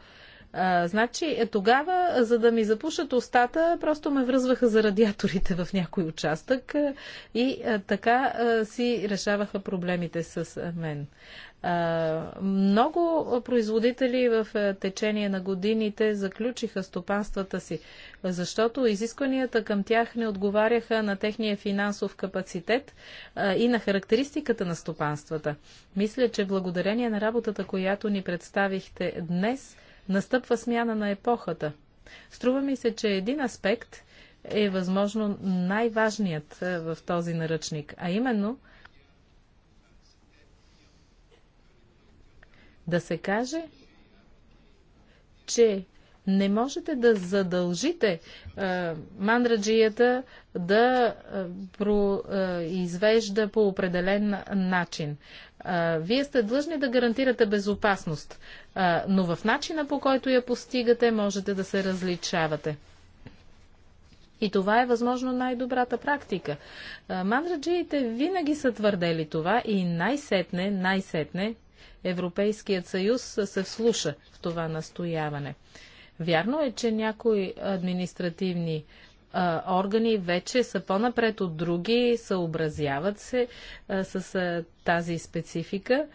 А, значи, е, тогава, за да ми запушат устата, просто ме връзваха за радиаторите в някой участък и а, така а, си решаваха проблемите с мен. Много производители в течение на годините заключиха стопанствата си, защото изискванията към тях не отговаряха на техния финансов капацитет и на характеристиката на стопанствата. Мисля, че благодарение на работата, която ни представихте днес, Настъпва смяна на епохата. Струва ми се, че един аспект е възможно най-важният е, в този наръчник, а именно да се каже, че не можете да задължите е, мандраджията да е, произвежда е, по определен начин. Вие сте длъжни да гарантирате безопасност, но в начина по който я постигате, можете да се различавате. И това е възможно най-добрата практика. Мандраджиите винаги са твърдели това и най-сетне, най-сетне Европейският съюз се вслуша в това настояване. Вярно е, че някои административни а, органи вече са по-напред от други, съобразяват се а, с а, тази специфика.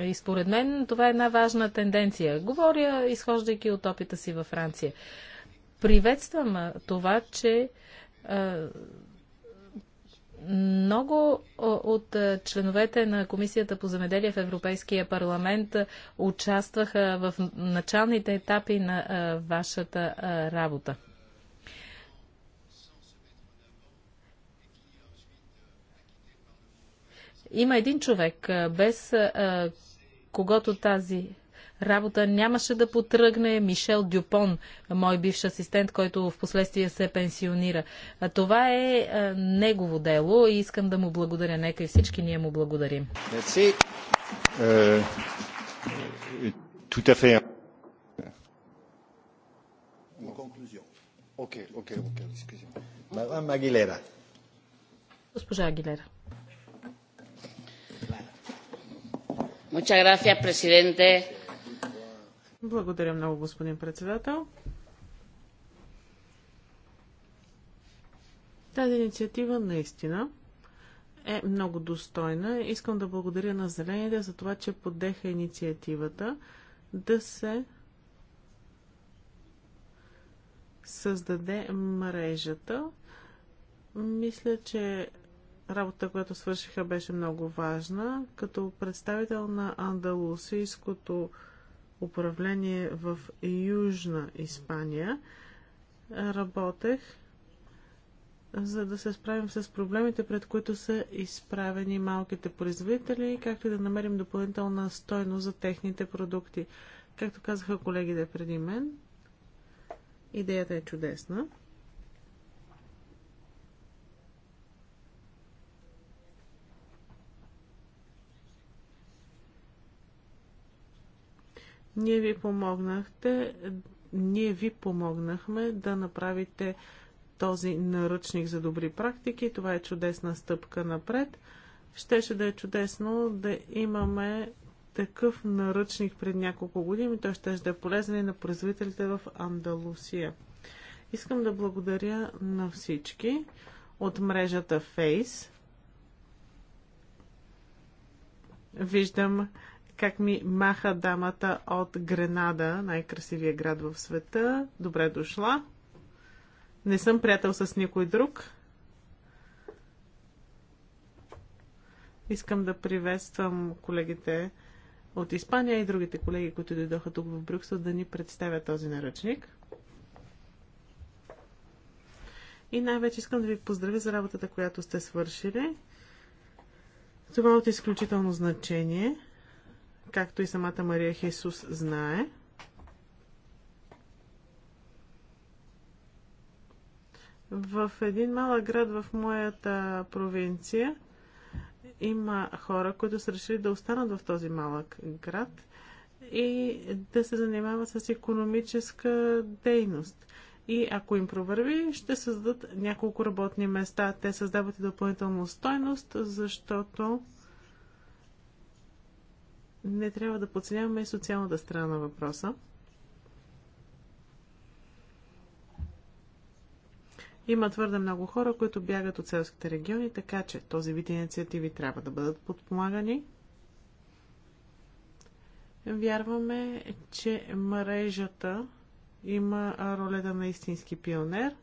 И според мен това е една важна тенденция. Говоря, изхождайки от опита си във Франция. Приветствам това, че много от членовете на Комисията по земеделие в Европейския парламент участваха в началните етапи на вашата работа. Има един човек, без когото тази работа нямаше да потръгне Мишел Дюпон, мой бивш асистент, който в последствие се пенсионира. Това е негово дело и искам да му благодаря. Нека и всички ние му благодарим. Е, Госпожа Агилера. Muchas gracias, presidente. Благодаря много, господин председател. Тази инициатива наистина е много достойна. Искам да благодаря на Зелените за това, че подеха инициативата да се създаде мрежата. Мисля, че работа, която свършиха, беше много важна. Като представител на андалусийското управление в Южна Испания, работех за да се справим с проблемите, пред които са изправени малките производители, както и да намерим допълнителна стойност за техните продукти. Както казаха колегите преди мен, идеята е чудесна. Ние ви помогнахте, ние ви помогнахме да направите този наръчник за добри практики. Това е чудесна стъпка напред. Щеше да е чудесно да имаме такъв наръчник пред няколко години. Той ще да е полезен и на производителите в Андалусия. Искам да благодаря на всички от мрежата Face. Виждам как ми маха дамата от Гренада, най-красивия град в света. Добре дошла. Не съм приятел с никой друг. Искам да приветствам колегите от Испания и другите колеги, които дойдоха тук в Брюксел да ни представят този наръчник. И най-вече искам да ви поздравя за работата, която сте свършили. Това е от изключително значение – както и самата Мария Хесус знае. В един малък град в моята провинция има хора, които са решили да останат в този малък град и да се занимават с економическа дейност. И ако им провърви, ще създадат няколко работни места. Те създават и допълнително стойност, защото не трябва да подценяваме социалната страна на въпроса. Има твърде много хора, които бягат от селските региони, така че този вид инициативи трябва да бъдат подпомагани. Вярваме, че мрежата има ролята на истински пионер.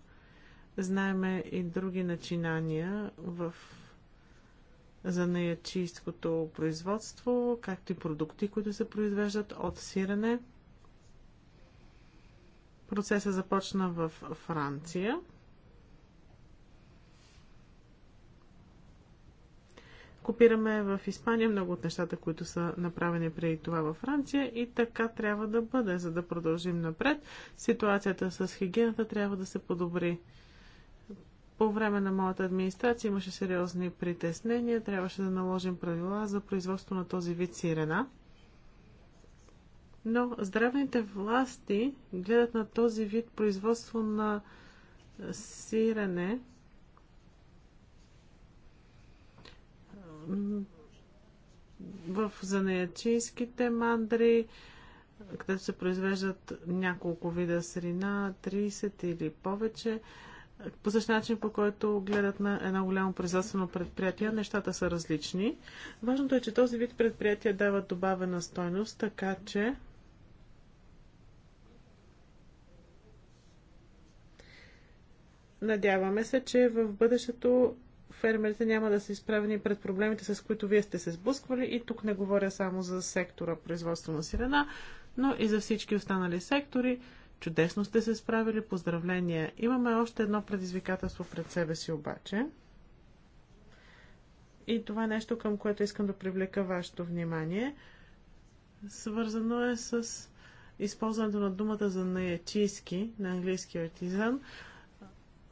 Знаеме и други начинания в за неячийското производство, както и продукти, които се произвеждат от сирене. Процесът започна в Франция. Копираме в Испания много от нещата, които са направени преди това във Франция и така трябва да бъде, за да продължим напред. Ситуацията с хигиената трябва да се подобри. По време на моята администрация имаше сериозни притеснения. Трябваше да наложим правила за производство на този вид сирена. Но здравните власти гледат на този вид производство на сирене в занаячийските мандри, където се произвеждат няколко вида сирена, 30 или повече по същия начин, по който гледат на едно голямо производствено предприятие, нещата са различни. Важното е, че този вид предприятия дава добавена стойност, така че Надяваме се, че в бъдещето фермерите няма да са изправени пред проблемите, с които вие сте се сблъсквали. И тук не говоря само за сектора производство на сирена, но и за всички останали сектори. Чудесно сте се справили, поздравления. Имаме още едно предизвикателство пред себе си обаче. И това е нещо, към което искам да привлека вашето внимание. Свързано е с използването на думата за наятийски, на английски артизан,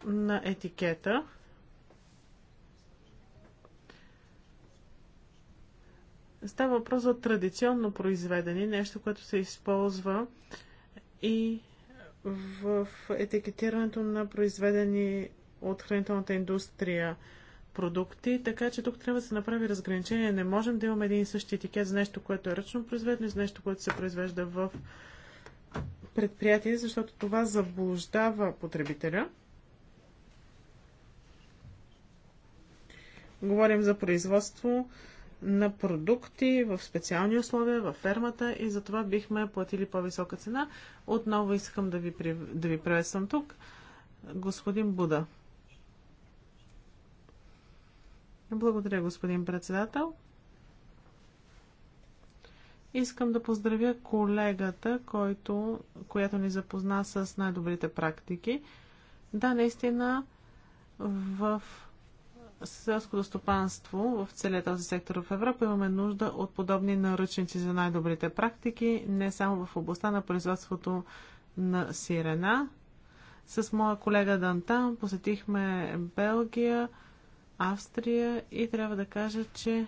на етикета. Става въпрос за традиционно произведени, нещо, което се използва и в етикетирането на произведени от хранителната индустрия продукти, така че тук трябва да се направи разграничение. Не можем да имаме един и същи етикет за нещо, което е ръчно произведено и за нещо, което се произвежда в предприятие, защото това заблуждава потребителя. Говорим за производство, на продукти в специални условия във фермата и затова бихме платили по-висока цена. Отново искам да ви, да ви приветствам тук, господин Буда. Благодаря, господин председател. Искам да поздравя колегата, който, която ни запозна с най-добрите практики. Да, наистина в селското стопанство в целия този сектор в Европа имаме нужда от подобни наръчници за най-добрите практики, не само в областта на производството на сирена. С моя колега Дантан посетихме Белгия, Австрия и трябва да кажа, че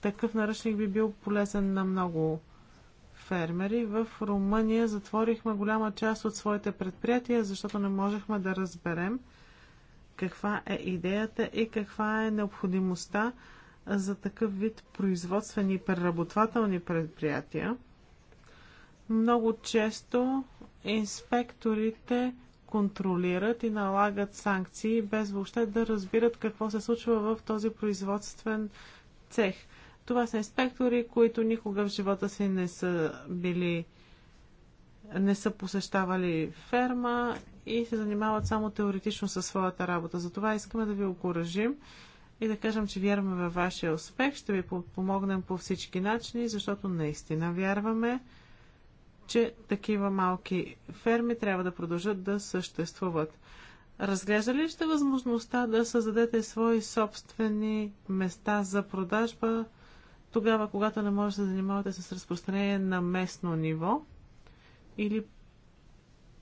такъв наръчник би бил полезен на много фермери. В Румъния затворихме голяма част от своите предприятия, защото не можехме да разберем – каква е идеята и каква е необходимостта за такъв вид производствени и преработвателни предприятия. Много често инспекторите контролират и налагат санкции, без въобще да разбират какво се случва в този производствен цех. Това са инспектори, които никога в живота си не са били не са посещавали ферма и се занимават само теоретично със своята работа. Затова искаме да ви окоръжим и да кажем, че вярваме във вашия успех. Ще ви помогнем по всички начини, защото наистина вярваме, че такива малки ферми трябва да продължат да съществуват. Разглеждали ли сте възможността да създадете свои собствени места за продажба тогава, когато не можете да се занимавате с разпространение на местно ниво? Или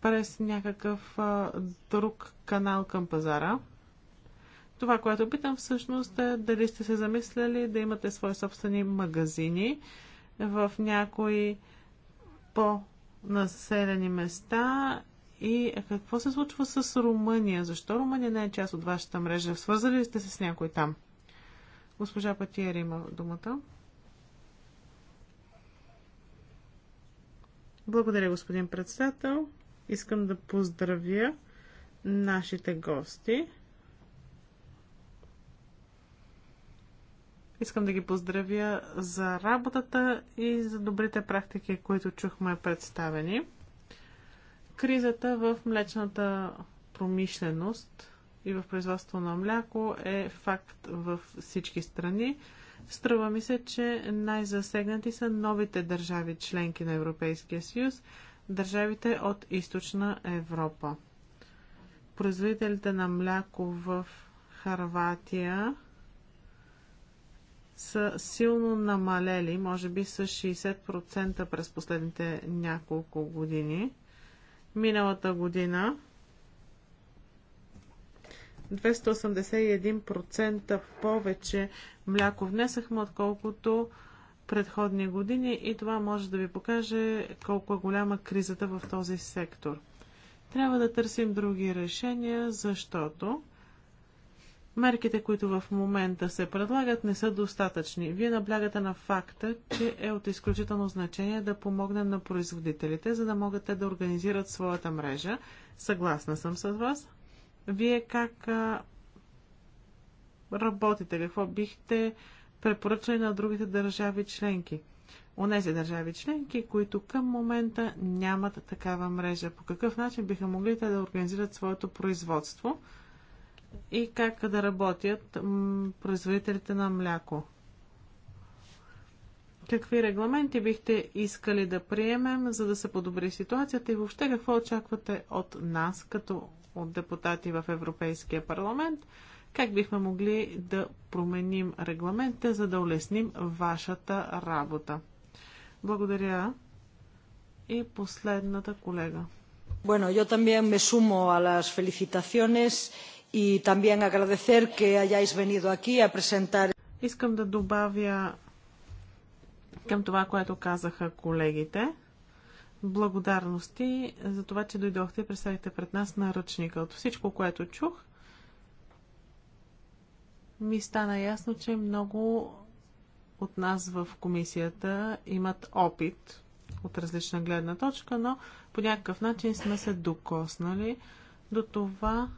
през някакъв а, друг канал към пазара. Това, което питам всъщност е дали сте се замисляли да имате свои собствени магазини в някои по-населени места и какво се случва с Румъния? Защо Румъния не е част от вашата мрежа? Свързали ли сте се с някой там? Госпожа Патиер има думата. Благодаря, господин председател. Искам да поздравя нашите гости. Искам да ги поздравя за работата и за добрите практики, които чухме представени. Кризата в млечната промишленост и в производство на мляко е факт във всички страни. Струва ми се, че най-засегнати са новите държави членки на Европейския съюз, държавите от източна Европа. Производителите на мляко в Харватия са силно намалели, може би с 60% през последните няколко години. Миналата година 281% повече мляко внесахме, отколкото предходни години и това може да ви покаже колко е голяма кризата в този сектор. Трябва да търсим други решения, защото мерките, които в момента се предлагат, не са достатъчни. Вие наблягате на факта, че е от изключително значение да помогнем на производителите, за да могат те да организират своята мрежа. Съгласна съм с вас. Вие как работите? Какво бихте препоръчани на другите държави членки. Онези държави членки, които към момента нямат такава мрежа. По какъв начин биха могли те да организират своето производство и как да работят производителите на мляко? Какви регламенти бихте искали да приемем, за да се подобри ситуацията и въобще какво очаквате от нас, като от депутати в Европейския парламент? как бихме могли да променим регламента, за да улесним вашата работа. Благодаря. И последната колега. Bueno, yo también me sumo a las felicitaciones y también agradecer que hayáis venido aquí a presentar. Искам да добавя към това, което казаха колегите. Благодарности за това, че дойдохте и представихте пред нас наръчника. От всичко, което чух, ми стана ясно, че много от нас в комисията имат опит от различна гледна точка, но по някакъв начин сме се докоснали до това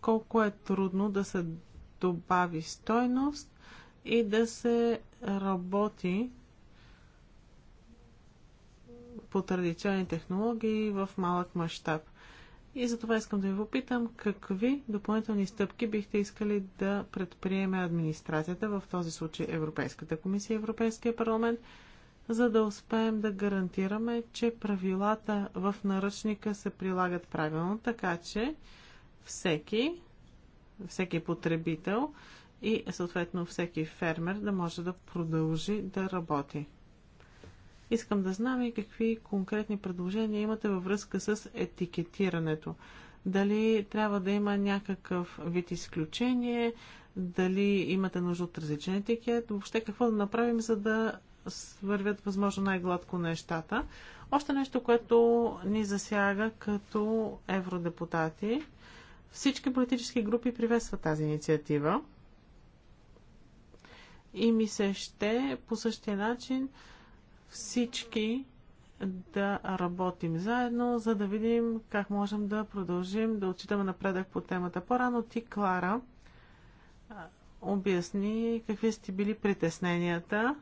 колко е трудно да се добави стойност и да се работи по традиционни технологии в малък мащаб. И за това искам да ви попитам какви допълнителни стъпки бихте искали да предприеме администрацията, в този случай Европейската комисия и Европейския парламент, за да успеем да гарантираме, че правилата в наръчника се прилагат правилно, така че всеки, всеки потребител и съответно всеки фермер да може да продължи да работи. Искам да знам и какви конкретни предложения имате във връзка с етикетирането. Дали трябва да има някакъв вид изключение, дали имате нужда от различен етикет, въобще какво да направим, за да вървят възможно най-гладко нещата. Още нещо, което ни засяга като евродепутати. Всички политически групи приветстват тази инициатива. И ми се ще по същия начин всички да работим заедно, за да видим как можем да продължим да отчитаме напредък по темата. По-рано ти, Клара, обясни какви сте били притесненията.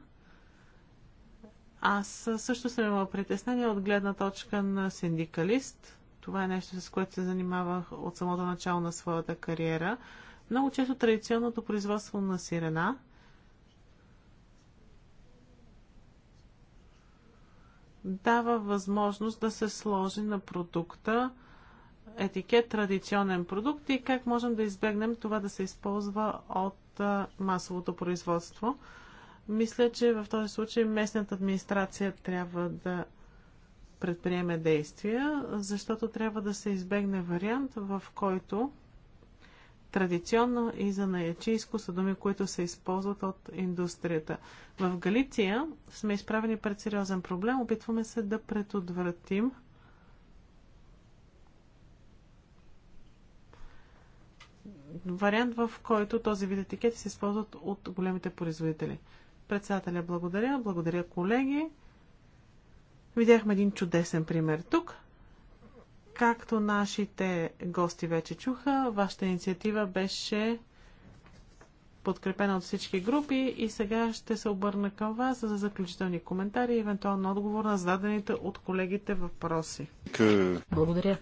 Аз също съм имала притеснение от гледна точка на синдикалист. Това е нещо, с което се занимавах от самото начало на своята кариера. Много често традиционното производство на сирена – дава възможност да се сложи на продукта етикет традиционен продукт и как можем да избегнем това да се използва от масовото производство. Мисля, че в този случай местната администрация трябва да предприеме действия, защото трябва да се избегне вариант, в който Традиционно и за наячийско са думи, които се използват от индустрията. В Галиция сме изправени пред сериозен проблем. Опитваме се да предотвратим вариант, в който този вид етикети се използват от големите производители. Председателя благодаря, благодаря колеги. Видяхме един чудесен пример тук. Както нашите гости вече чуха, вашата инициатива беше подкрепена от всички групи и сега ще се обърна към вас за заключителни коментари и евентуално отговор на зададените от колегите въпроси. Благодаря.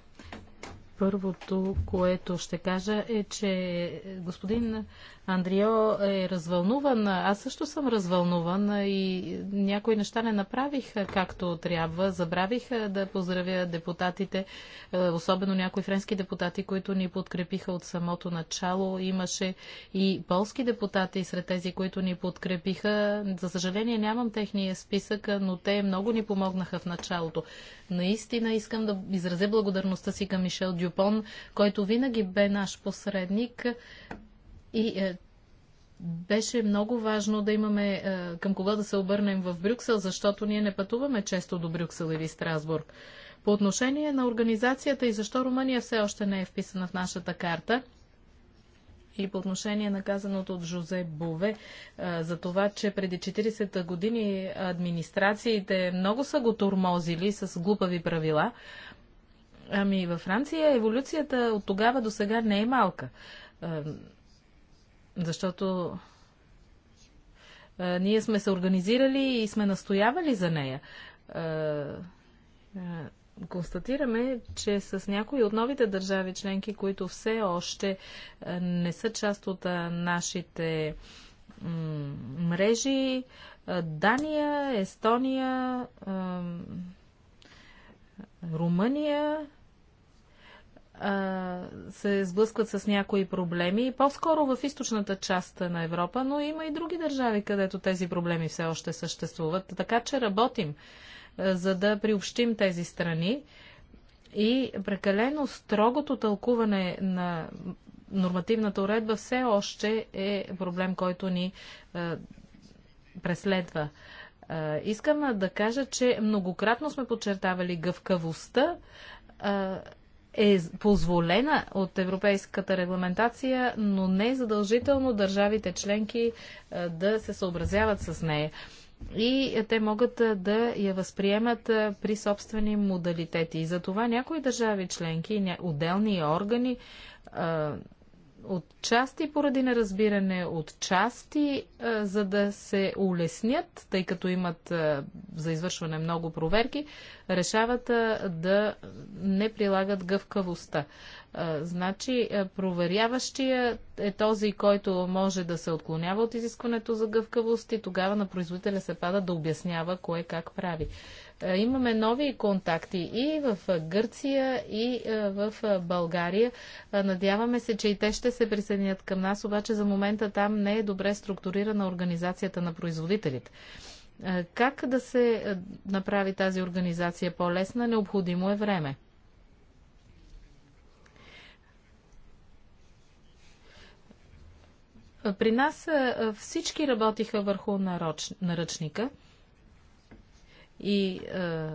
Първото, което ще кажа е, че господин Андрио е развълнуван. Аз също съм развълнуван и някои неща не направих както трябва. Забравих да поздравя депутатите, особено някои френски депутати, които ни подкрепиха от самото начало. Имаше и полски депутати сред тези, които ни подкрепиха. За съжаление нямам техния списък, но те много ни помогнаха в началото. Наистина искам да изразя благодарността си към Мишел Дюпон, който винаги бе наш посредник и е, беше много важно да имаме е, към кого да се обърнем в Брюксел, защото ние не пътуваме често до Брюксел или Страсбург. По отношение на организацията и защо Румъния все още не е вписана в нашата карта, и по отношение на казаното от Жозе Бове е, за това, че преди 40 години администрациите много са го турмозили с глупави правила. Ами във Франция еволюцията от тогава до сега не е малка. Защото ние сме се организирали и сме настоявали за нея. Констатираме, че с някои от новите държави членки, които все още не са част от нашите мрежи, Дания, Естония, Румъния, се сблъскват с някои проблеми, по-скоро в източната част на Европа, но има и други държави, където тези проблеми все още съществуват. Така че работим, за да приобщим тези страни и прекалено строгото тълкуване на нормативната уредба все още е проблем, който ни е, преследва. Е, искам да кажа, че многократно сме подчертавали гъвкавостта. Е, е позволена от европейската регламентация, но не е задължително държавите членки е, да се съобразяват с нея. И те могат е, да я възприемат е, при собствени модалитети. И затова някои държави членки, отделни органи, отчасти поради неразбиране, отчасти е, за да се улеснят, тъй като имат е, за извършване много проверки, решават е, да не прилагат гъвкавостта. Значи, проверяващия е този, който може да се отклонява от изискването за гъвкавост и тогава на производителя се пада да обяснява кое как прави. Е, имаме нови контакти и в Гърция, и е, в България. Е, надяваме се, че и те ще се присъединят към нас, обаче за момента там не е добре структурирана организацията на производителите. Как да се направи тази организация по-лесна? Необходимо е време. При нас всички работиха върху наръчника – и а,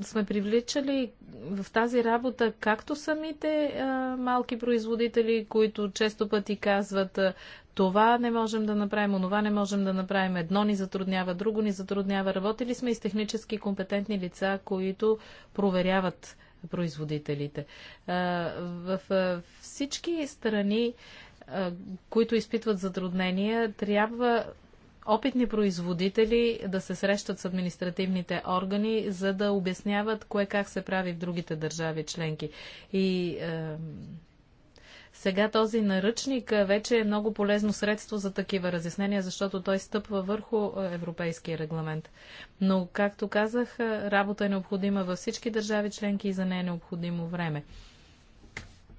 сме привличали в тази работа както самите а, малки производители, които често пъти казват а, това не можем да направим, онова не можем да направим, едно ни затруднява, друго ни затруднява. Работили сме и с технически компетентни лица, които проверяват производителите. А, в а, всички страни които изпитват затруднения, трябва опитни производители да се срещат с административните органи, за да обясняват кое как се прави в другите държави членки. И е, сега този наръчник е, вече е много полезно средство за такива разяснения, защото той стъпва върху е, европейския регламент. Но, както казах, е, работа е необходима във всички държави членки и за нея е необходимо време.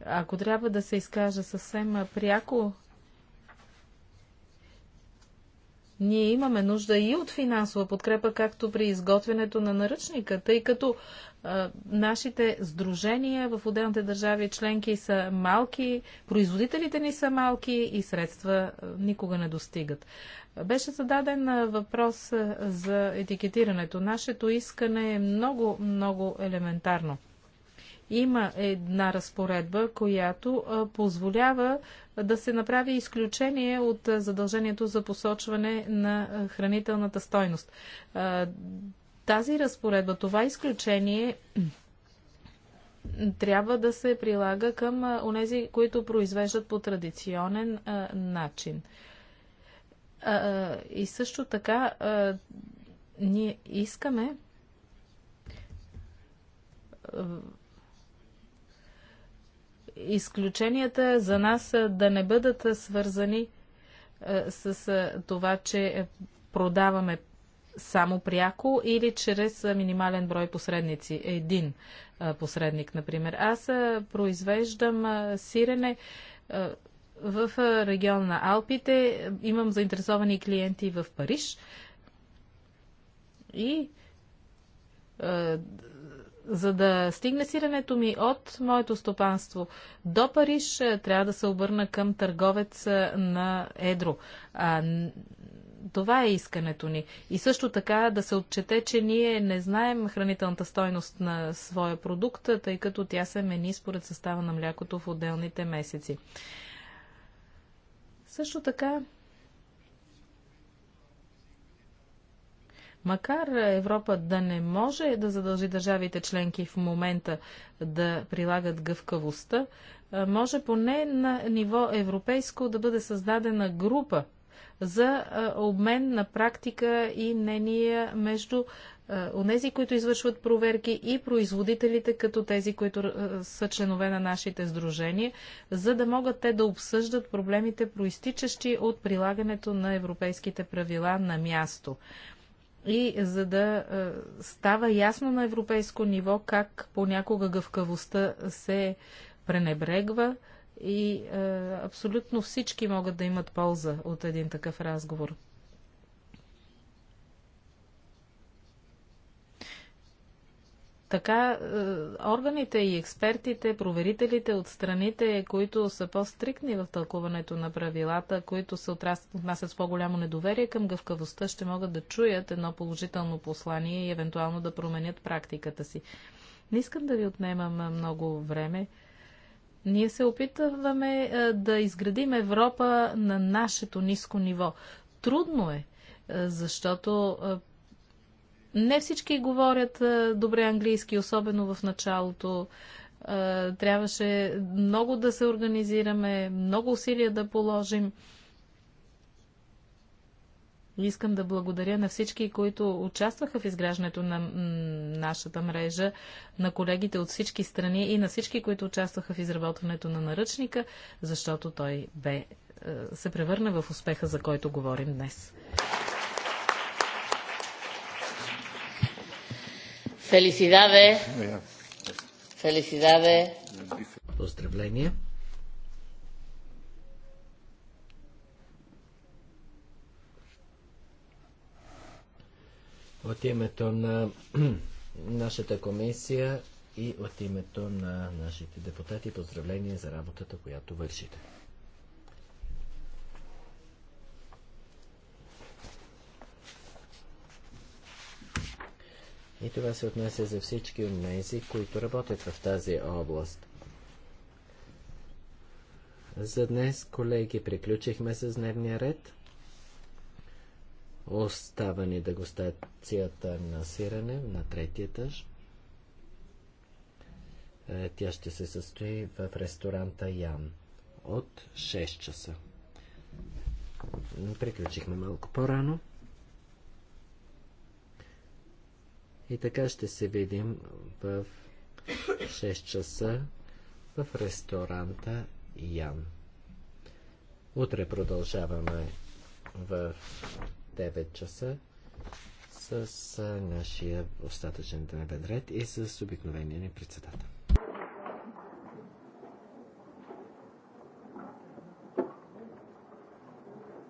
Ако трябва да се изкажа съвсем пряко, Ние имаме нужда и от финансова подкрепа, както при изготвянето на наръчника, тъй като а, нашите сдружения в отделните държави членки са малки, производителите ни са малки и средства никога не достигат. Беше зададен въпрос за етикетирането. Нашето искане е много, много елементарно има една разпоредба, която позволява да се направи изключение от задължението за посочване на хранителната стойност. Тази разпоредба, това изключение трябва да се прилага към онези, които произвеждат по традиционен начин. и също така ние искаме изключенията за нас да не бъдат свързани с това, че продаваме само пряко или чрез минимален брой посредници. Един посредник, например. Аз произвеждам сирене в региона на Алпите. Имам заинтересовани клиенти в Париж. И за да стигне сиренето ми от моето стопанство до Париж, е, трябва да се обърна към търговец е, на Едро. А, това е искането ни. И също така да се отчете, че ние не знаем хранителната стойност на своя продукт, е, тъй като тя се мени според състава на млякото в отделните месеци. Също така Макар Европа да не може да задължи държавите членки в момента да прилагат гъвкавостта, може поне на ниво европейско да бъде създадена група за обмен на практика и мнения между онези, които извършват проверки и производителите, като тези, които са членове на нашите сдружения, за да могат те да обсъждат проблемите, проистичащи от прилагането на европейските правила на място и за да е, става ясно на европейско ниво как понякога гъвкавостта се пренебрегва и е, абсолютно всички могат да имат полза от един такъв разговор. Така е, органите и експертите, проверителите от страните, които са по-стрикни в тълкуването на правилата, които се отнасят с по-голямо недоверие към гъвкавостта, ще могат да чуят едно положително послание и евентуално да променят практиката си. Не искам да ви отнемам много време. Ние се опитваме е, да изградим Европа на нашето ниско ниво. Трудно е, е защото не всички говорят е, добре английски, особено в началото. Е, трябваше много да се организираме, много усилия да положим. Искам да благодаря на всички, които участваха в изграждането на нашата мрежа, на колегите от всички страни и на всички, които участваха в изработването на наръчника, защото той бе, е, се превърна в успеха, за който говорим днес. Felicidades. Felicidades. Поздравления. От името на нашата комисия и от името на нашите депутати поздравления за работата, която вършите. И това се отнася за всички от които работят в тази област. За днес, колеги, приключихме с дневния ред. Остава ни дегустацията на сирене на третия етаж. Е, тя ще се състои в ресторанта Ян от 6 часа. Приключихме малко по-рано. И така ще се видим в 6 часа в ресторанта Ян. Утре продължаваме в 9 часа с нашия остатъчен дневен ред и с обикновения ни председател.